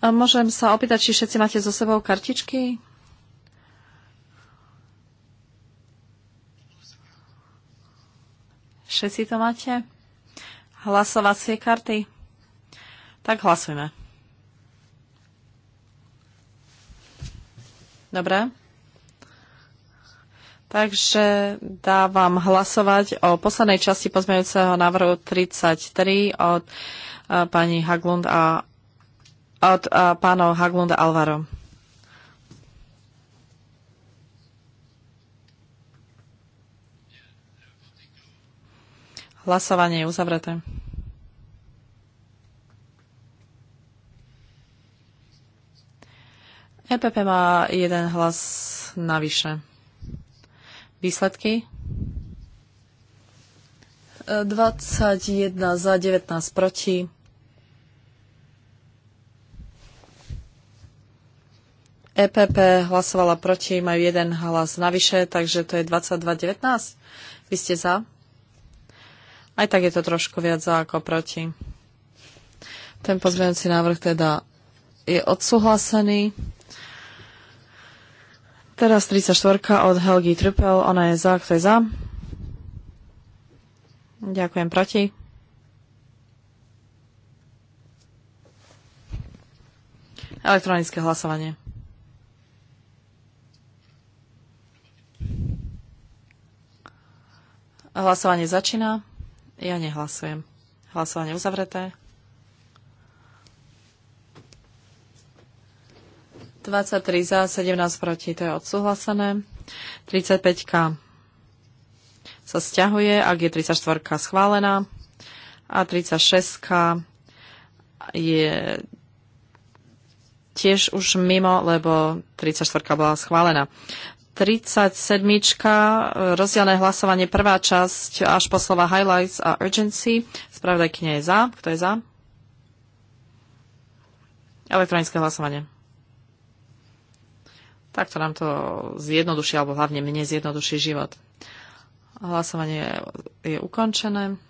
A môžem sa opýtať, či všetci máte so sebou kartičky? Všetci to máte? Hlasovacie karty? Tak hlasujme. Dobre. Takže dávam hlasovať o poslednej časti pozmeňujúceho návrhu 33 od uh, pani Haglund a od uh, e, pánov Haglunda Alvaro. Hlasovanie je uzavreté. EPP má jeden hlas navyše. Výsledky? 21 e, za 19 proti. EPP hlasovala proti, majú jeden hlas navyše, takže to je 22-19. Vy ste za? Aj tak je to trošku viac za ako proti. Ten pozmeňujúci návrh teda je odsúhlasený. Teraz 34 od Helgi Trpel, ona je za, kto je za? Ďakujem, proti? Elektronické hlasovanie. Hlasovanie začína. Ja nehlasujem. Hlasovanie uzavreté. 23 za, 17 proti, to je odsúhlasené. 35 sa stiahuje, ak je 34 schválená a 36 je tiež už mimo, lebo 34 bola schválená. 37. rozdielne hlasovanie, prvá časť až po slova highlights a urgency. Spravodajkynia je za. Kto je za? Elektronické hlasovanie. Takto nám to zjednoduší, alebo hlavne mne zjednoduší život. Hlasovanie je ukončené.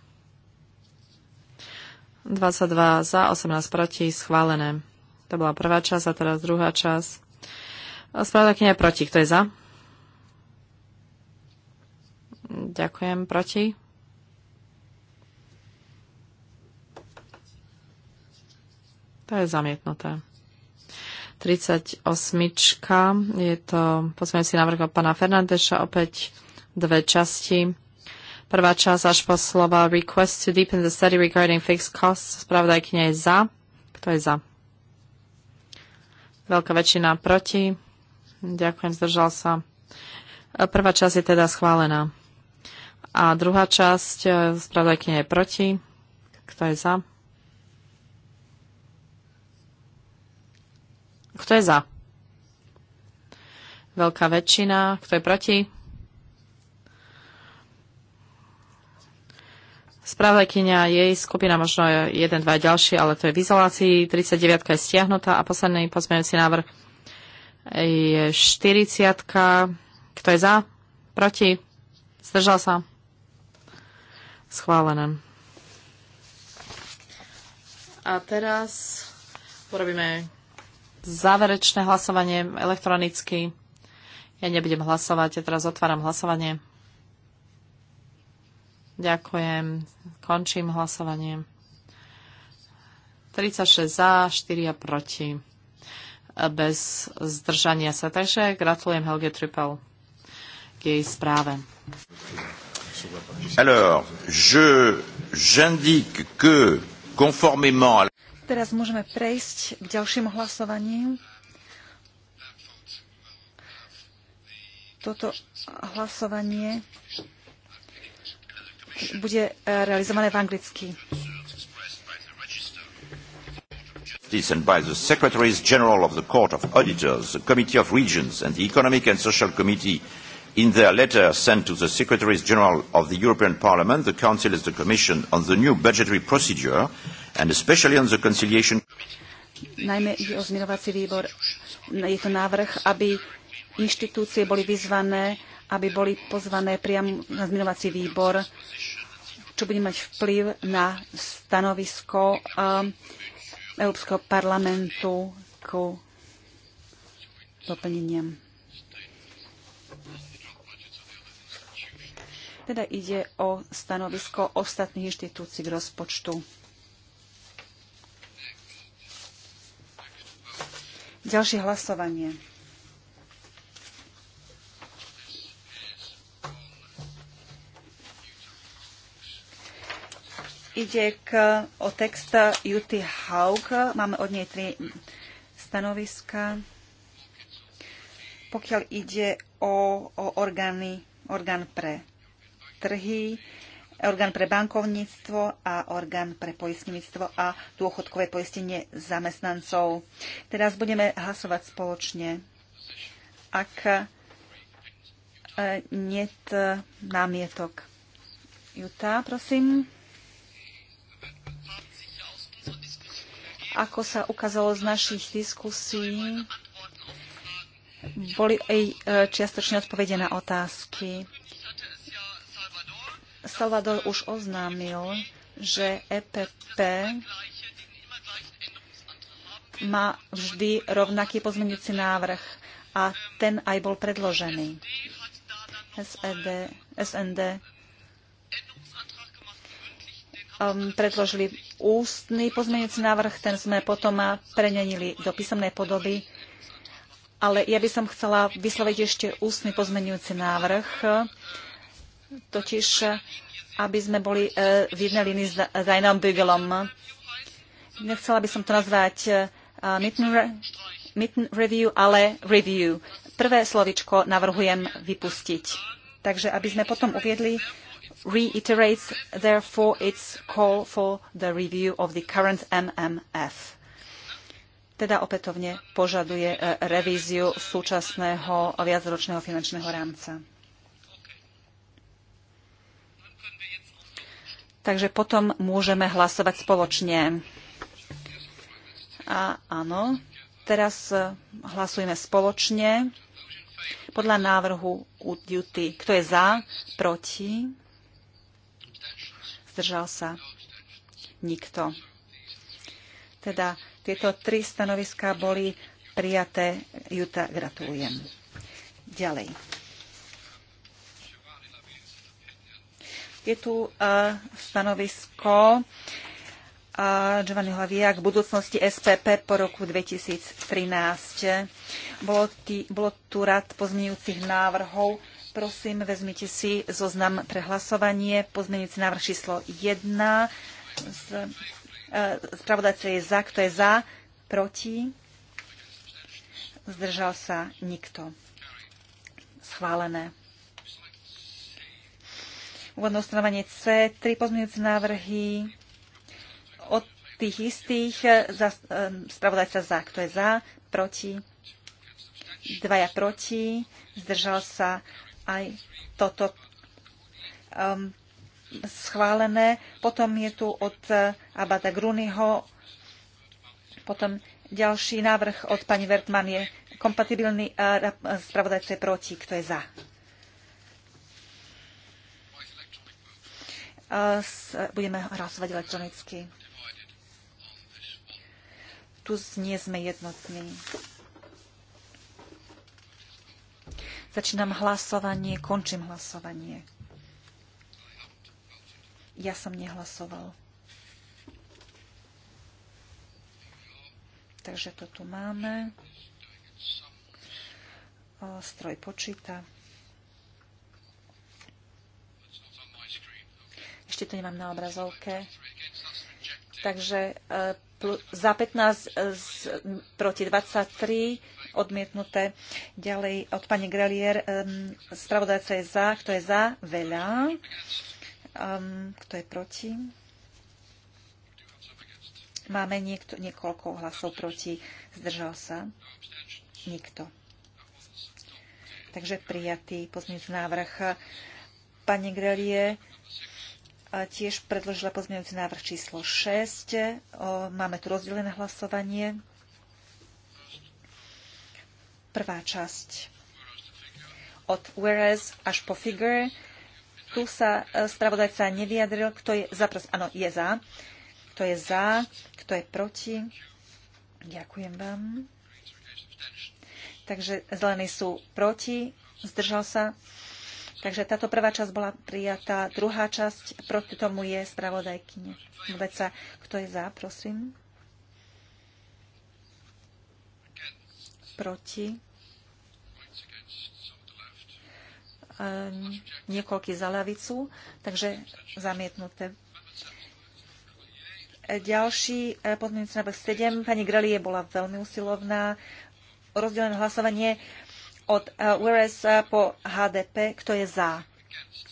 22 za, 18 proti, schválené. To bola prvá časť a teraz druhá časť. Spravodajkynia je proti. Kto je za? Ďakujem. Proti? To je zamietnuté. 38. Je to pozmeňujúci návrh od pána Fernandeša, opäť dve časti. Prvá časť až po slova Request to deepen the study regarding fixed costs. Spravodajkynia je za. Kto je za? Veľká väčšina proti. Ďakujem, zdržal sa. Prvá časť je teda schválená. A druhá časť, spravodajkynia je proti. Kto je za? Kto je za? Veľká väčšina. Kto je proti? Spravodajkynia, jej skupina, možno jeden, dva ďalší, ale to je v izolácii. 39 je stiahnutá a posledný pozmeňujúci návrh je 40. Kto je za? Proti? Zdržal sa? Schválené. A teraz urobíme záverečné hlasovanie elektronicky. Ja nebudem hlasovať, ja teraz otváram hlasovanie. Ďakujem. Končím hlasovanie. 36 za, 4 a proti. Bez zdržania sa. Takže gratulujem Helge Trippel k jej správe. Alors, je, j'indique que conformément à Teraz môžeme prejsť k ďalšiemu hlasovaniu. Toto hlasovanie bude e, realizované v anglicky. And by the Secretaries General of the Court of Auditors, the Committee of Regions, and the Economic and Social Committee, in their letter sent to the Secretaries General of the European Parliament, the Council, and the Commission on the new budgetary procedure and especially on the conciliation. Najmä ide o zmierovací výbor. Je to návrh, aby inštitúcie boli vyzvané, aby boli pozvané priamo na zmierovací výbor, čo bude mať vplyv na stanovisko um, Európskeho parlamentu k doplneniam. Teda ide o stanovisko ostatných inštitúcií k rozpočtu. Ďalšie hlasovanie. Ide k, o text Juty Haug. Máme od nej tri stanoviska. Pokiaľ ide o, o orgány, orgán pre trhy, orgán pre bankovníctvo a orgán pre poistníctvo a dôchodkové poistenie zamestnancov. Teraz budeme hlasovať spoločne. Ak e, net e, námietok. Juta, prosím. Ako sa ukázalo z našich diskusí, boli aj e, čiastočne odpovede na otázky. Salvador už oznámil, že EPP má vždy rovnaký pozmeňujúci návrh a ten aj bol predložený. SED, SND um, predložili ústny pozmeňujúci návrh, ten sme potom prenenili do písomnej podoby, ale ja by som chcela vysloviť ešte ústny pozmeňujúci návrh, totiž aby sme boli e, v jednej línii s Rainom Bügelom. Nechcela by som to nazvať e, mitten review, ale review. Prvé slovičko navrhujem vypustiť. Takže aby sme potom uviedli reiterates therefore its call for the review of the current MMF. Teda opätovne požaduje e, revíziu súčasného viacročného finančného rámca. Takže potom môžeme hlasovať spoločne. A áno, teraz e, hlasujeme spoločne podľa návrhu Duty. Kto je za? Proti? Zdržal sa? Nikto. Teda tieto tri stanoviská boli prijaté. Juta, gratulujem. Ďalej. Je tu e, stanovisko e, Giovanni Hlavia k budúcnosti SPP po roku 2013. Bolo, tý, bolo tu rad pozmeňujúcich návrhov. Prosím, vezmite si zoznam pre hlasovanie. Pozmeňujúci návrh číslo 1. Z, e, spravodajca je za. Kto je za? Proti? Zdržal sa nikto. Schválené úvodné ustanovenie C, tri pozmeňujúce návrhy od tých istých, e, za, e, spravodajca za, kto je za, proti, dvaja proti, zdržal sa aj toto um, schválené. Potom je tu od e, Abata Grunyho, potom ďalší návrh od pani Vertman je kompatibilný a spravodajca je proti, kto je za. budeme hlasovať elektronicky. Tu nie sme jednotní. Začínam hlasovanie, končím hlasovanie. Ja som nehlasoval. Takže to tu máme. Stroj počíta. ešte to nemám na obrazovke. Takže e, za 15 e, proti 23 odmietnuté. Ďalej od pani Grelier. E, spravodajca je za. Kto je za? Veľa. Ehm, kto je proti? Máme niekto, niekoľko hlasov proti. Zdržal sa? Nikto. Takže prijatý pozmeňujúci návrh. Pani Grelie, tiež predložila pozmeňujúci návrh číslo 6. Máme tu rozdelené hlasovanie. Prvá časť. Od whereas až po figure. Tu sa e, spravodajca nevyjadril, kto je za. Áno, je za. Kto je za, kto je proti. Ďakujem vám. Takže zelení sú proti, zdržal sa. Takže táto prvá časť bola prijatá. Druhá časť, proti tomu je spravodajkyne. sa, kto je za, prosím? Proti? Um, ehm, niekoľký za lavicu, takže zamietnuté. Ďalší eh, pozmeňujúci na 7. Pani Grelie bola veľmi usilovná. Rozdelené hlasovanie od eh, Whereas eh, po HDP. Kto je za?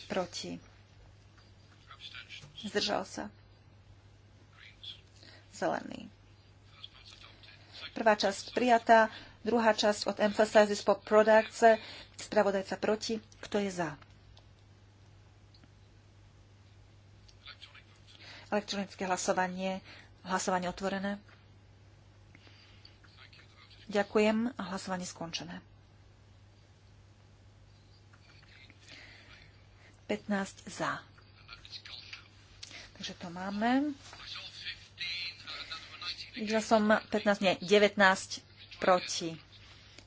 Proti. Zdržal sa. Zelený. Prvá časť prijatá, druhá časť od Emphasizes po Products, spravodajca proti, kto je za? Elektronické hlasovanie, hlasovanie otvorené. Ďakujem a hlasovanie skončené. 15 za. Takže to máme. Videla som 15, nie, 19 proti.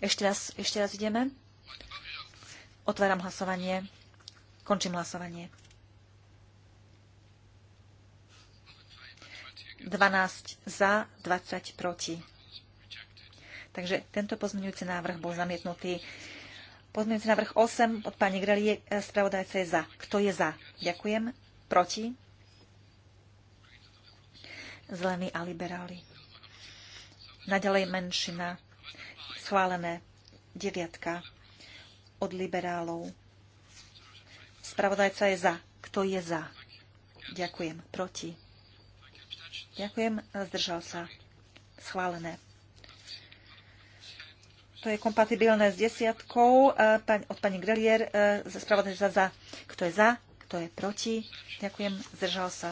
Ešte raz, ešte raz ideme. Otváram hlasovanie. Končím hlasovanie. 12 za, 20 proti. Takže tento pozmeňujúci návrh bol zamietnutý. Pozmeňujúci návrh 8 od pani Grelie, e, spravodajca je za. Kto je za? Ďakujem. Proti? Zelení a liberáli. Naďalej menšina. Schválené. Deviatka od liberálov. Spravodajca je za. Kto je za? Ďakujem. Proti? Ďakujem. Zdržal sa. Schválené to je kompatibilné s desiatkou e, od pani Grelier, e, spravodajca za, za. Kto je za? Kto je proti? Ďakujem, zdržal sa.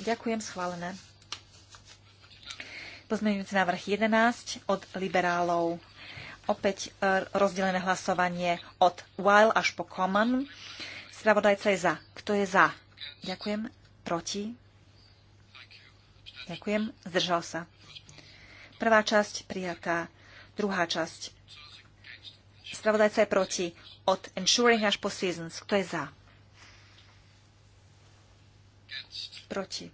Ďakujem, schválené. Pozmeňujúci návrh 11 od liberálov. Opäť e, rozdelené hlasovanie od while až po common. Spravodajca je za. Kto je za? Ďakujem. Proti? Ďakujem. Zdržal sa. Prvá časť prijatá. Druhá časť. Spravodajca je proti. Od ensuring až po seasons. Kto je za? Proti.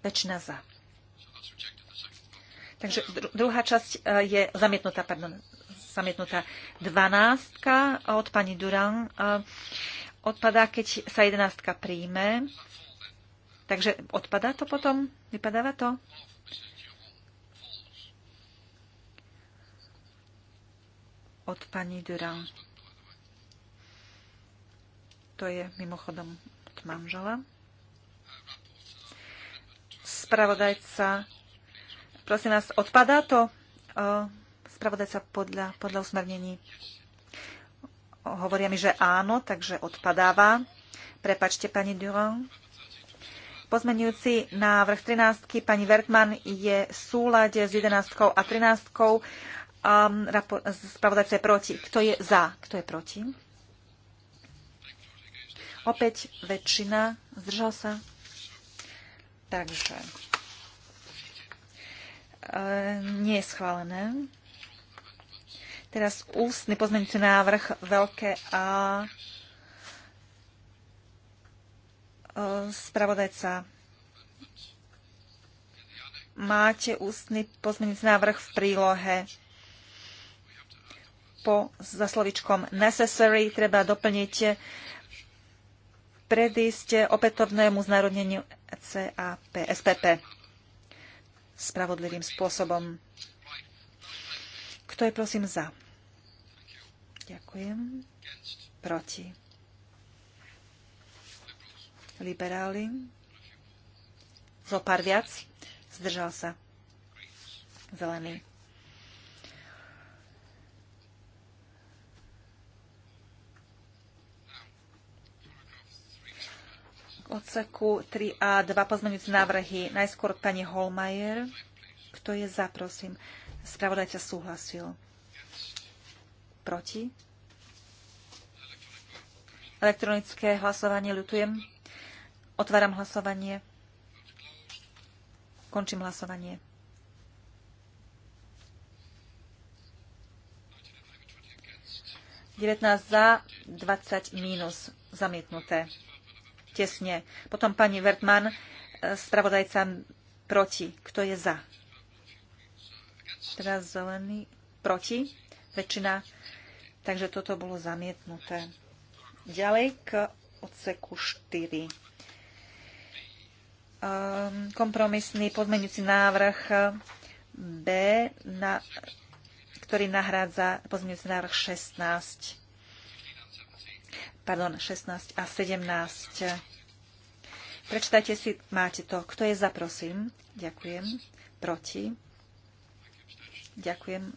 Väčšina za. Takže druhá časť e, je zamietnutá, pardon, zamietnutá. Dvanáctka od pani Duran e, odpadá, keď sa jedenáctka príjme. Takže odpadá to potom? Vypadáva to? Od pani Dura. To je mimochodom od manžela. Spravodajca, prosím vás, odpadá to? Spravodajca podľa, podľa usmernení. Hovoria mi, že áno, takže odpadáva. Prepačte, pani Durand. Pozmenujúci návrh 13. pani Vertman je v súlade s 11. a 13. Um, spravodajca je proti. Kto je za? Kto je proti? Opäť väčšina. Zdržal sa? Takže e, nie je schválené. Teraz ústny pozmeňujúci návrh veľké A spravodajca. Máte ústny pozmeňujúci návrh v prílohe. Po za slovičkom necessary treba doplniť predísť opätovnému znárodneniu CAP, SPP spravodlivým spôsobom. Kto je prosím za? Ďakujem. Proti liberáli. Zopár viac. Zdržal sa. Zelený. odseku 3a dva pozmeňujúce návrhy. Najskôr pani Holmajer. Kto je za, prosím? Spravodajca súhlasil. Proti? Elektronické hlasovanie ľutujem. Otváram hlasovanie. Končím hlasovanie. Devätnásť za, 20 mínus. Zamietnuté. Tesne. Potom pani Vertman, e, spravodajca proti. Kto je za? Teraz zelený proti. Väčšina. Takže toto bolo zamietnuté. Ďalej k odseku 4. Ehm, kompromisný pozmeňujúci návrh eh, B, na, ktorý nahrádza pozmeňujúci návrh 16. Pardon, 16 a 17. Prečítajte si, máte to. Kto je za, prosím? Ďakujem. Proti? Ďakujem. Eh,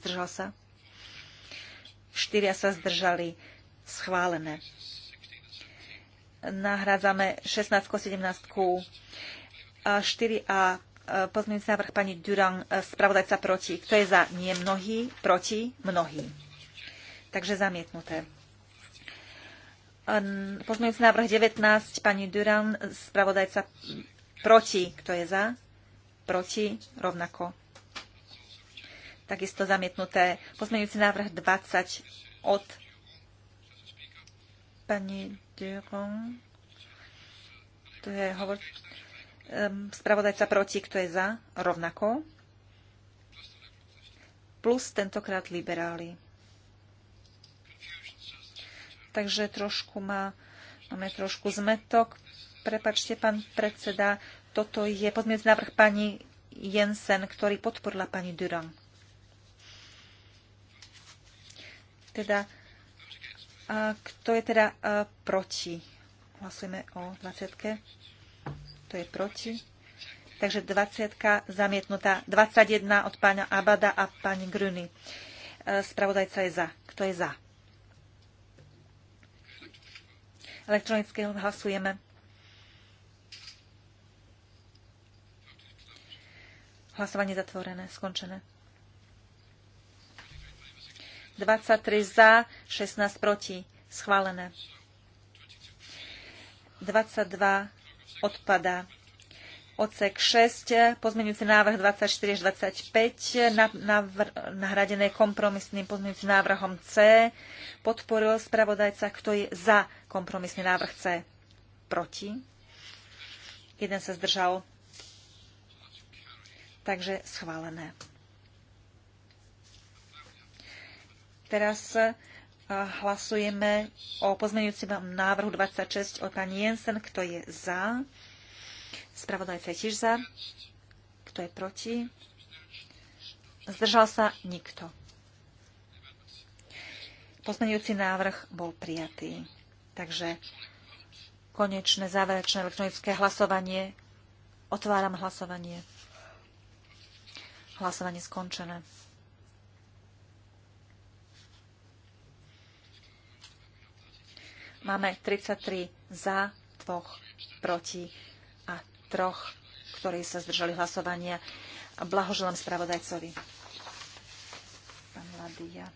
zdržal sa? Štyria sa zdržali. Schválené nahrádzame 16 17 4a pozmeňujúci návrh pani Durang, e, spravodajca proti. Kto je za? Nie mnohí, proti mnohí. Takže zamietnuté. Pozmeňujúci návrh 19, pani Durang, spravodajca proti. Kto je za? Proti, rovnako. Takisto zamietnuté. Pozmeňujúci návrh 20 od pani Deron. To je hovor... Spravodajca proti, kto je za, rovnako. Plus tentokrát liberáli. Takže trošku má, máme trošku zmetok. Prepačte, pán predseda, toto je podmienc návrh pani Jensen, ktorý podporila pani Durand. Teda a kto je teda proti? Hlasujeme o 20. Kto To je proti. Takže 20 zamietnutá. 21 od pána Abada a pani Gruny. E, spravodajca je za. Kto je za? Elektronicky hlasujeme. Hlasovanie zatvorené, skončené. 23 za, 16 proti. Schválené. 22 odpada. Ocek 6, pozmeňujúci návrh 24 až 25, nahradené kompromisným pozmeňujúcim návrhom C, podporil spravodajca, kto je za kompromisný návrh C. Proti. Jeden sa zdržal. Takže schválené. Teraz e, hlasujeme o pozmeňujúcom návrhu 26 od pani Jensen. Kto je za? Spravodajca je tiež za. Kto je proti? Zdržal sa nikto. Pozmeňujúci návrh bol prijatý. Takže konečné záverečné elektronické hlasovanie. Otváram hlasovanie. Hlasovanie skončené. Máme 33 za, dvoch proti a troch, ktorí sa zdržali hlasovania. Blahoželám spravodajcovi. Pán Ladia.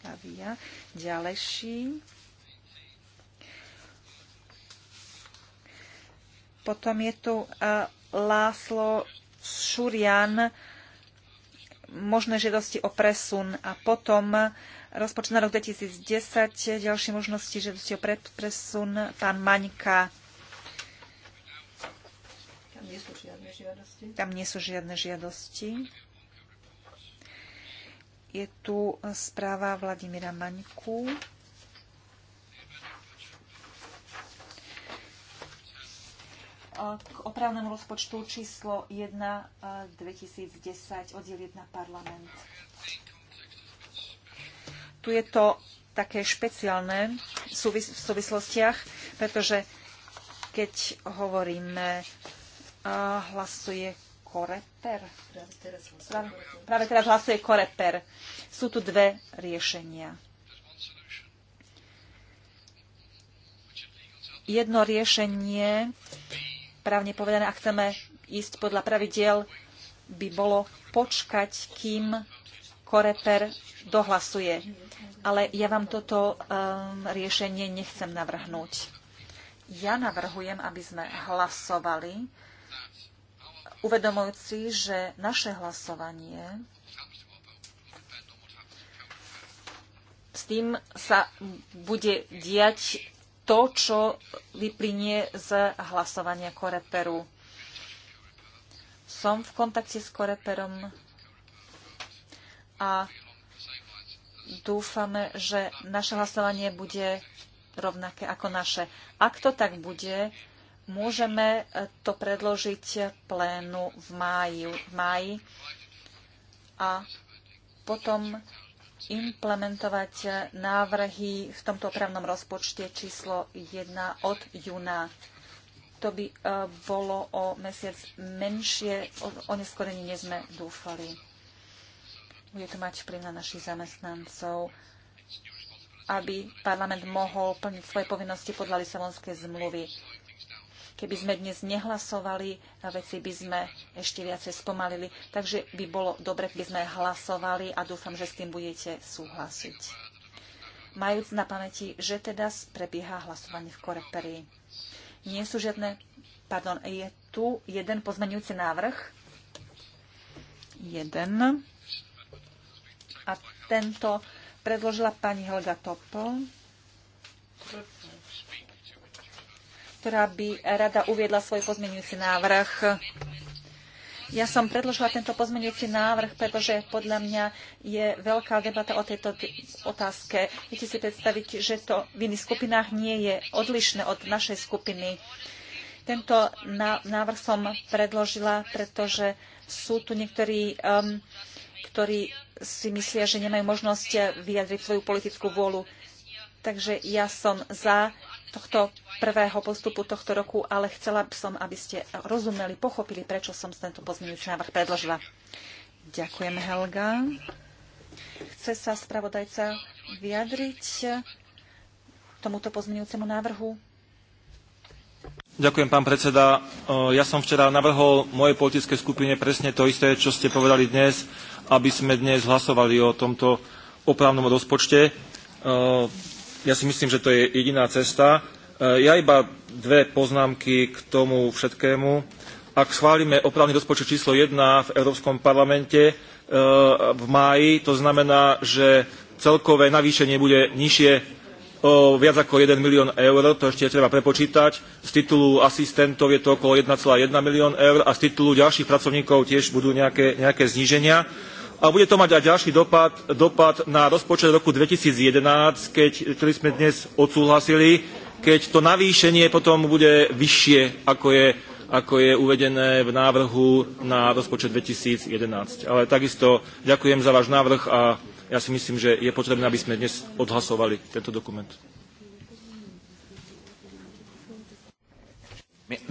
Kavia. Ďalejší. Potom je tu e, Láslo Šurian, možné žiadosti o presun a potom Rozpočet na rok 2010, ďalšie možnosti, že ste o presun, pán Maňka. Tam nie sú žiadne žiadosti. Tam nie sú žiadne žiadosti. Je tu správa Vladimíra Maňku. k opravnému rozpočtu číslo 1 2010, oddiel 1 parlament tu je to také špeciálne v súvislostiach, pretože keď hovoríme, a hlasuje Koreper. Práve, práve teraz hlasuje Koreper. Sú tu dve riešenia. Jedno riešenie, právne povedané, ak chceme ísť podľa pravidiel, by bolo počkať, kým Koreper dohlasuje ale ja vám toto um, riešenie nechcem navrhnúť. Ja navrhujem, aby sme hlasovali, uvedomujúci, že naše hlasovanie s tým sa bude diať to, čo vyplynie z hlasovania Koreperu. Som v kontakte s Koreperom a dúfame, že naše hlasovanie bude rovnaké ako naše. Ak to tak bude, môžeme eh, to predložiť plénu v máji, v máji a potom implementovať návrhy v tomto opravnom rozpočte číslo 1 od júna. To by eh, bolo o mesiac menšie, o neskorení, než sme dúfali bude to mať vplyv na našich zamestnancov, aby parlament mohol plniť svoje povinnosti podľa Lisabonskej zmluvy. Keby sme dnes nehlasovali, veci by sme ešte viacej spomalili, takže by bolo dobre, keby sme hlasovali a dúfam, že s tým budete súhlasiť majúc na pamäti, že teda prebieha hlasovanie v Koreperii. Nie sú žiadne... Pardon, je tu jeden pozmenujúci návrh. Jeden tento predložila pani Helga Topl, ktorá by rada uviedla svoj pozmeňujúci návrh. Ja som predložila tento pozmeňujúci návrh, pretože podľa mňa je veľká debata o tejto otázke. Viete si predstaviť, že to v iných skupinách nie je odlišné od našej skupiny. Tento návrh som predložila, pretože sú tu niektorí um, ktorí si myslia, že nemajú možnosť vyjadriť svoju politickú vôľu. Takže ja som za tohto prvého postupu tohto roku, ale chcela by som, aby ste rozumeli, pochopili, prečo som tento pozmeňujúci návrh predložila. Ďakujem, Helga. Chce sa spravodajca vyjadriť tomuto pozmeňujúcemu návrhu? Ďakujem, pán predseda. E, ja som včera navrhol mojej politickej skupine presne to isté, čo ste povedali dnes, aby sme dnes hlasovali o tomto opravnom rozpočte. E, ja si myslím, že to je jediná cesta. E, ja iba dve poznámky k tomu všetkému. Ak schválime opravný rozpočet číslo 1 v Európskom parlamente v máji, to znamená, že celkové navýšenie bude nižšie o viac ako 1 milión eur, to ešte treba prepočítať. Z titulu asistentov je to okolo 1,1 milión eur a z titulu ďalších pracovníkov tiež budú nejaké, nejaké zníženia. A bude to mať aj ďalší dopad, dopad na rozpočet roku 2011, keď, ktorý sme dnes odsúhlasili, keď to navýšenie potom bude vyššie, ako je, ako je uvedené v návrhu na rozpočet 2011. Ale takisto ďakujem za váš návrh a ja si myslím, že je potrebné, aby sme dnes odhlasovali tento dokument.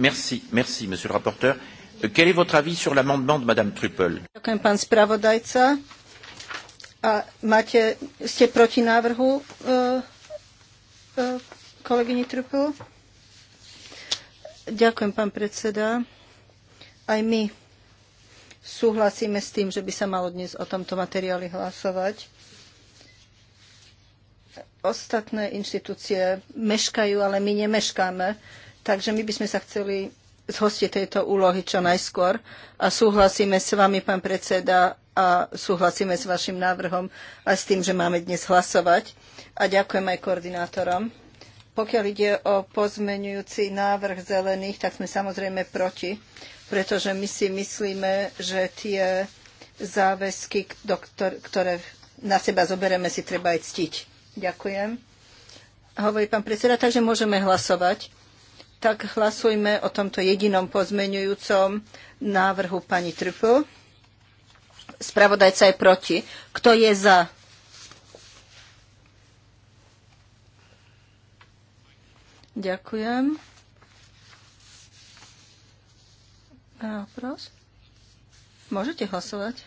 Merci, merci, monsieur le rapporteur. Euh, quel est votre avis sur l'amendement de madame Truppel Ďakujem, pán spravodajca. A máte, ste proti návrhu uh, uh, kolegyni Truppel? Ďakujem, pán predseda. Aj my súhlasíme s tým, že by sa malo dnes o tomto materiáli hlasovať ostatné inštitúcie meškajú, ale my nemeškáme. Takže my by sme sa chceli zhostiť tejto úlohy čo najskôr a súhlasíme s vami, pán predseda, a súhlasíme s vašim návrhom a s tým, že máme dnes hlasovať. A ďakujem aj koordinátorom. Pokiaľ ide o pozmenujúci návrh zelených, tak sme samozrejme proti, pretože my si myslíme, že tie záväzky, ktoré na seba zobereme, si treba aj ctiť. Ďakujem. Hovorí pán predseda, takže môžeme hlasovať. Tak hlasujme o tomto jedinom pozmenujúcom návrhu pani Trüffel. Spravodajca je proti. Kto je za? Ďakujem. A, pros? Môžete hlasovať.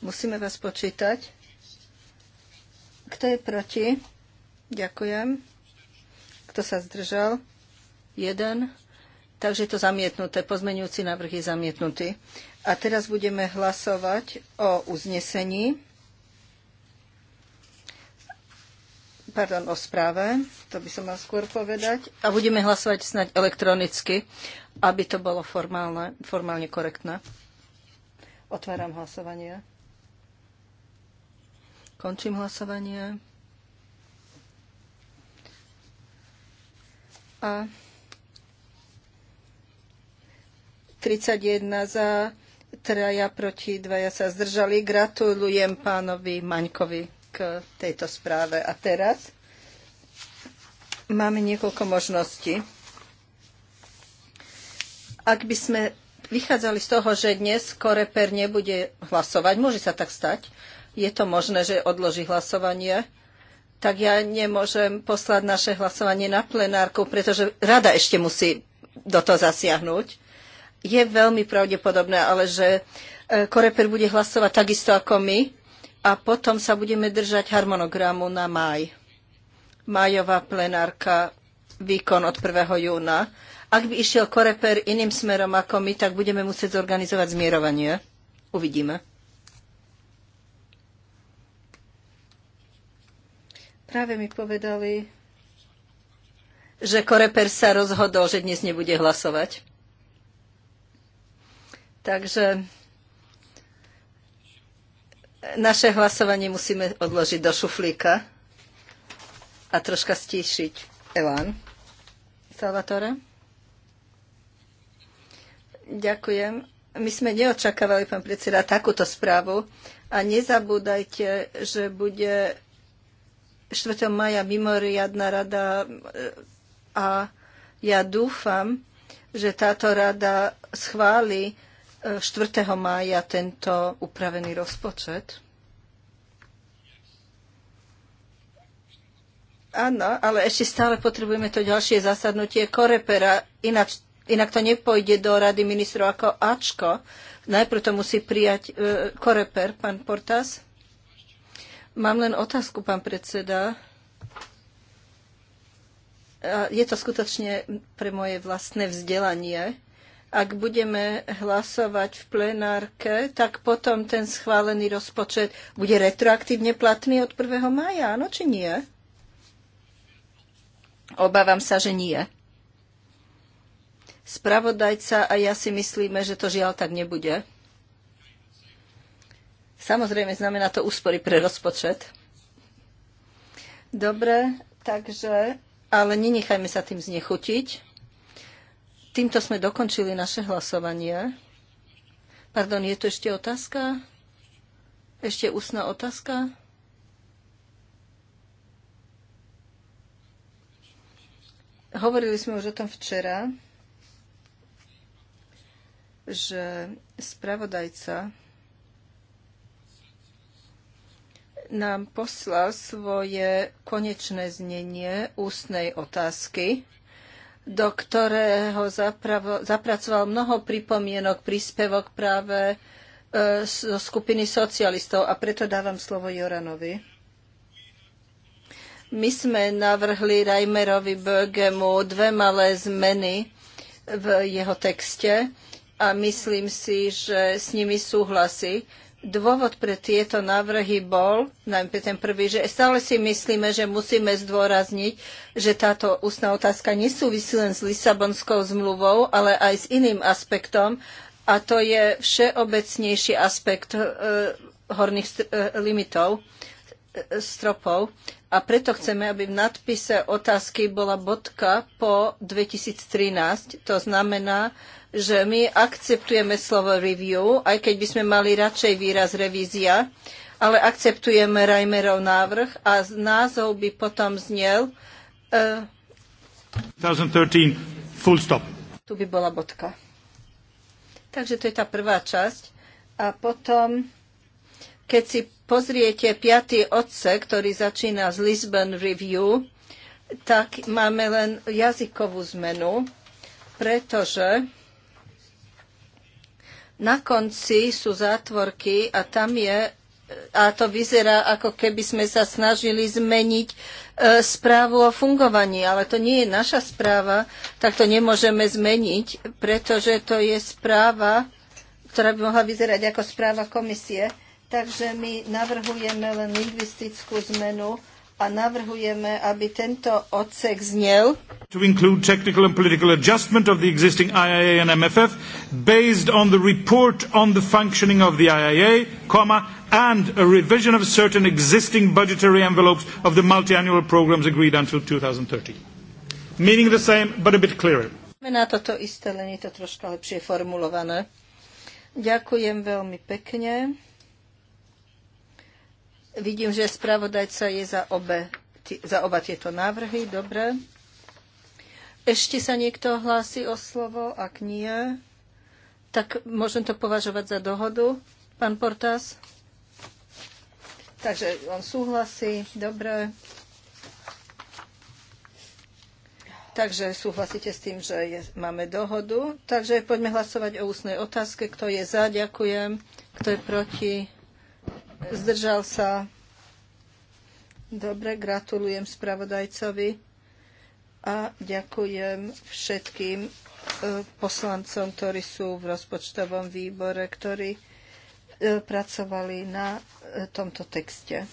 Musíme vás počítať. Kto je proti? Ďakujem. Kto sa zdržal? Jeden. Takže je to zamietnuté. Pozmeňujúci návrh je zamietnutý. A teraz budeme hlasovať o uznesení. Pardon, o správe. To by som mal skôr povedať. A budeme hlasovať snať elektronicky, aby to bolo formálne, formálne korektné. Otváram hlasovanie. Končím hlasovanie. A 31 za, traja proti, 2 sa zdržali. Gratulujem pánovi Maňkovi k tejto správe. A teraz máme niekoľko možností. Ak by sme vychádzali z toho, že dnes Koreper nebude hlasovať, môže sa tak stať, je to možné, že odloží hlasovanie, tak ja nemôžem poslať naše hlasovanie na plenárku, pretože rada ešte musí do toho zasiahnuť. Je veľmi pravdepodobné, ale že e, Koreper bude hlasovať takisto ako my a potom sa budeme držať harmonogramu na maj. Majová plenárka, výkon od 1. júna. Ak by išiel Koreper iným smerom ako my, tak budeme musieť zorganizovať zmierovanie. Uvidíme. Práve mi povedali, že Koreper sa rozhodol, že dnes nebude hlasovať. Takže naše hlasovanie musíme odložiť do šuflíka a troška stíšiť elán. Salvatore? Ďakujem. My sme neočakávali, pán predseda, takúto správu a nezabúdajte, že bude 4. maja mimoriadná rada e, a ja dúfam, že táto rada schváli 4. E, mája tento upravený rozpočet. Áno, ale ešte stále potrebujeme to ďalšie zasadnutie Korepera, ináč, inak to nepôjde do Rady ministrov ako Ačko. Najprv to musí prijať e, Koreper, pán Portas. Mám len otázku, pán predseda. Je to skutočne pre moje vlastné vzdelanie. Ak budeme hlasovať v plenárke, tak potom ten schválený rozpočet bude retroaktívne platný od 1. maja, áno či nie? Obávam sa, že nie. Spravodajca a ja si myslíme, že to žiaľ tak nebude. Samozrejme, znamená to úspory pre rozpočet. Dobre, takže, ale nenechajme sa tým znechutiť. Týmto sme dokončili naše hlasovanie. Pardon, je tu ešte otázka? Ešte ústna otázka? Hovorili sme už o tom včera, že spravodajca nám poslal svoje konečné znenie ústnej otázky, do ktorého zapravo, zapracoval mnoho pripomienok, príspevok práve e, zo skupiny socialistov a preto dávam slovo Joranovi. My sme navrhli Reimerovi Bögemu dve malé zmeny v jeho texte a myslím si, že s nimi súhlasí. Dôvod pre tieto návrhy bol, najmä ten prvý, že stále si myslíme, že musíme zdôrazniť, že táto ústna otázka nesúvisí len s Lisabonskou zmluvou, ale aj s iným aspektom, a to je všeobecnejší aspekt e, horných e, limitov. E, stropov a preto chceme, aby v nadpise otázky bola bodka po 2013. To znamená, že my akceptujeme slovo review, aj keď by sme mali radšej výraz revízia, ale akceptujeme Reimerov návrh a názov by potom znel uh, 2013 full stop. Tu by bola bodka. Takže to je tá prvá časť. A potom keď si pozriete piatý odce, ktorý začína z Lisbon Review, tak máme len jazykovú zmenu, pretože na konci sú zátvorky a tam je a to vyzerá, ako keby sme sa snažili zmeniť e, správu o fungovaní, ale to nie je naša správa, tak to nemôžeme zmeniť, pretože to je správa, ktorá by mohla vyzerať ako správa komisie. Takže my navrhujeme len lingvistickú zmenu a navrhujeme, aby tento odsek znel to include technical and political adjustment of the existing IIA and MFF based on the report on the functioning of the IIA, comma, and a revision of certain existing budgetary envelopes of the multiannual programs agreed until 2030. Meaning the same, but a bit clearer. Na toto isté, len je to troška lepšie formulované. Ďakujem veľmi pekne. Vidím, že spravodajca je za, obe, za oba tieto návrhy. Dobre. Ešte sa niekto hlási o slovo? Ak nie, tak môžem to považovať za dohodu. Pán Portas. Takže on súhlasí, dobre. Takže súhlasíte s tým, že je, máme dohodu. Takže poďme hlasovať o ústnej otázke. Kto je za, ďakujem. Kto je proti? Zdržal sa. Dobre, gratulujem spravodajcovi a ďakujem všetkým e, poslancom, ktorí sú v rozpočtovom výbore, ktorí e, pracovali na e, tomto texte.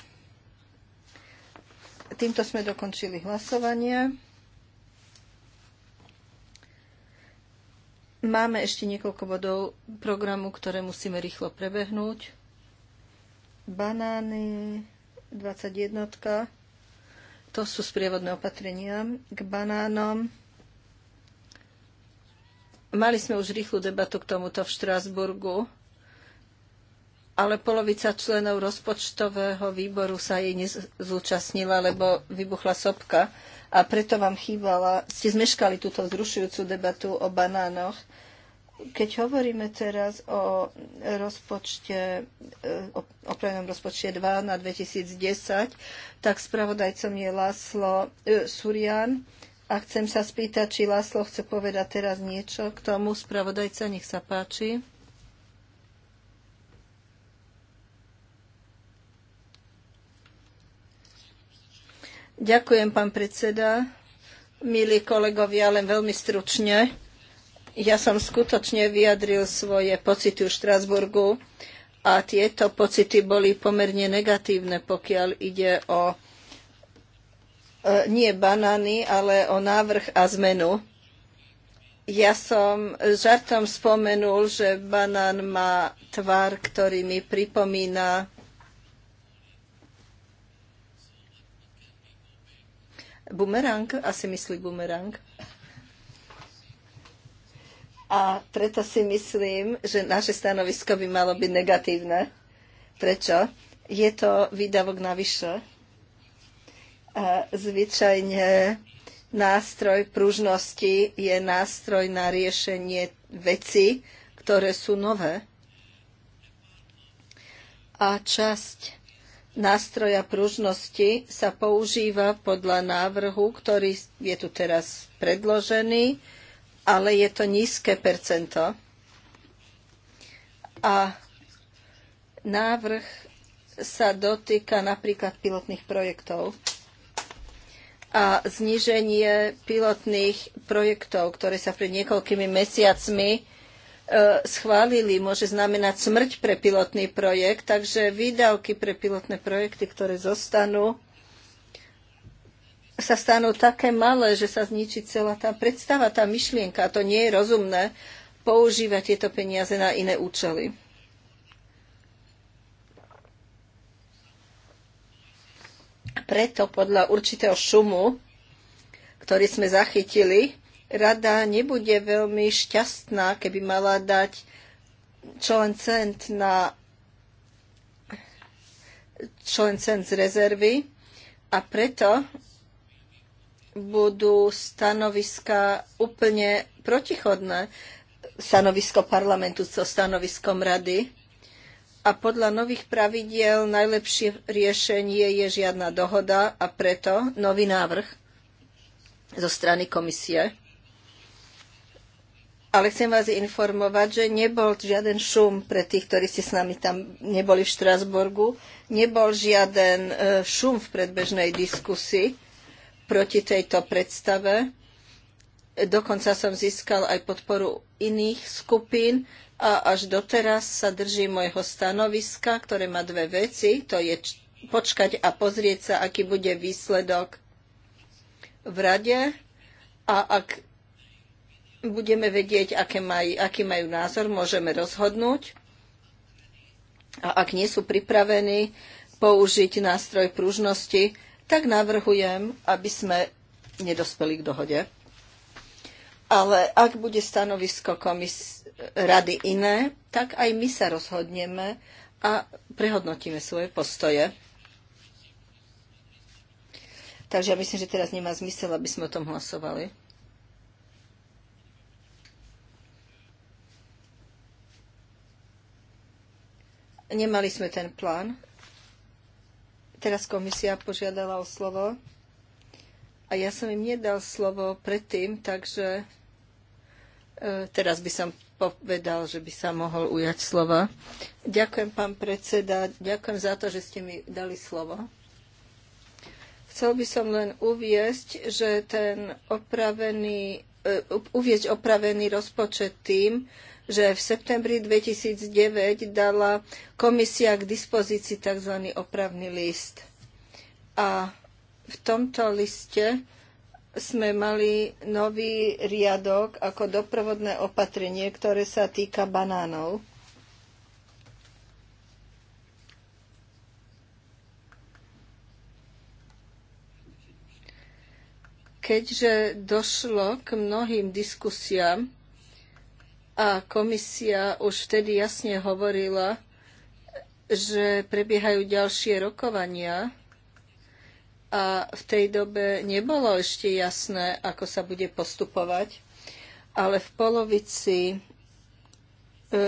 Týmto sme dokončili hlasovanie. Máme ešte niekoľko bodov programu, ktoré musíme rýchlo prebehnúť. Banány 21. To sú sprievodné opatrenia k banánom. Mali sme už rýchlu debatu k tomuto v Štrásburgu, ale polovica členov rozpočtového výboru sa jej nezúčastnila, lebo vybuchla sopka a preto vám chýbala, ste zmeškali túto zrušujúcu debatu o banánoch. Keď hovoríme teraz o rozpočte, e, o plnom rozpočte 2 na 2010, tak spravodajcom je Laslo e, Surian. A chcem sa spýtať, či Laslo chce povedať teraz niečo k tomu. Spravodajca, nech sa páči. Ďakujem, pán predseda. Milí kolegovia, len veľmi stručne. Ja som skutočne vyjadril svoje pocity v Štrasburgu a tieto pocity boli pomerne negatívne, pokiaľ ide o e, nie banány, ale o návrh a zmenu. Ja som žartom spomenul, že banán má tvar, ktorý mi pripomína bumerang, asi myslí bumerang. A preto si myslím, že naše stanovisko by malo byť negatívne. Prečo? Je to výdavok navyše. A zvyčajne nástroj pružnosti je nástroj na riešenie veci, ktoré sú nové. A časť nástroja pružnosti sa používa podľa návrhu, ktorý je tu teraz predložený ale je to nízke percento. A návrh sa dotýka napríklad pilotných projektov a zníženie pilotných projektov, ktoré sa pred niekoľkými mesiacmi e, schválili, môže znamenať smrť pre pilotný projekt, takže výdavky pre pilotné projekty, ktoré zostanú, sa stanú také malé, že sa zničí celá tá predstava, tá myšlienka. To nie je rozumné používať tieto peniaze na iné účely. Preto podľa určitého šumu, ktorý sme zachytili, rada nebude veľmi šťastná, keby mala dať čo len cent na čo len cent z rezervy a preto budú stanoviska úplne protichodné. Stanovisko parlamentu so stanoviskom rady. A podľa nových pravidiel najlepšie riešenie je žiadna dohoda a preto nový návrh zo strany komisie. Ale chcem vás informovať, že nebol žiaden šum pre tých, ktorí ste s nami tam neboli v Štrasburgu. Nebol žiaden e, šum v predbežnej diskusii proti tejto predstave. Dokonca som získal aj podporu iných skupín a až doteraz sa držím mojho stanoviska, ktoré má dve veci. To je počkať a pozrieť sa, aký bude výsledok v rade a ak budeme vedieť, aké maj, aký majú názor, môžeme rozhodnúť. A ak nie sú pripravení použiť nástroj pružnosti, tak navrhujem, aby sme nedospeli k dohode. Ale ak bude stanovisko komis- rady iné, tak aj my sa rozhodneme a prehodnotíme svoje postoje. Takže ja myslím, že teraz nemá zmysel, aby sme o tom hlasovali. Nemali sme ten plán. Teraz komisia požiadala o slovo. A ja som im nedal slovo predtým, takže e, teraz by som povedal, že by sa mohol ujať slova. Ďakujem, pán predseda, ďakujem za to, že ste mi dali slovo. Chcel by som len uviesť, že ten opravený, e, uviesť opravený rozpočet tým, že v septembri 2009 dala komisia k dispozícii tzv. opravný list. A v tomto liste sme mali nový riadok ako doprovodné opatrenie, ktoré sa týka banánov. Keďže došlo k mnohým diskusiám a komisia už vtedy jasne hovorila, že prebiehajú ďalšie rokovania a v tej dobe nebolo ešte jasné, ako sa bude postupovať, ale v polovici e,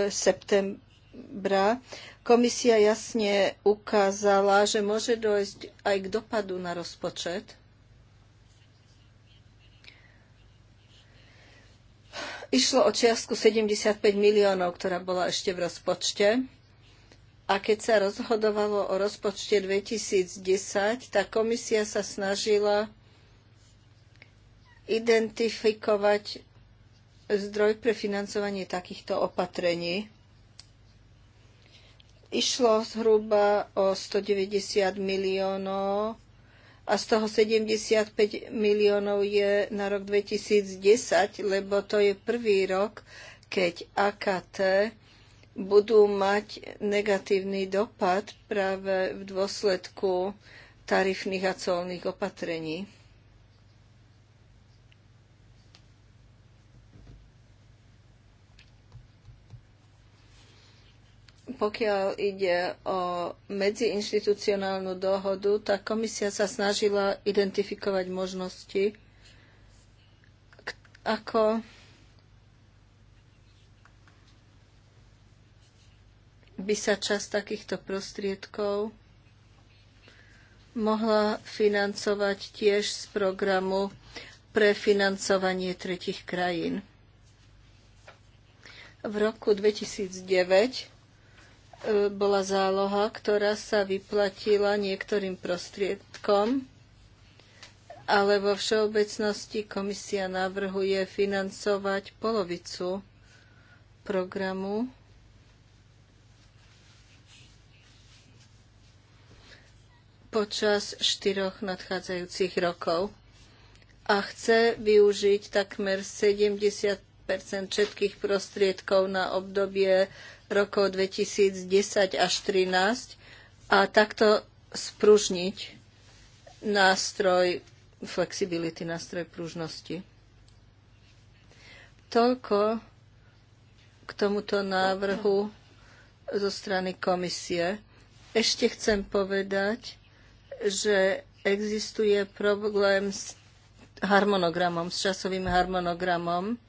septembra komisia jasne ukázala, že môže dojsť aj k dopadu na rozpočet Išlo o čiastku 75 miliónov, ktorá bola ešte v rozpočte. A keď sa rozhodovalo o rozpočte 2010, tá komisia sa snažila identifikovať zdroj pre financovanie takýchto opatrení. Išlo zhruba o 190 miliónov a z toho 75 miliónov je na rok 2010, lebo to je prvý rok, keď AKT budú mať negatívny dopad práve v dôsledku tarifných a colných opatrení. pokiaľ ide o medziinštitucionálnu dohodu, tak komisia sa snažila identifikovať možnosti, ako by sa časť takýchto prostriedkov mohla financovať tiež z programu pre financovanie tretich krajín. V roku 2009 bola záloha, ktorá sa vyplatila niektorým prostriedkom, ale vo všeobecnosti komisia navrhuje financovať polovicu programu. počas štyroch nadchádzajúcich rokov a chce využiť takmer 70 všetkých prostriedkov na obdobie rokov 2010 až 2013 a takto spružniť nástroj flexibility, nástroj pružnosti. Toľko k tomuto návrhu zo strany komisie. Ešte chcem povedať, že existuje problém s harmonogramom, s časovým harmonogramom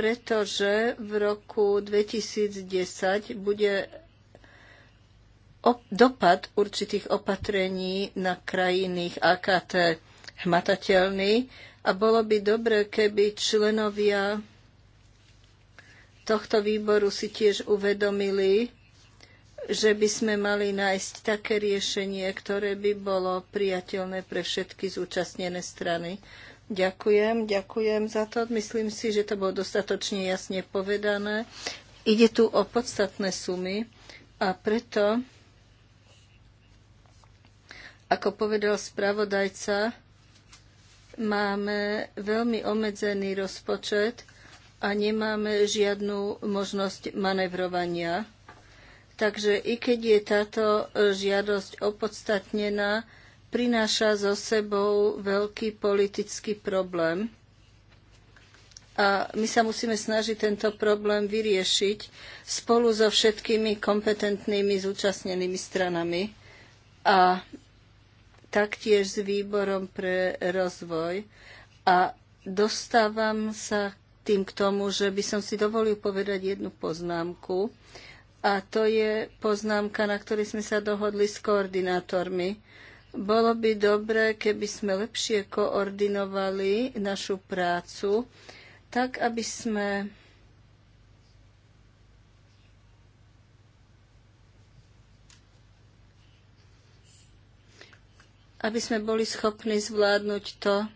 pretože v roku 2010 bude dopad určitých opatrení na krajinách AKT hmatateľný a bolo by dobre, keby členovia tohto výboru si tiež uvedomili, že by sme mali nájsť také riešenie, ktoré by bolo priateľné pre všetky zúčastnené strany. Ďakujem, ďakujem za to. Myslím si, že to bolo dostatočne jasne povedané. Ide tu o podstatné sumy a preto, ako povedal spravodajca, máme veľmi obmedzený rozpočet a nemáme žiadnu možnosť manevrovania. Takže i keď je táto žiadosť opodstatnená, prináša so sebou veľký politický problém. A my sa musíme snažiť tento problém vyriešiť spolu so všetkými kompetentnými zúčastnenými stranami a taktiež s výborom pre rozvoj. A dostávam sa tým k tomu, že by som si dovolil povedať jednu poznámku. A to je poznámka, na ktorej sme sa dohodli s koordinátormi bolo by dobré, keby sme lepšie koordinovali našu prácu, tak aby sme aby sme boli schopní zvládnuť to,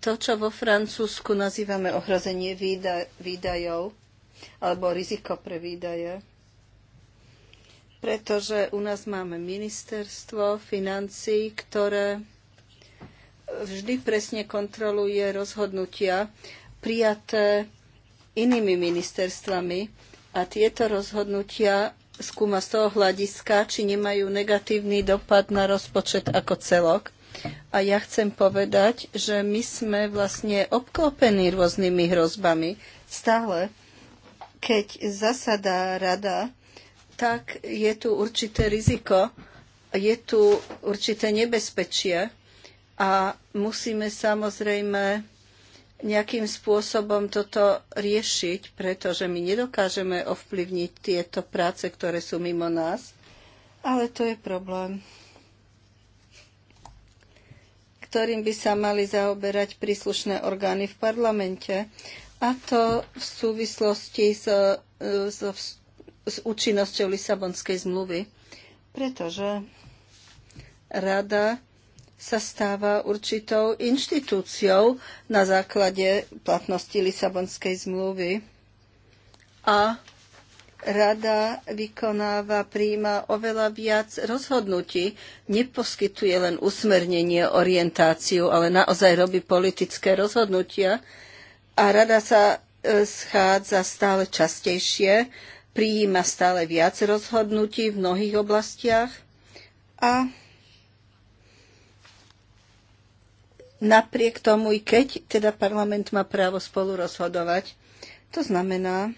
to, čo vo Francúzsku nazývame ohrozenie výdajov alebo riziko pre výdaje pretože u nás máme ministerstvo financí, ktoré vždy presne kontroluje rozhodnutia prijaté inými ministerstvami a tieto rozhodnutia skúma z toho hľadiska, či nemajú negatívny dopad na rozpočet ako celok. A ja chcem povedať, že my sme vlastne obklopení rôznymi hrozbami. Stále, keď zasadá rada, tak je tu určité riziko, je tu určité nebezpečie a musíme samozrejme nejakým spôsobom toto riešiť, pretože my nedokážeme ovplyvniť tieto práce, ktoré sú mimo nás, ale to je problém, ktorým by sa mali zaoberať príslušné orgány v parlamente, a to v súvislosti so, so s účinnosťou Lisabonskej zmluvy, pretože rada sa stáva určitou inštitúciou na základe platnosti Lisabonskej zmluvy a rada vykonáva, príjma oveľa viac rozhodnutí, neposkytuje len usmernenie, orientáciu, ale naozaj robí politické rozhodnutia a rada sa e, schádza stále častejšie prijíma stále viac rozhodnutí v mnohých oblastiach a napriek tomu, i keď teda parlament má právo spolu rozhodovať, to znamená,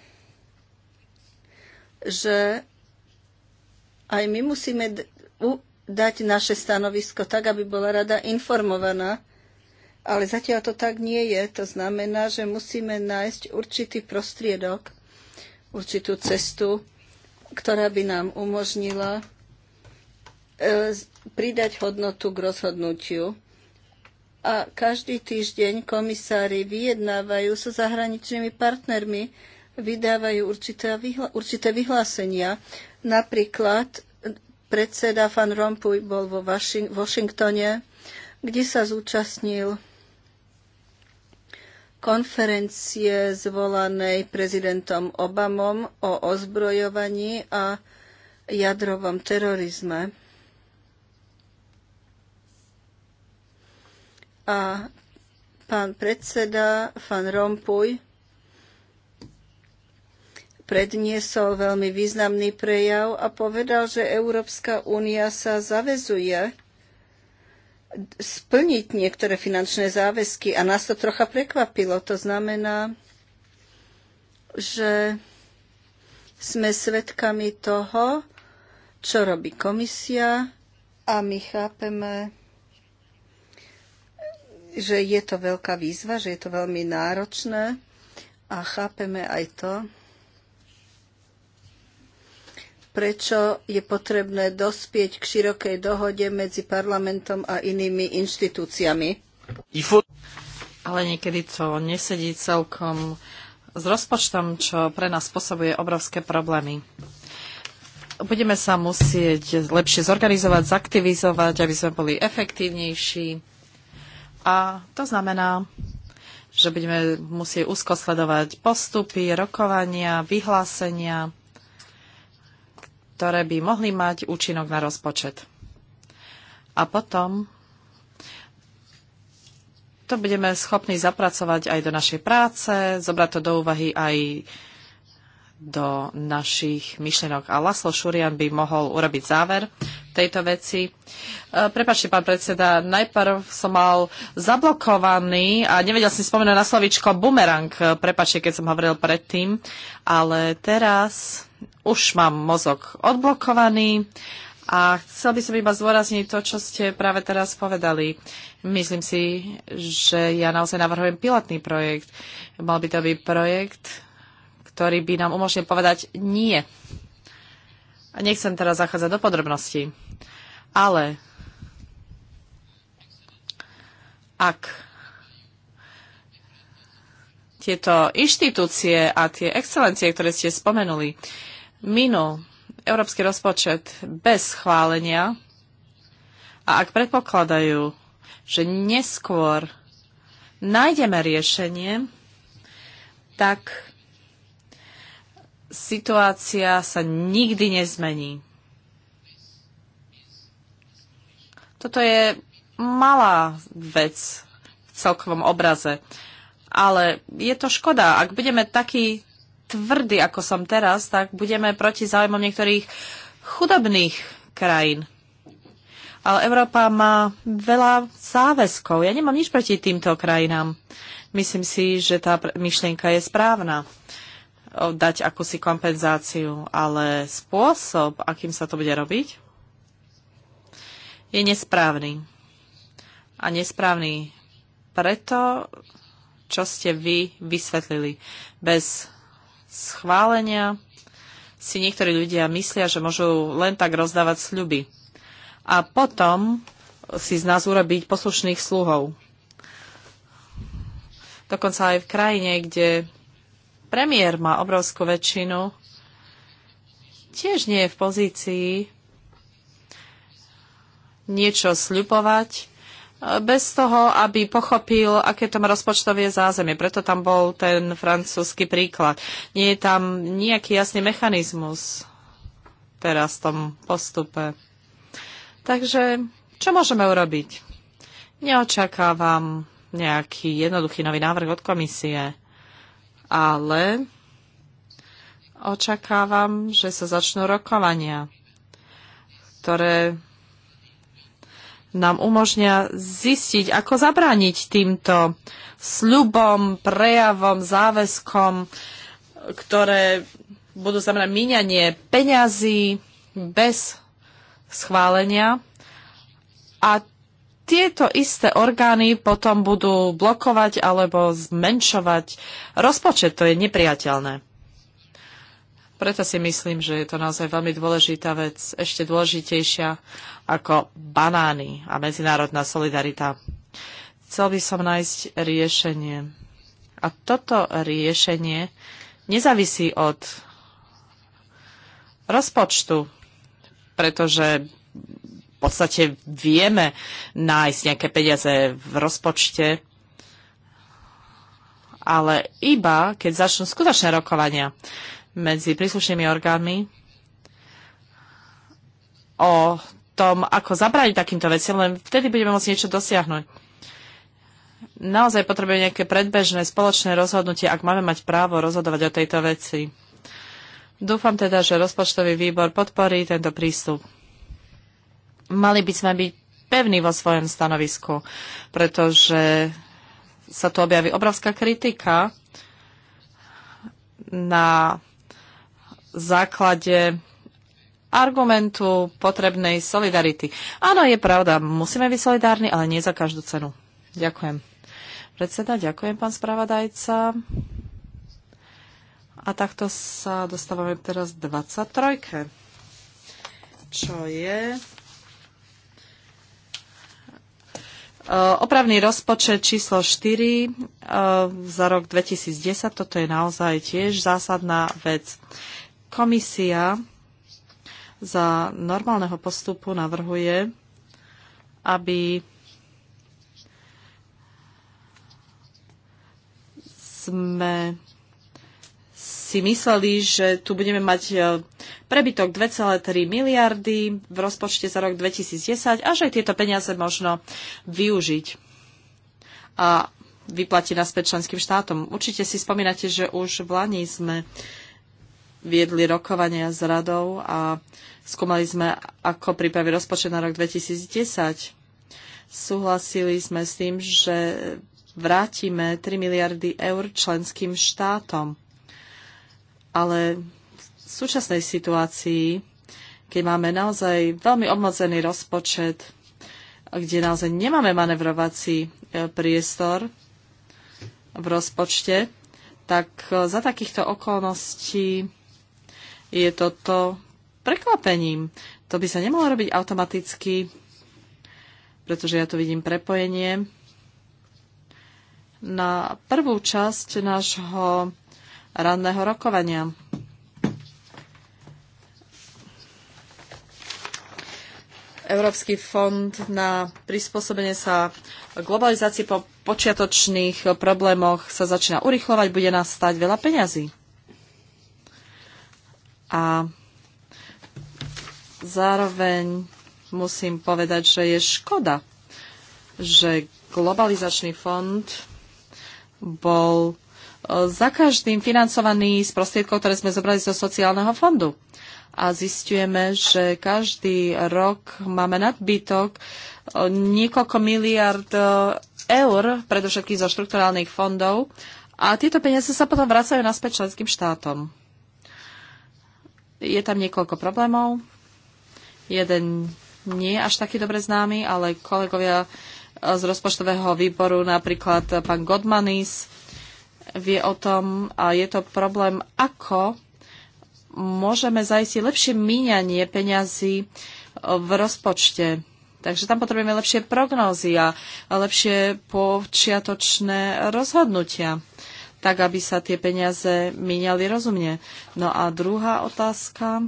že aj my musíme dať naše stanovisko tak, aby bola rada informovaná, ale zatiaľ to tak nie je. To znamená, že musíme nájsť určitý prostriedok, určitú cestu, ktorá by nám umožnila e, pridať hodnotu k rozhodnutiu. A každý týždeň komisári vyjednávajú so zahraničnými partnermi, vydávajú určité, vyhlásenia. Napríklad predseda Van Rompuy bol vo Washingtone, kde sa zúčastnil konferencie zvolanej prezidentom Obamom o ozbrojovaní a jadrovom terorizme. A pán predseda Van Rompuy predniesol veľmi významný prejav a povedal, že Európska únia sa zavezuje splniť niektoré finančné záväzky a nás to trocha prekvapilo. To znamená, že sme svedkami toho, čo robí komisia a my chápeme, že je to veľká výzva, že je to veľmi náročné a chápeme aj to, prečo je potrebné dospieť k širokej dohode medzi parlamentom a inými inštitúciami. Ale niekedy to nesedí celkom s rozpočtom, čo pre nás spôsobuje obrovské problémy. Budeme sa musieť lepšie zorganizovať, zaktivizovať, aby sme boli efektívnejší. A to znamená, že budeme musieť úzko sledovať postupy, rokovania, vyhlásenia ktoré by mohli mať účinok na rozpočet. A potom to budeme schopní zapracovať aj do našej práce, zobrať to do úvahy aj do našich myšlienok. A Laslo Šurian by mohol urobiť záver tejto veci. E, prepačte, pán predseda, najprv som mal zablokovaný a nevedel som spomenúť na slovičko bumerang. E, prepačte, keď som hovoril predtým, ale teraz už mám mozog odblokovaný a chcel by som iba zdôrazniť to, čo ste práve teraz povedali. Myslím si, že ja naozaj navrhujem pilotný projekt. Mal by to byť projekt, ktorý by nám umožnil povedať nie. A nechcem teraz zachádzať do podrobností, ale ak tieto inštitúcie a tie excelencie, ktoré ste spomenuli, minul európsky rozpočet bez schválenia a ak predpokladajú, že neskôr nájdeme riešenie, tak situácia sa nikdy nezmení. Toto je malá vec v celkovom obraze, ale je to škoda. Ak budeme takí tvrdý, ako som teraz, tak budeme proti záujmom niektorých chudobných krajín. Ale Európa má veľa záväzkov. Ja nemám nič proti týmto krajinám. Myslím si, že tá myšlienka je správna dať akúsi kompenzáciu, ale spôsob, akým sa to bude robiť, je nesprávny. A nesprávny preto, čo ste vy vysvetlili. Bez schválenia si niektorí ľudia myslia, že môžu len tak rozdávať sľuby. A potom si z nás urobiť poslušných sluhov. Dokonca aj v krajine, kde premiér má obrovskú väčšinu, tiež nie je v pozícii niečo sľubovať bez toho, aby pochopil, aké tam rozpočtové zázemie. Preto tam bol ten francúzsky príklad. Nie je tam nejaký jasný mechanizmus teraz v tom postupe. Takže čo môžeme urobiť? Neočakávam nejaký jednoduchý nový návrh od komisie, ale očakávam, že sa začnú rokovania, ktoré nám umožnia zistiť, ako zabrániť týmto sľubom, prejavom, záväzkom, ktoré budú znamená míňanie peňazí bez schválenia a tieto isté orgány potom budú blokovať alebo zmenšovať rozpočet. To je nepriateľné. Preto si myslím, že je to naozaj veľmi dôležitá vec, ešte dôležitejšia ako banány a medzinárodná solidarita. Chcel by som nájsť riešenie. A toto riešenie nezávisí od rozpočtu, pretože v podstate vieme nájsť nejaké peniaze v rozpočte, ale iba keď začnú skutočné rokovania medzi príslušnými orgánmi o tom, ako zabrániť takýmto veciam, len vtedy budeme môcť niečo dosiahnuť. Naozaj potrebujeme nejaké predbežné spoločné rozhodnutie, ak máme mať právo rozhodovať o tejto veci. Dúfam teda, že rozpočtový výbor podporí tento prístup. Mali by sme byť pevní vo svojom stanovisku, pretože sa tu objaví obrovská kritika na základe argumentu potrebnej solidarity. Áno, je pravda, musíme byť solidárni, ale nie za každú cenu. Ďakujem. Predseda, ďakujem, pán spravodajca. A takto sa dostávame teraz 23. Čo je e, Opravný rozpočet číslo 4 e, za rok 2010, toto je naozaj tiež zásadná vec. Komisia za normálneho postupu navrhuje, aby sme si mysleli, že tu budeme mať e, prebytok 2,3 miliardy v rozpočte za rok 2010 a že tieto peniaze možno využiť a vyplatiť naspäť členským štátom. Určite si spomínate, že už v Lani sme viedli rokovania s radou a skúmali sme, ako pripraviť rozpočet na rok 2010. Súhlasili sme s tým, že vrátime 3 miliardy eur členským štátom. Ale v súčasnej situácii, keď máme naozaj veľmi obmedzený rozpočet, kde naozaj nemáme manevrovací e, priestor v rozpočte, tak e, za takýchto okolností je toto prekvapením. To by sa nemalo robiť automaticky, pretože ja tu vidím prepojenie na prvú časť nášho ranného rokovania. Európsky fond na prispôsobenie sa globalizácii po počiatočných problémoch sa začína urychlovať, bude nás stať veľa peňazí. A zároveň musím povedať, že je škoda, že globalizačný fond bol e, za každým financovaný z prostriedkov, ktoré sme zobrali zo sociálneho fondu. A zistujeme, že každý rok máme nadbytok e, niekoľko miliard e, eur, predovšetkým zo štrukturálnych fondov. A tieto peniaze sa potom vracajú naspäť členským štátom. Je tam niekoľko problémov. Jeden nie je až taký dobre známy, ale kolegovia e, z rozpočtového výboru, napríklad pán Godmanis, vie o tom a je to problém, ako môžeme zajistiť lepšie míňanie peňazí e, v rozpočte. Takže tam potrebujeme lepšie prognózy a lepšie počiatočné rozhodnutia tak aby sa tie peniaze míňali rozumne. No a druhá otázka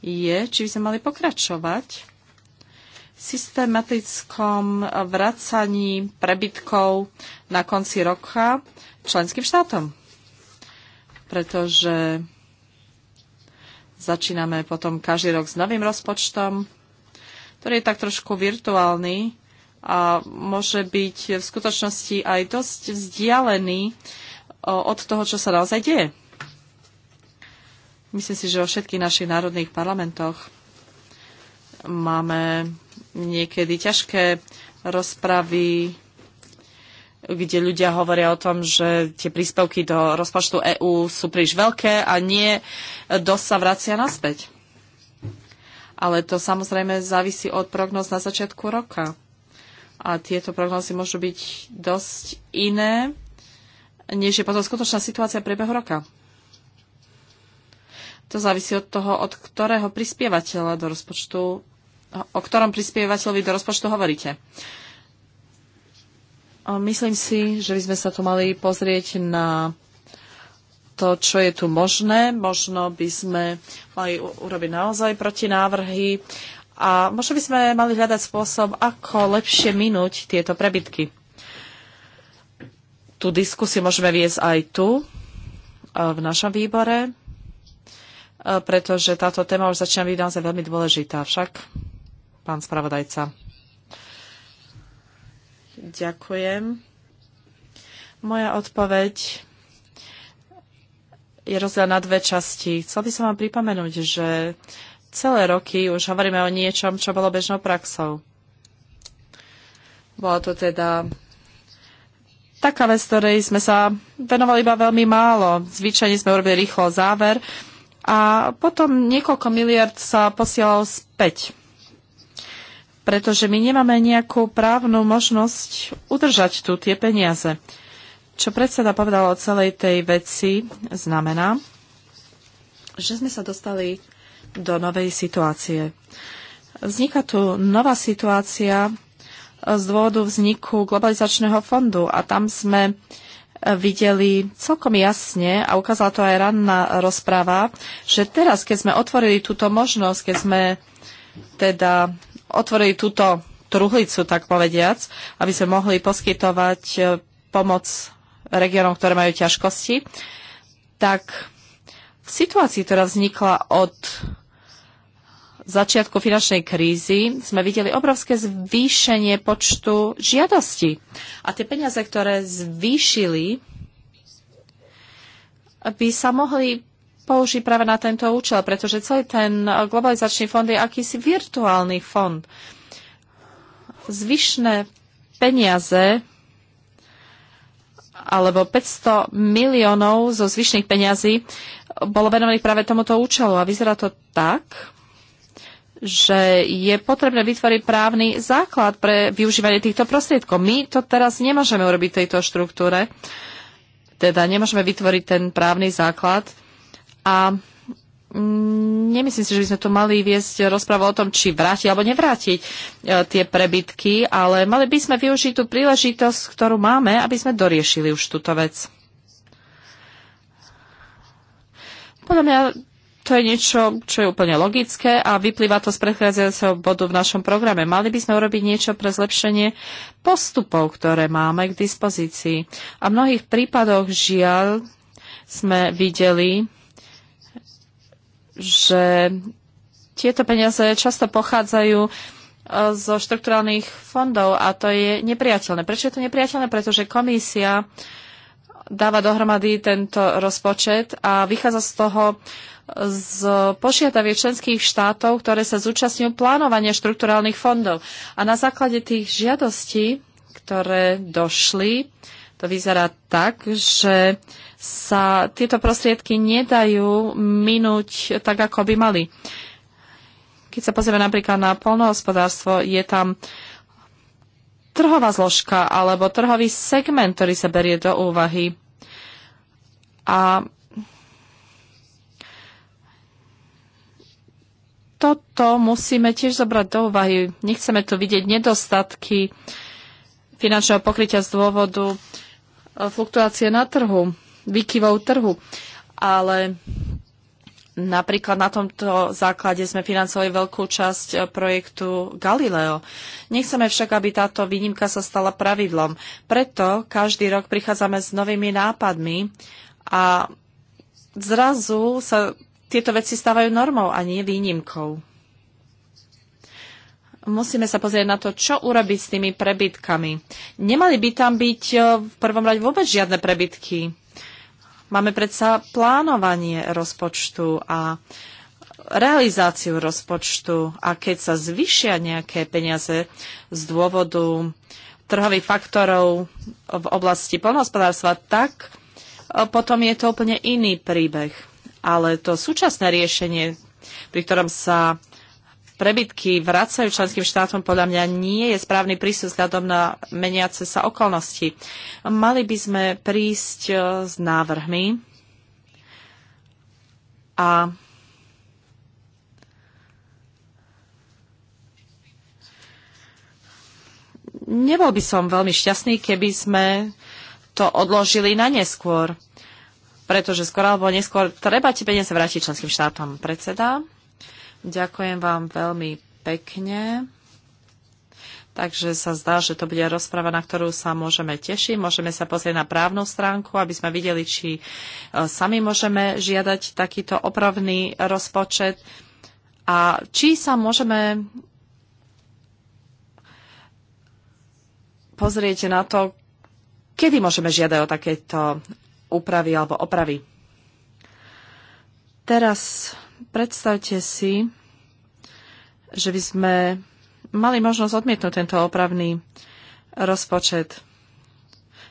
je, či by sme mali pokračovať v systematickom vracaní prebytkov na konci roka členským štátom. Pretože začíname potom každý rok s novým rozpočtom, ktorý je tak trošku virtuálny, a môže byť v skutočnosti aj dosť vzdialený od toho, čo sa naozaj deje. Myslím si, že vo všetkých našich národných parlamentoch máme niekedy ťažké rozpravy, kde ľudia hovoria o tom, že tie príspevky do rozpočtu EÚ sú príliš veľké a nie dosť sa vracia naspäť. Ale to samozrejme závisí od prognoz na začiatku roka a tieto prognozy môžu byť dosť iné, než je potom skutočná situácia priebehu roka. To závisí od toho, od ktorého prispievateľa do rozpočtu, o ktorom prispievateľovi do rozpočtu hovoríte. Myslím si, že by sme sa tu mali pozrieť na to, čo je tu možné. Možno by sme mali urobiť naozaj protinávrhy a možno by sme mali hľadať spôsob, ako lepšie minúť tieto prebytky. Tú diskusiu môžeme viesť aj tu, e, v našom výbore, e, pretože táto téma už začína byť naozaj veľmi dôležitá. Však, pán spravodajca. Ďakujem. Moja odpoveď je rozdiel na dve časti. Chcel by som vám pripomenúť, že celé roky už hovoríme o niečom, čo bolo bežnou praxou. Bola to teda taká vec, ktorej sme sa venovali iba veľmi málo. Zvyčajne sme urobili rýchlo záver a potom niekoľko miliard sa posielalo späť pretože my nemáme nejakú právnu možnosť udržať tu tie peniaze. Čo predseda povedal o celej tej veci, znamená, že sme sa dostali do novej situácie. Vzniká tu nová situácia z dôvodu vzniku globalizačného fondu a tam sme videli celkom jasne, a ukázala to aj ranná rozpráva, že teraz, keď sme otvorili túto možnosť, keď sme teda otvorili túto truhlicu, tak povediac, aby sme mohli poskytovať e, pomoc regiónom, ktoré majú ťažkosti, tak v situácii, ktorá vznikla od začiatku finančnej krízy sme videli obrovské zvýšenie počtu žiadostí. A tie peniaze, ktoré zvýšili, by sa mohli použiť práve na tento účel, pretože celý ten globalizačný fond je akýsi virtuálny fond. Zvyšné peniaze alebo 500 miliónov zo zvyšných peňazí bolo venovaných práve tomuto účelu. A vyzerá to tak, že je potrebné vytvoriť právny základ pre využívanie týchto prostriedkov. My to teraz nemôžeme urobiť v tejto štruktúre, teda nemôžeme vytvoriť ten právny základ a mm, nemyslím si, že by sme tu mali viesť rozprávu o tom, či vrátiť alebo nevrátiť e, tie prebytky, ale mali by sme využiť tú príležitosť, ktorú máme, aby sme doriešili už túto vec. Podľa mňa to je niečo, čo je úplne logické a vyplýva to z predchádzajúceho bodu v našom programe. Mali by sme urobiť niečo pre zlepšenie postupov, ktoré máme k dispozícii. A v mnohých prípadoch žiaľ sme videli, že tieto peniaze často pochádzajú e, zo štrukturálnych fondov a to je nepriateľné. Prečo je to nepriateľné? Pretože komisia dáva dohromady tento rozpočet a vychádza z toho z požiadavie členských štátov, ktoré sa zúčastňujú plánovania štrukturálnych fondov. A na základe tých žiadostí, ktoré došli, to vyzerá tak, že sa tieto prostriedky nedajú minúť tak, ako by mali. Keď sa pozrieme napríklad na polnohospodárstvo, je tam trhová zložka alebo trhový segment, ktorý sa berie do úvahy. A toto musíme tiež zobrať do úvahy. Nechceme tu vidieť nedostatky finančného pokrytia z dôvodu e, fluktuácie na trhu, výkyvov trhu. Ale napríklad na tomto základe sme financovali veľkú časť e, projektu Galileo. Nechceme však, aby táto výnimka sa stala pravidlom. Preto každý rok prichádzame s novými nápadmi a zrazu sa tieto veci stávajú normou a nie výnimkou. Musíme sa pozrieť na to, čo urobiť s tými prebytkami. Nemali by tam byť e, v prvom rade vôbec žiadne prebytky. Máme predsa plánovanie rozpočtu a realizáciu rozpočtu a keď sa zvyšia nejaké peniaze z dôvodu trhových faktorov v oblasti poľnohospodárstva, tak e, potom je to úplne iný príbeh ale to súčasné riešenie, pri ktorom sa prebytky vracajú členským štátom, podľa mňa nie je správny prístup vzhľadom na meniace sa okolnosti. Mali by sme prísť e, s návrhmi a nebol by som veľmi šťastný, keby sme to odložili na neskôr pretože skôr alebo neskôr treba tie peniaze vrátiť členským štátom. Predseda, ďakujem vám veľmi pekne. Takže sa zdá, že to bude rozpráva, na ktorú sa môžeme tešiť. Môžeme sa pozrieť na právnu stránku, aby sme videli, či e, sami môžeme žiadať takýto opravný rozpočet a či sa môžeme pozrieť na to, kedy môžeme žiadať o takéto úpravy alebo opravy. Teraz predstavte si, že by sme mali možnosť odmietnúť tento opravný rozpočet.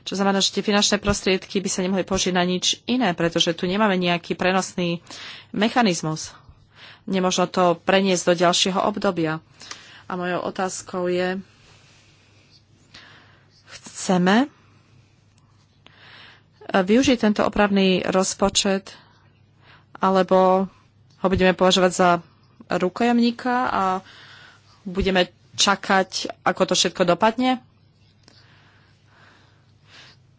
Čo znamená, že tie finančné prostriedky by sa nemohli použiť na nič iné, pretože tu nemáme nejaký prenosný mechanizmus. Nemožno to preniesť do ďalšieho obdobia. A mojou otázkou je, chceme využiť tento opravný rozpočet, alebo ho budeme považovať za rukojemníka a budeme čakať, ako to všetko dopadne?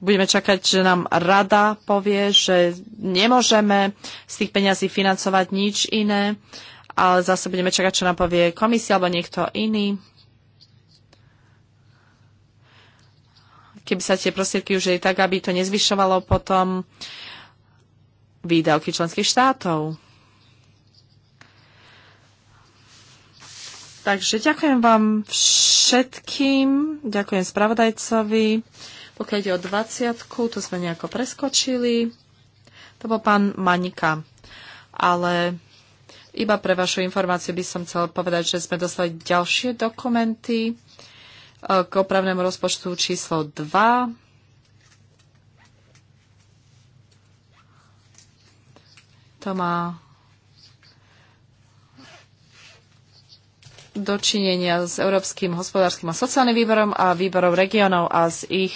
Budeme čakať, že nám rada povie, že nemôžeme z tých peňazí financovať nič iné, ale zase budeme čakať, čo nám povie komisia alebo niekto iný. keby sa tie prostriedky užili tak, aby to nezvyšovalo potom výdavky členských štátov. Takže ďakujem vám všetkým, ďakujem spravodajcovi. Pokiaľ ide o 20, to sme nejako preskočili. To bol pán Manika. Ale iba pre vašu informáciu by som chcel povedať, že sme dostali ďalšie dokumenty k opravnému rozpočtu číslo 2. To má dočinenia s Európskym hospodárskym a sociálnym výborom a výborom regionov a s ich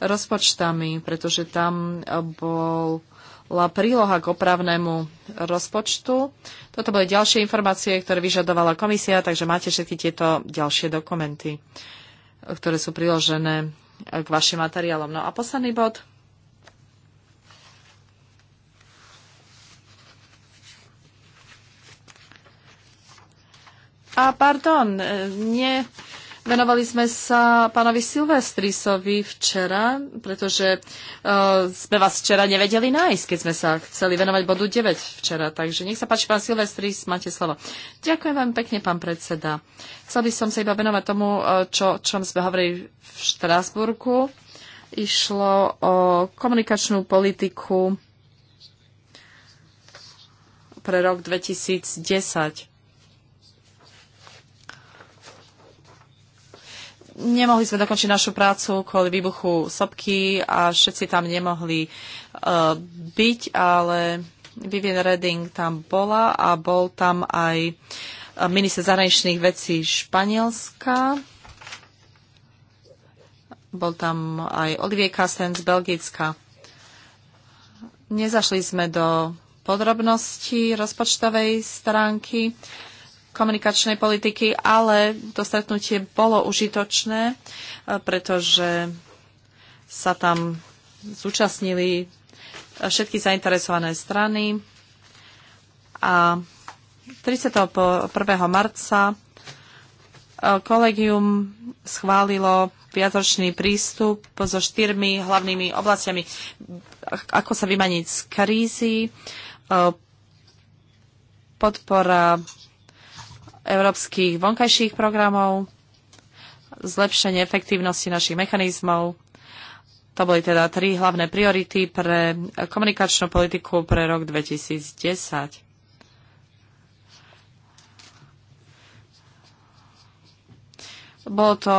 rozpočtami, pretože tam bol bola príloha k opravnému rozpočtu. Toto boli ďalšie informácie, ktoré vyžadovala komisia, takže máte všetky tieto ďalšie dokumenty ktoré sú priložené k vašim materiálom. No a posledný bod. A pardon, nie Venovali sme sa pánovi Silvestrisovi včera, pretože uh, sme vás včera nevedeli nájsť, keď sme sa chceli venovať bodu 9 včera. Takže nech sa páči, pán Silvestris, máte slovo. Ďakujem vám pekne, pán predseda. Chcel by som sa iba venovať tomu, e, čo, čom sme hovorili v Štrasburku, Išlo o komunikačnú politiku pre rok 2010 nemohli sme dokončiť našu prácu kvôli výbuchu sopky a všetci tam nemohli uh, byť, ale Vivian Redding tam bola a bol tam aj e, minister zahraničných vecí Španielska. Bol tam aj Olivier Kasten z Belgicka. Nezašli sme do podrobností rozpočtovej stránky, komunikačnej politiky, ale to stretnutie bolo užitočné, e, pretože sa tam zúčastnili všetky zainteresované strany a 31. marca e, kolegium schválilo viacročný prístup so štyrmi hlavnými oblastiami. Ako sa vymaniť z krízy, e, podpora európskych vonkajších programov, zlepšenie efektívnosti našich mechanizmov. To boli teda tri hlavné priority pre komunikačnú politiku pre rok 2010. Bolo to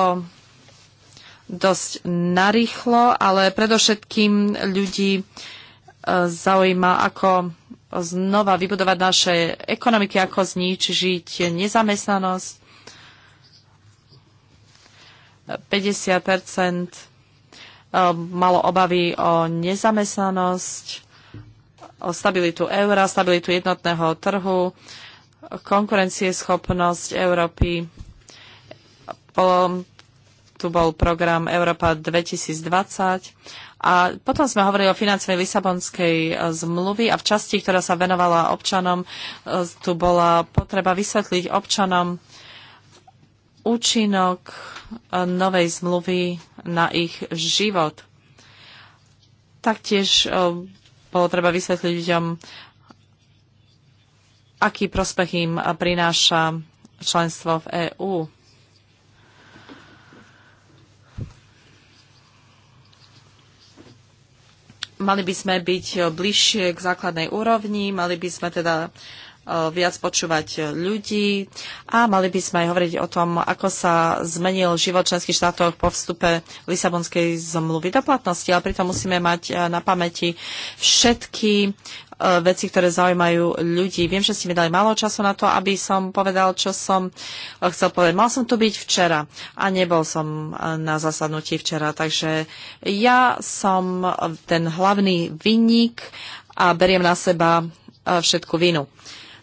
dosť narýchlo, ale predovšetkým ľudí e, zaujíma, ako znova vybudovať naše ekonomiky, ako zničiť nezamestnanosť. 50 eh, malo obavy o nezamestnanosť, o stabilitu eura, stabilitu jednotného trhu, konkurencieschopnosť Európy. Tu bol program Európa 2020 a potom sme hovorili o financovej Lisabonskej e, zmluvy a v časti, ktorá sa venovala občanom, e, tu bola potreba vysvetliť občanom účinok e, novej zmluvy na ich život. Taktiež bolo treba vysvetliť ľuďom, aký prospech im prináša členstvo v EÚ. mali by sme byť eh, bližšie k základnej úrovni, mali by sme teda eh, viac počúvať eh, ľudí a mali by sme aj hovoriť o tom, ako sa zmenil život členských štátoch po vstupe Lisabonskej zmluvy do platnosti, ale pritom musíme mať na pamäti všetky Eh, veci, ktoré zaujímajú ľudí. Viem, že ste mi dali málo času na to, aby som povedal, čo som eh, chcel povedať. Mal som tu byť včera a nebol som eh, na zasadnutí včera, takže ja som ten hlavný vinník a beriem na seba všetku vinu.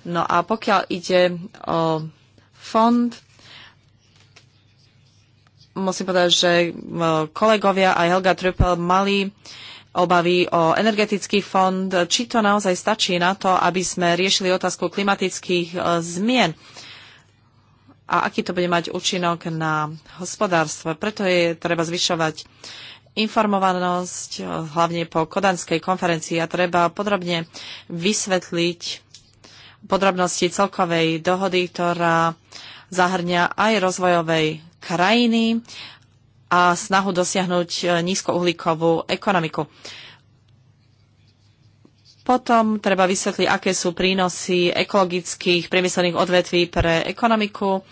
No a pokiaľ ide o fond, musím povedať, že kolegovia a Helga Trüppel mali uh, obavy o energetický fond, či to naozaj stačí na to, aby sme riešili otázku klimatických e, zmien a aký to bude mať účinok na hospodárstvo. Preto je treba zvyšovať informovanosť, e, hlavne po Kodanskej konferencii a treba podrobne vysvetliť podrobnosti celkovej dohody, ktorá zahrňa aj rozvojovej krajiny, a snahu dosiahnuť e, nízkouhlíkovú ekonomiku. Potom treba vysvetliť, aké sú prínosy ekologických priemyselných odvetví pre ekonomiku.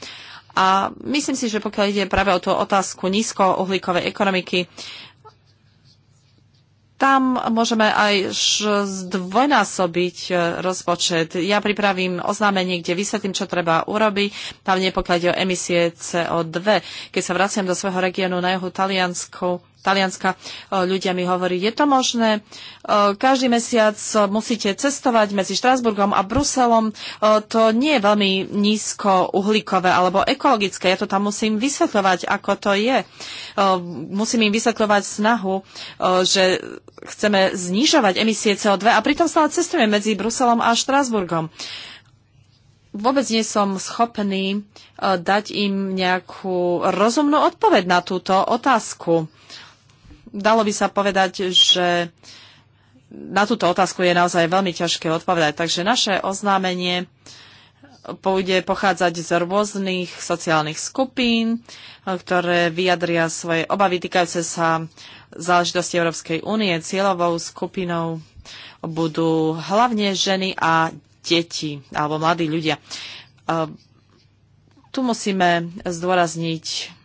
A myslím si, že pokiaľ ide práve o tú otázku nízkouhlíkovej ekonomiky, tam môžeme aj zdvojnásobiť e, rozpočet. Ja pripravím oznámenie, kde vysvetlím, čo treba urobiť, tam pokiaľ ide o emisie CO2. Keď sa vraciam do svojho regiónu na juhu Taliansku, Talianska e, ľudia mi hovorí, je to možné, e, každý mesiac musíte cestovať medzi Štrásburgom a Bruselom, e, to nie je veľmi nízko uhlíkové alebo ekologické, ja to tam musím vysvetľovať, ako to je. Musím im vysvetľovať snahu, že chceme znižovať emisie CO2 a pritom stále cestujeme medzi Bruselom a Štrásburgom vôbec nie som schopný dať im nejakú rozumnú odpoveď na túto otázku dalo by sa povedať, že na túto otázku je naozaj veľmi ťažké odpovedať. Takže naše oznámenie bude pochádzať z rôznych sociálnych skupín, ktoré vyjadria svoje obavy týkajúce sa záležitosti Európskej únie. Cieľovou skupinou budú hlavne ženy a deti alebo mladí ľudia. Ehm, tu musíme zdôrazniť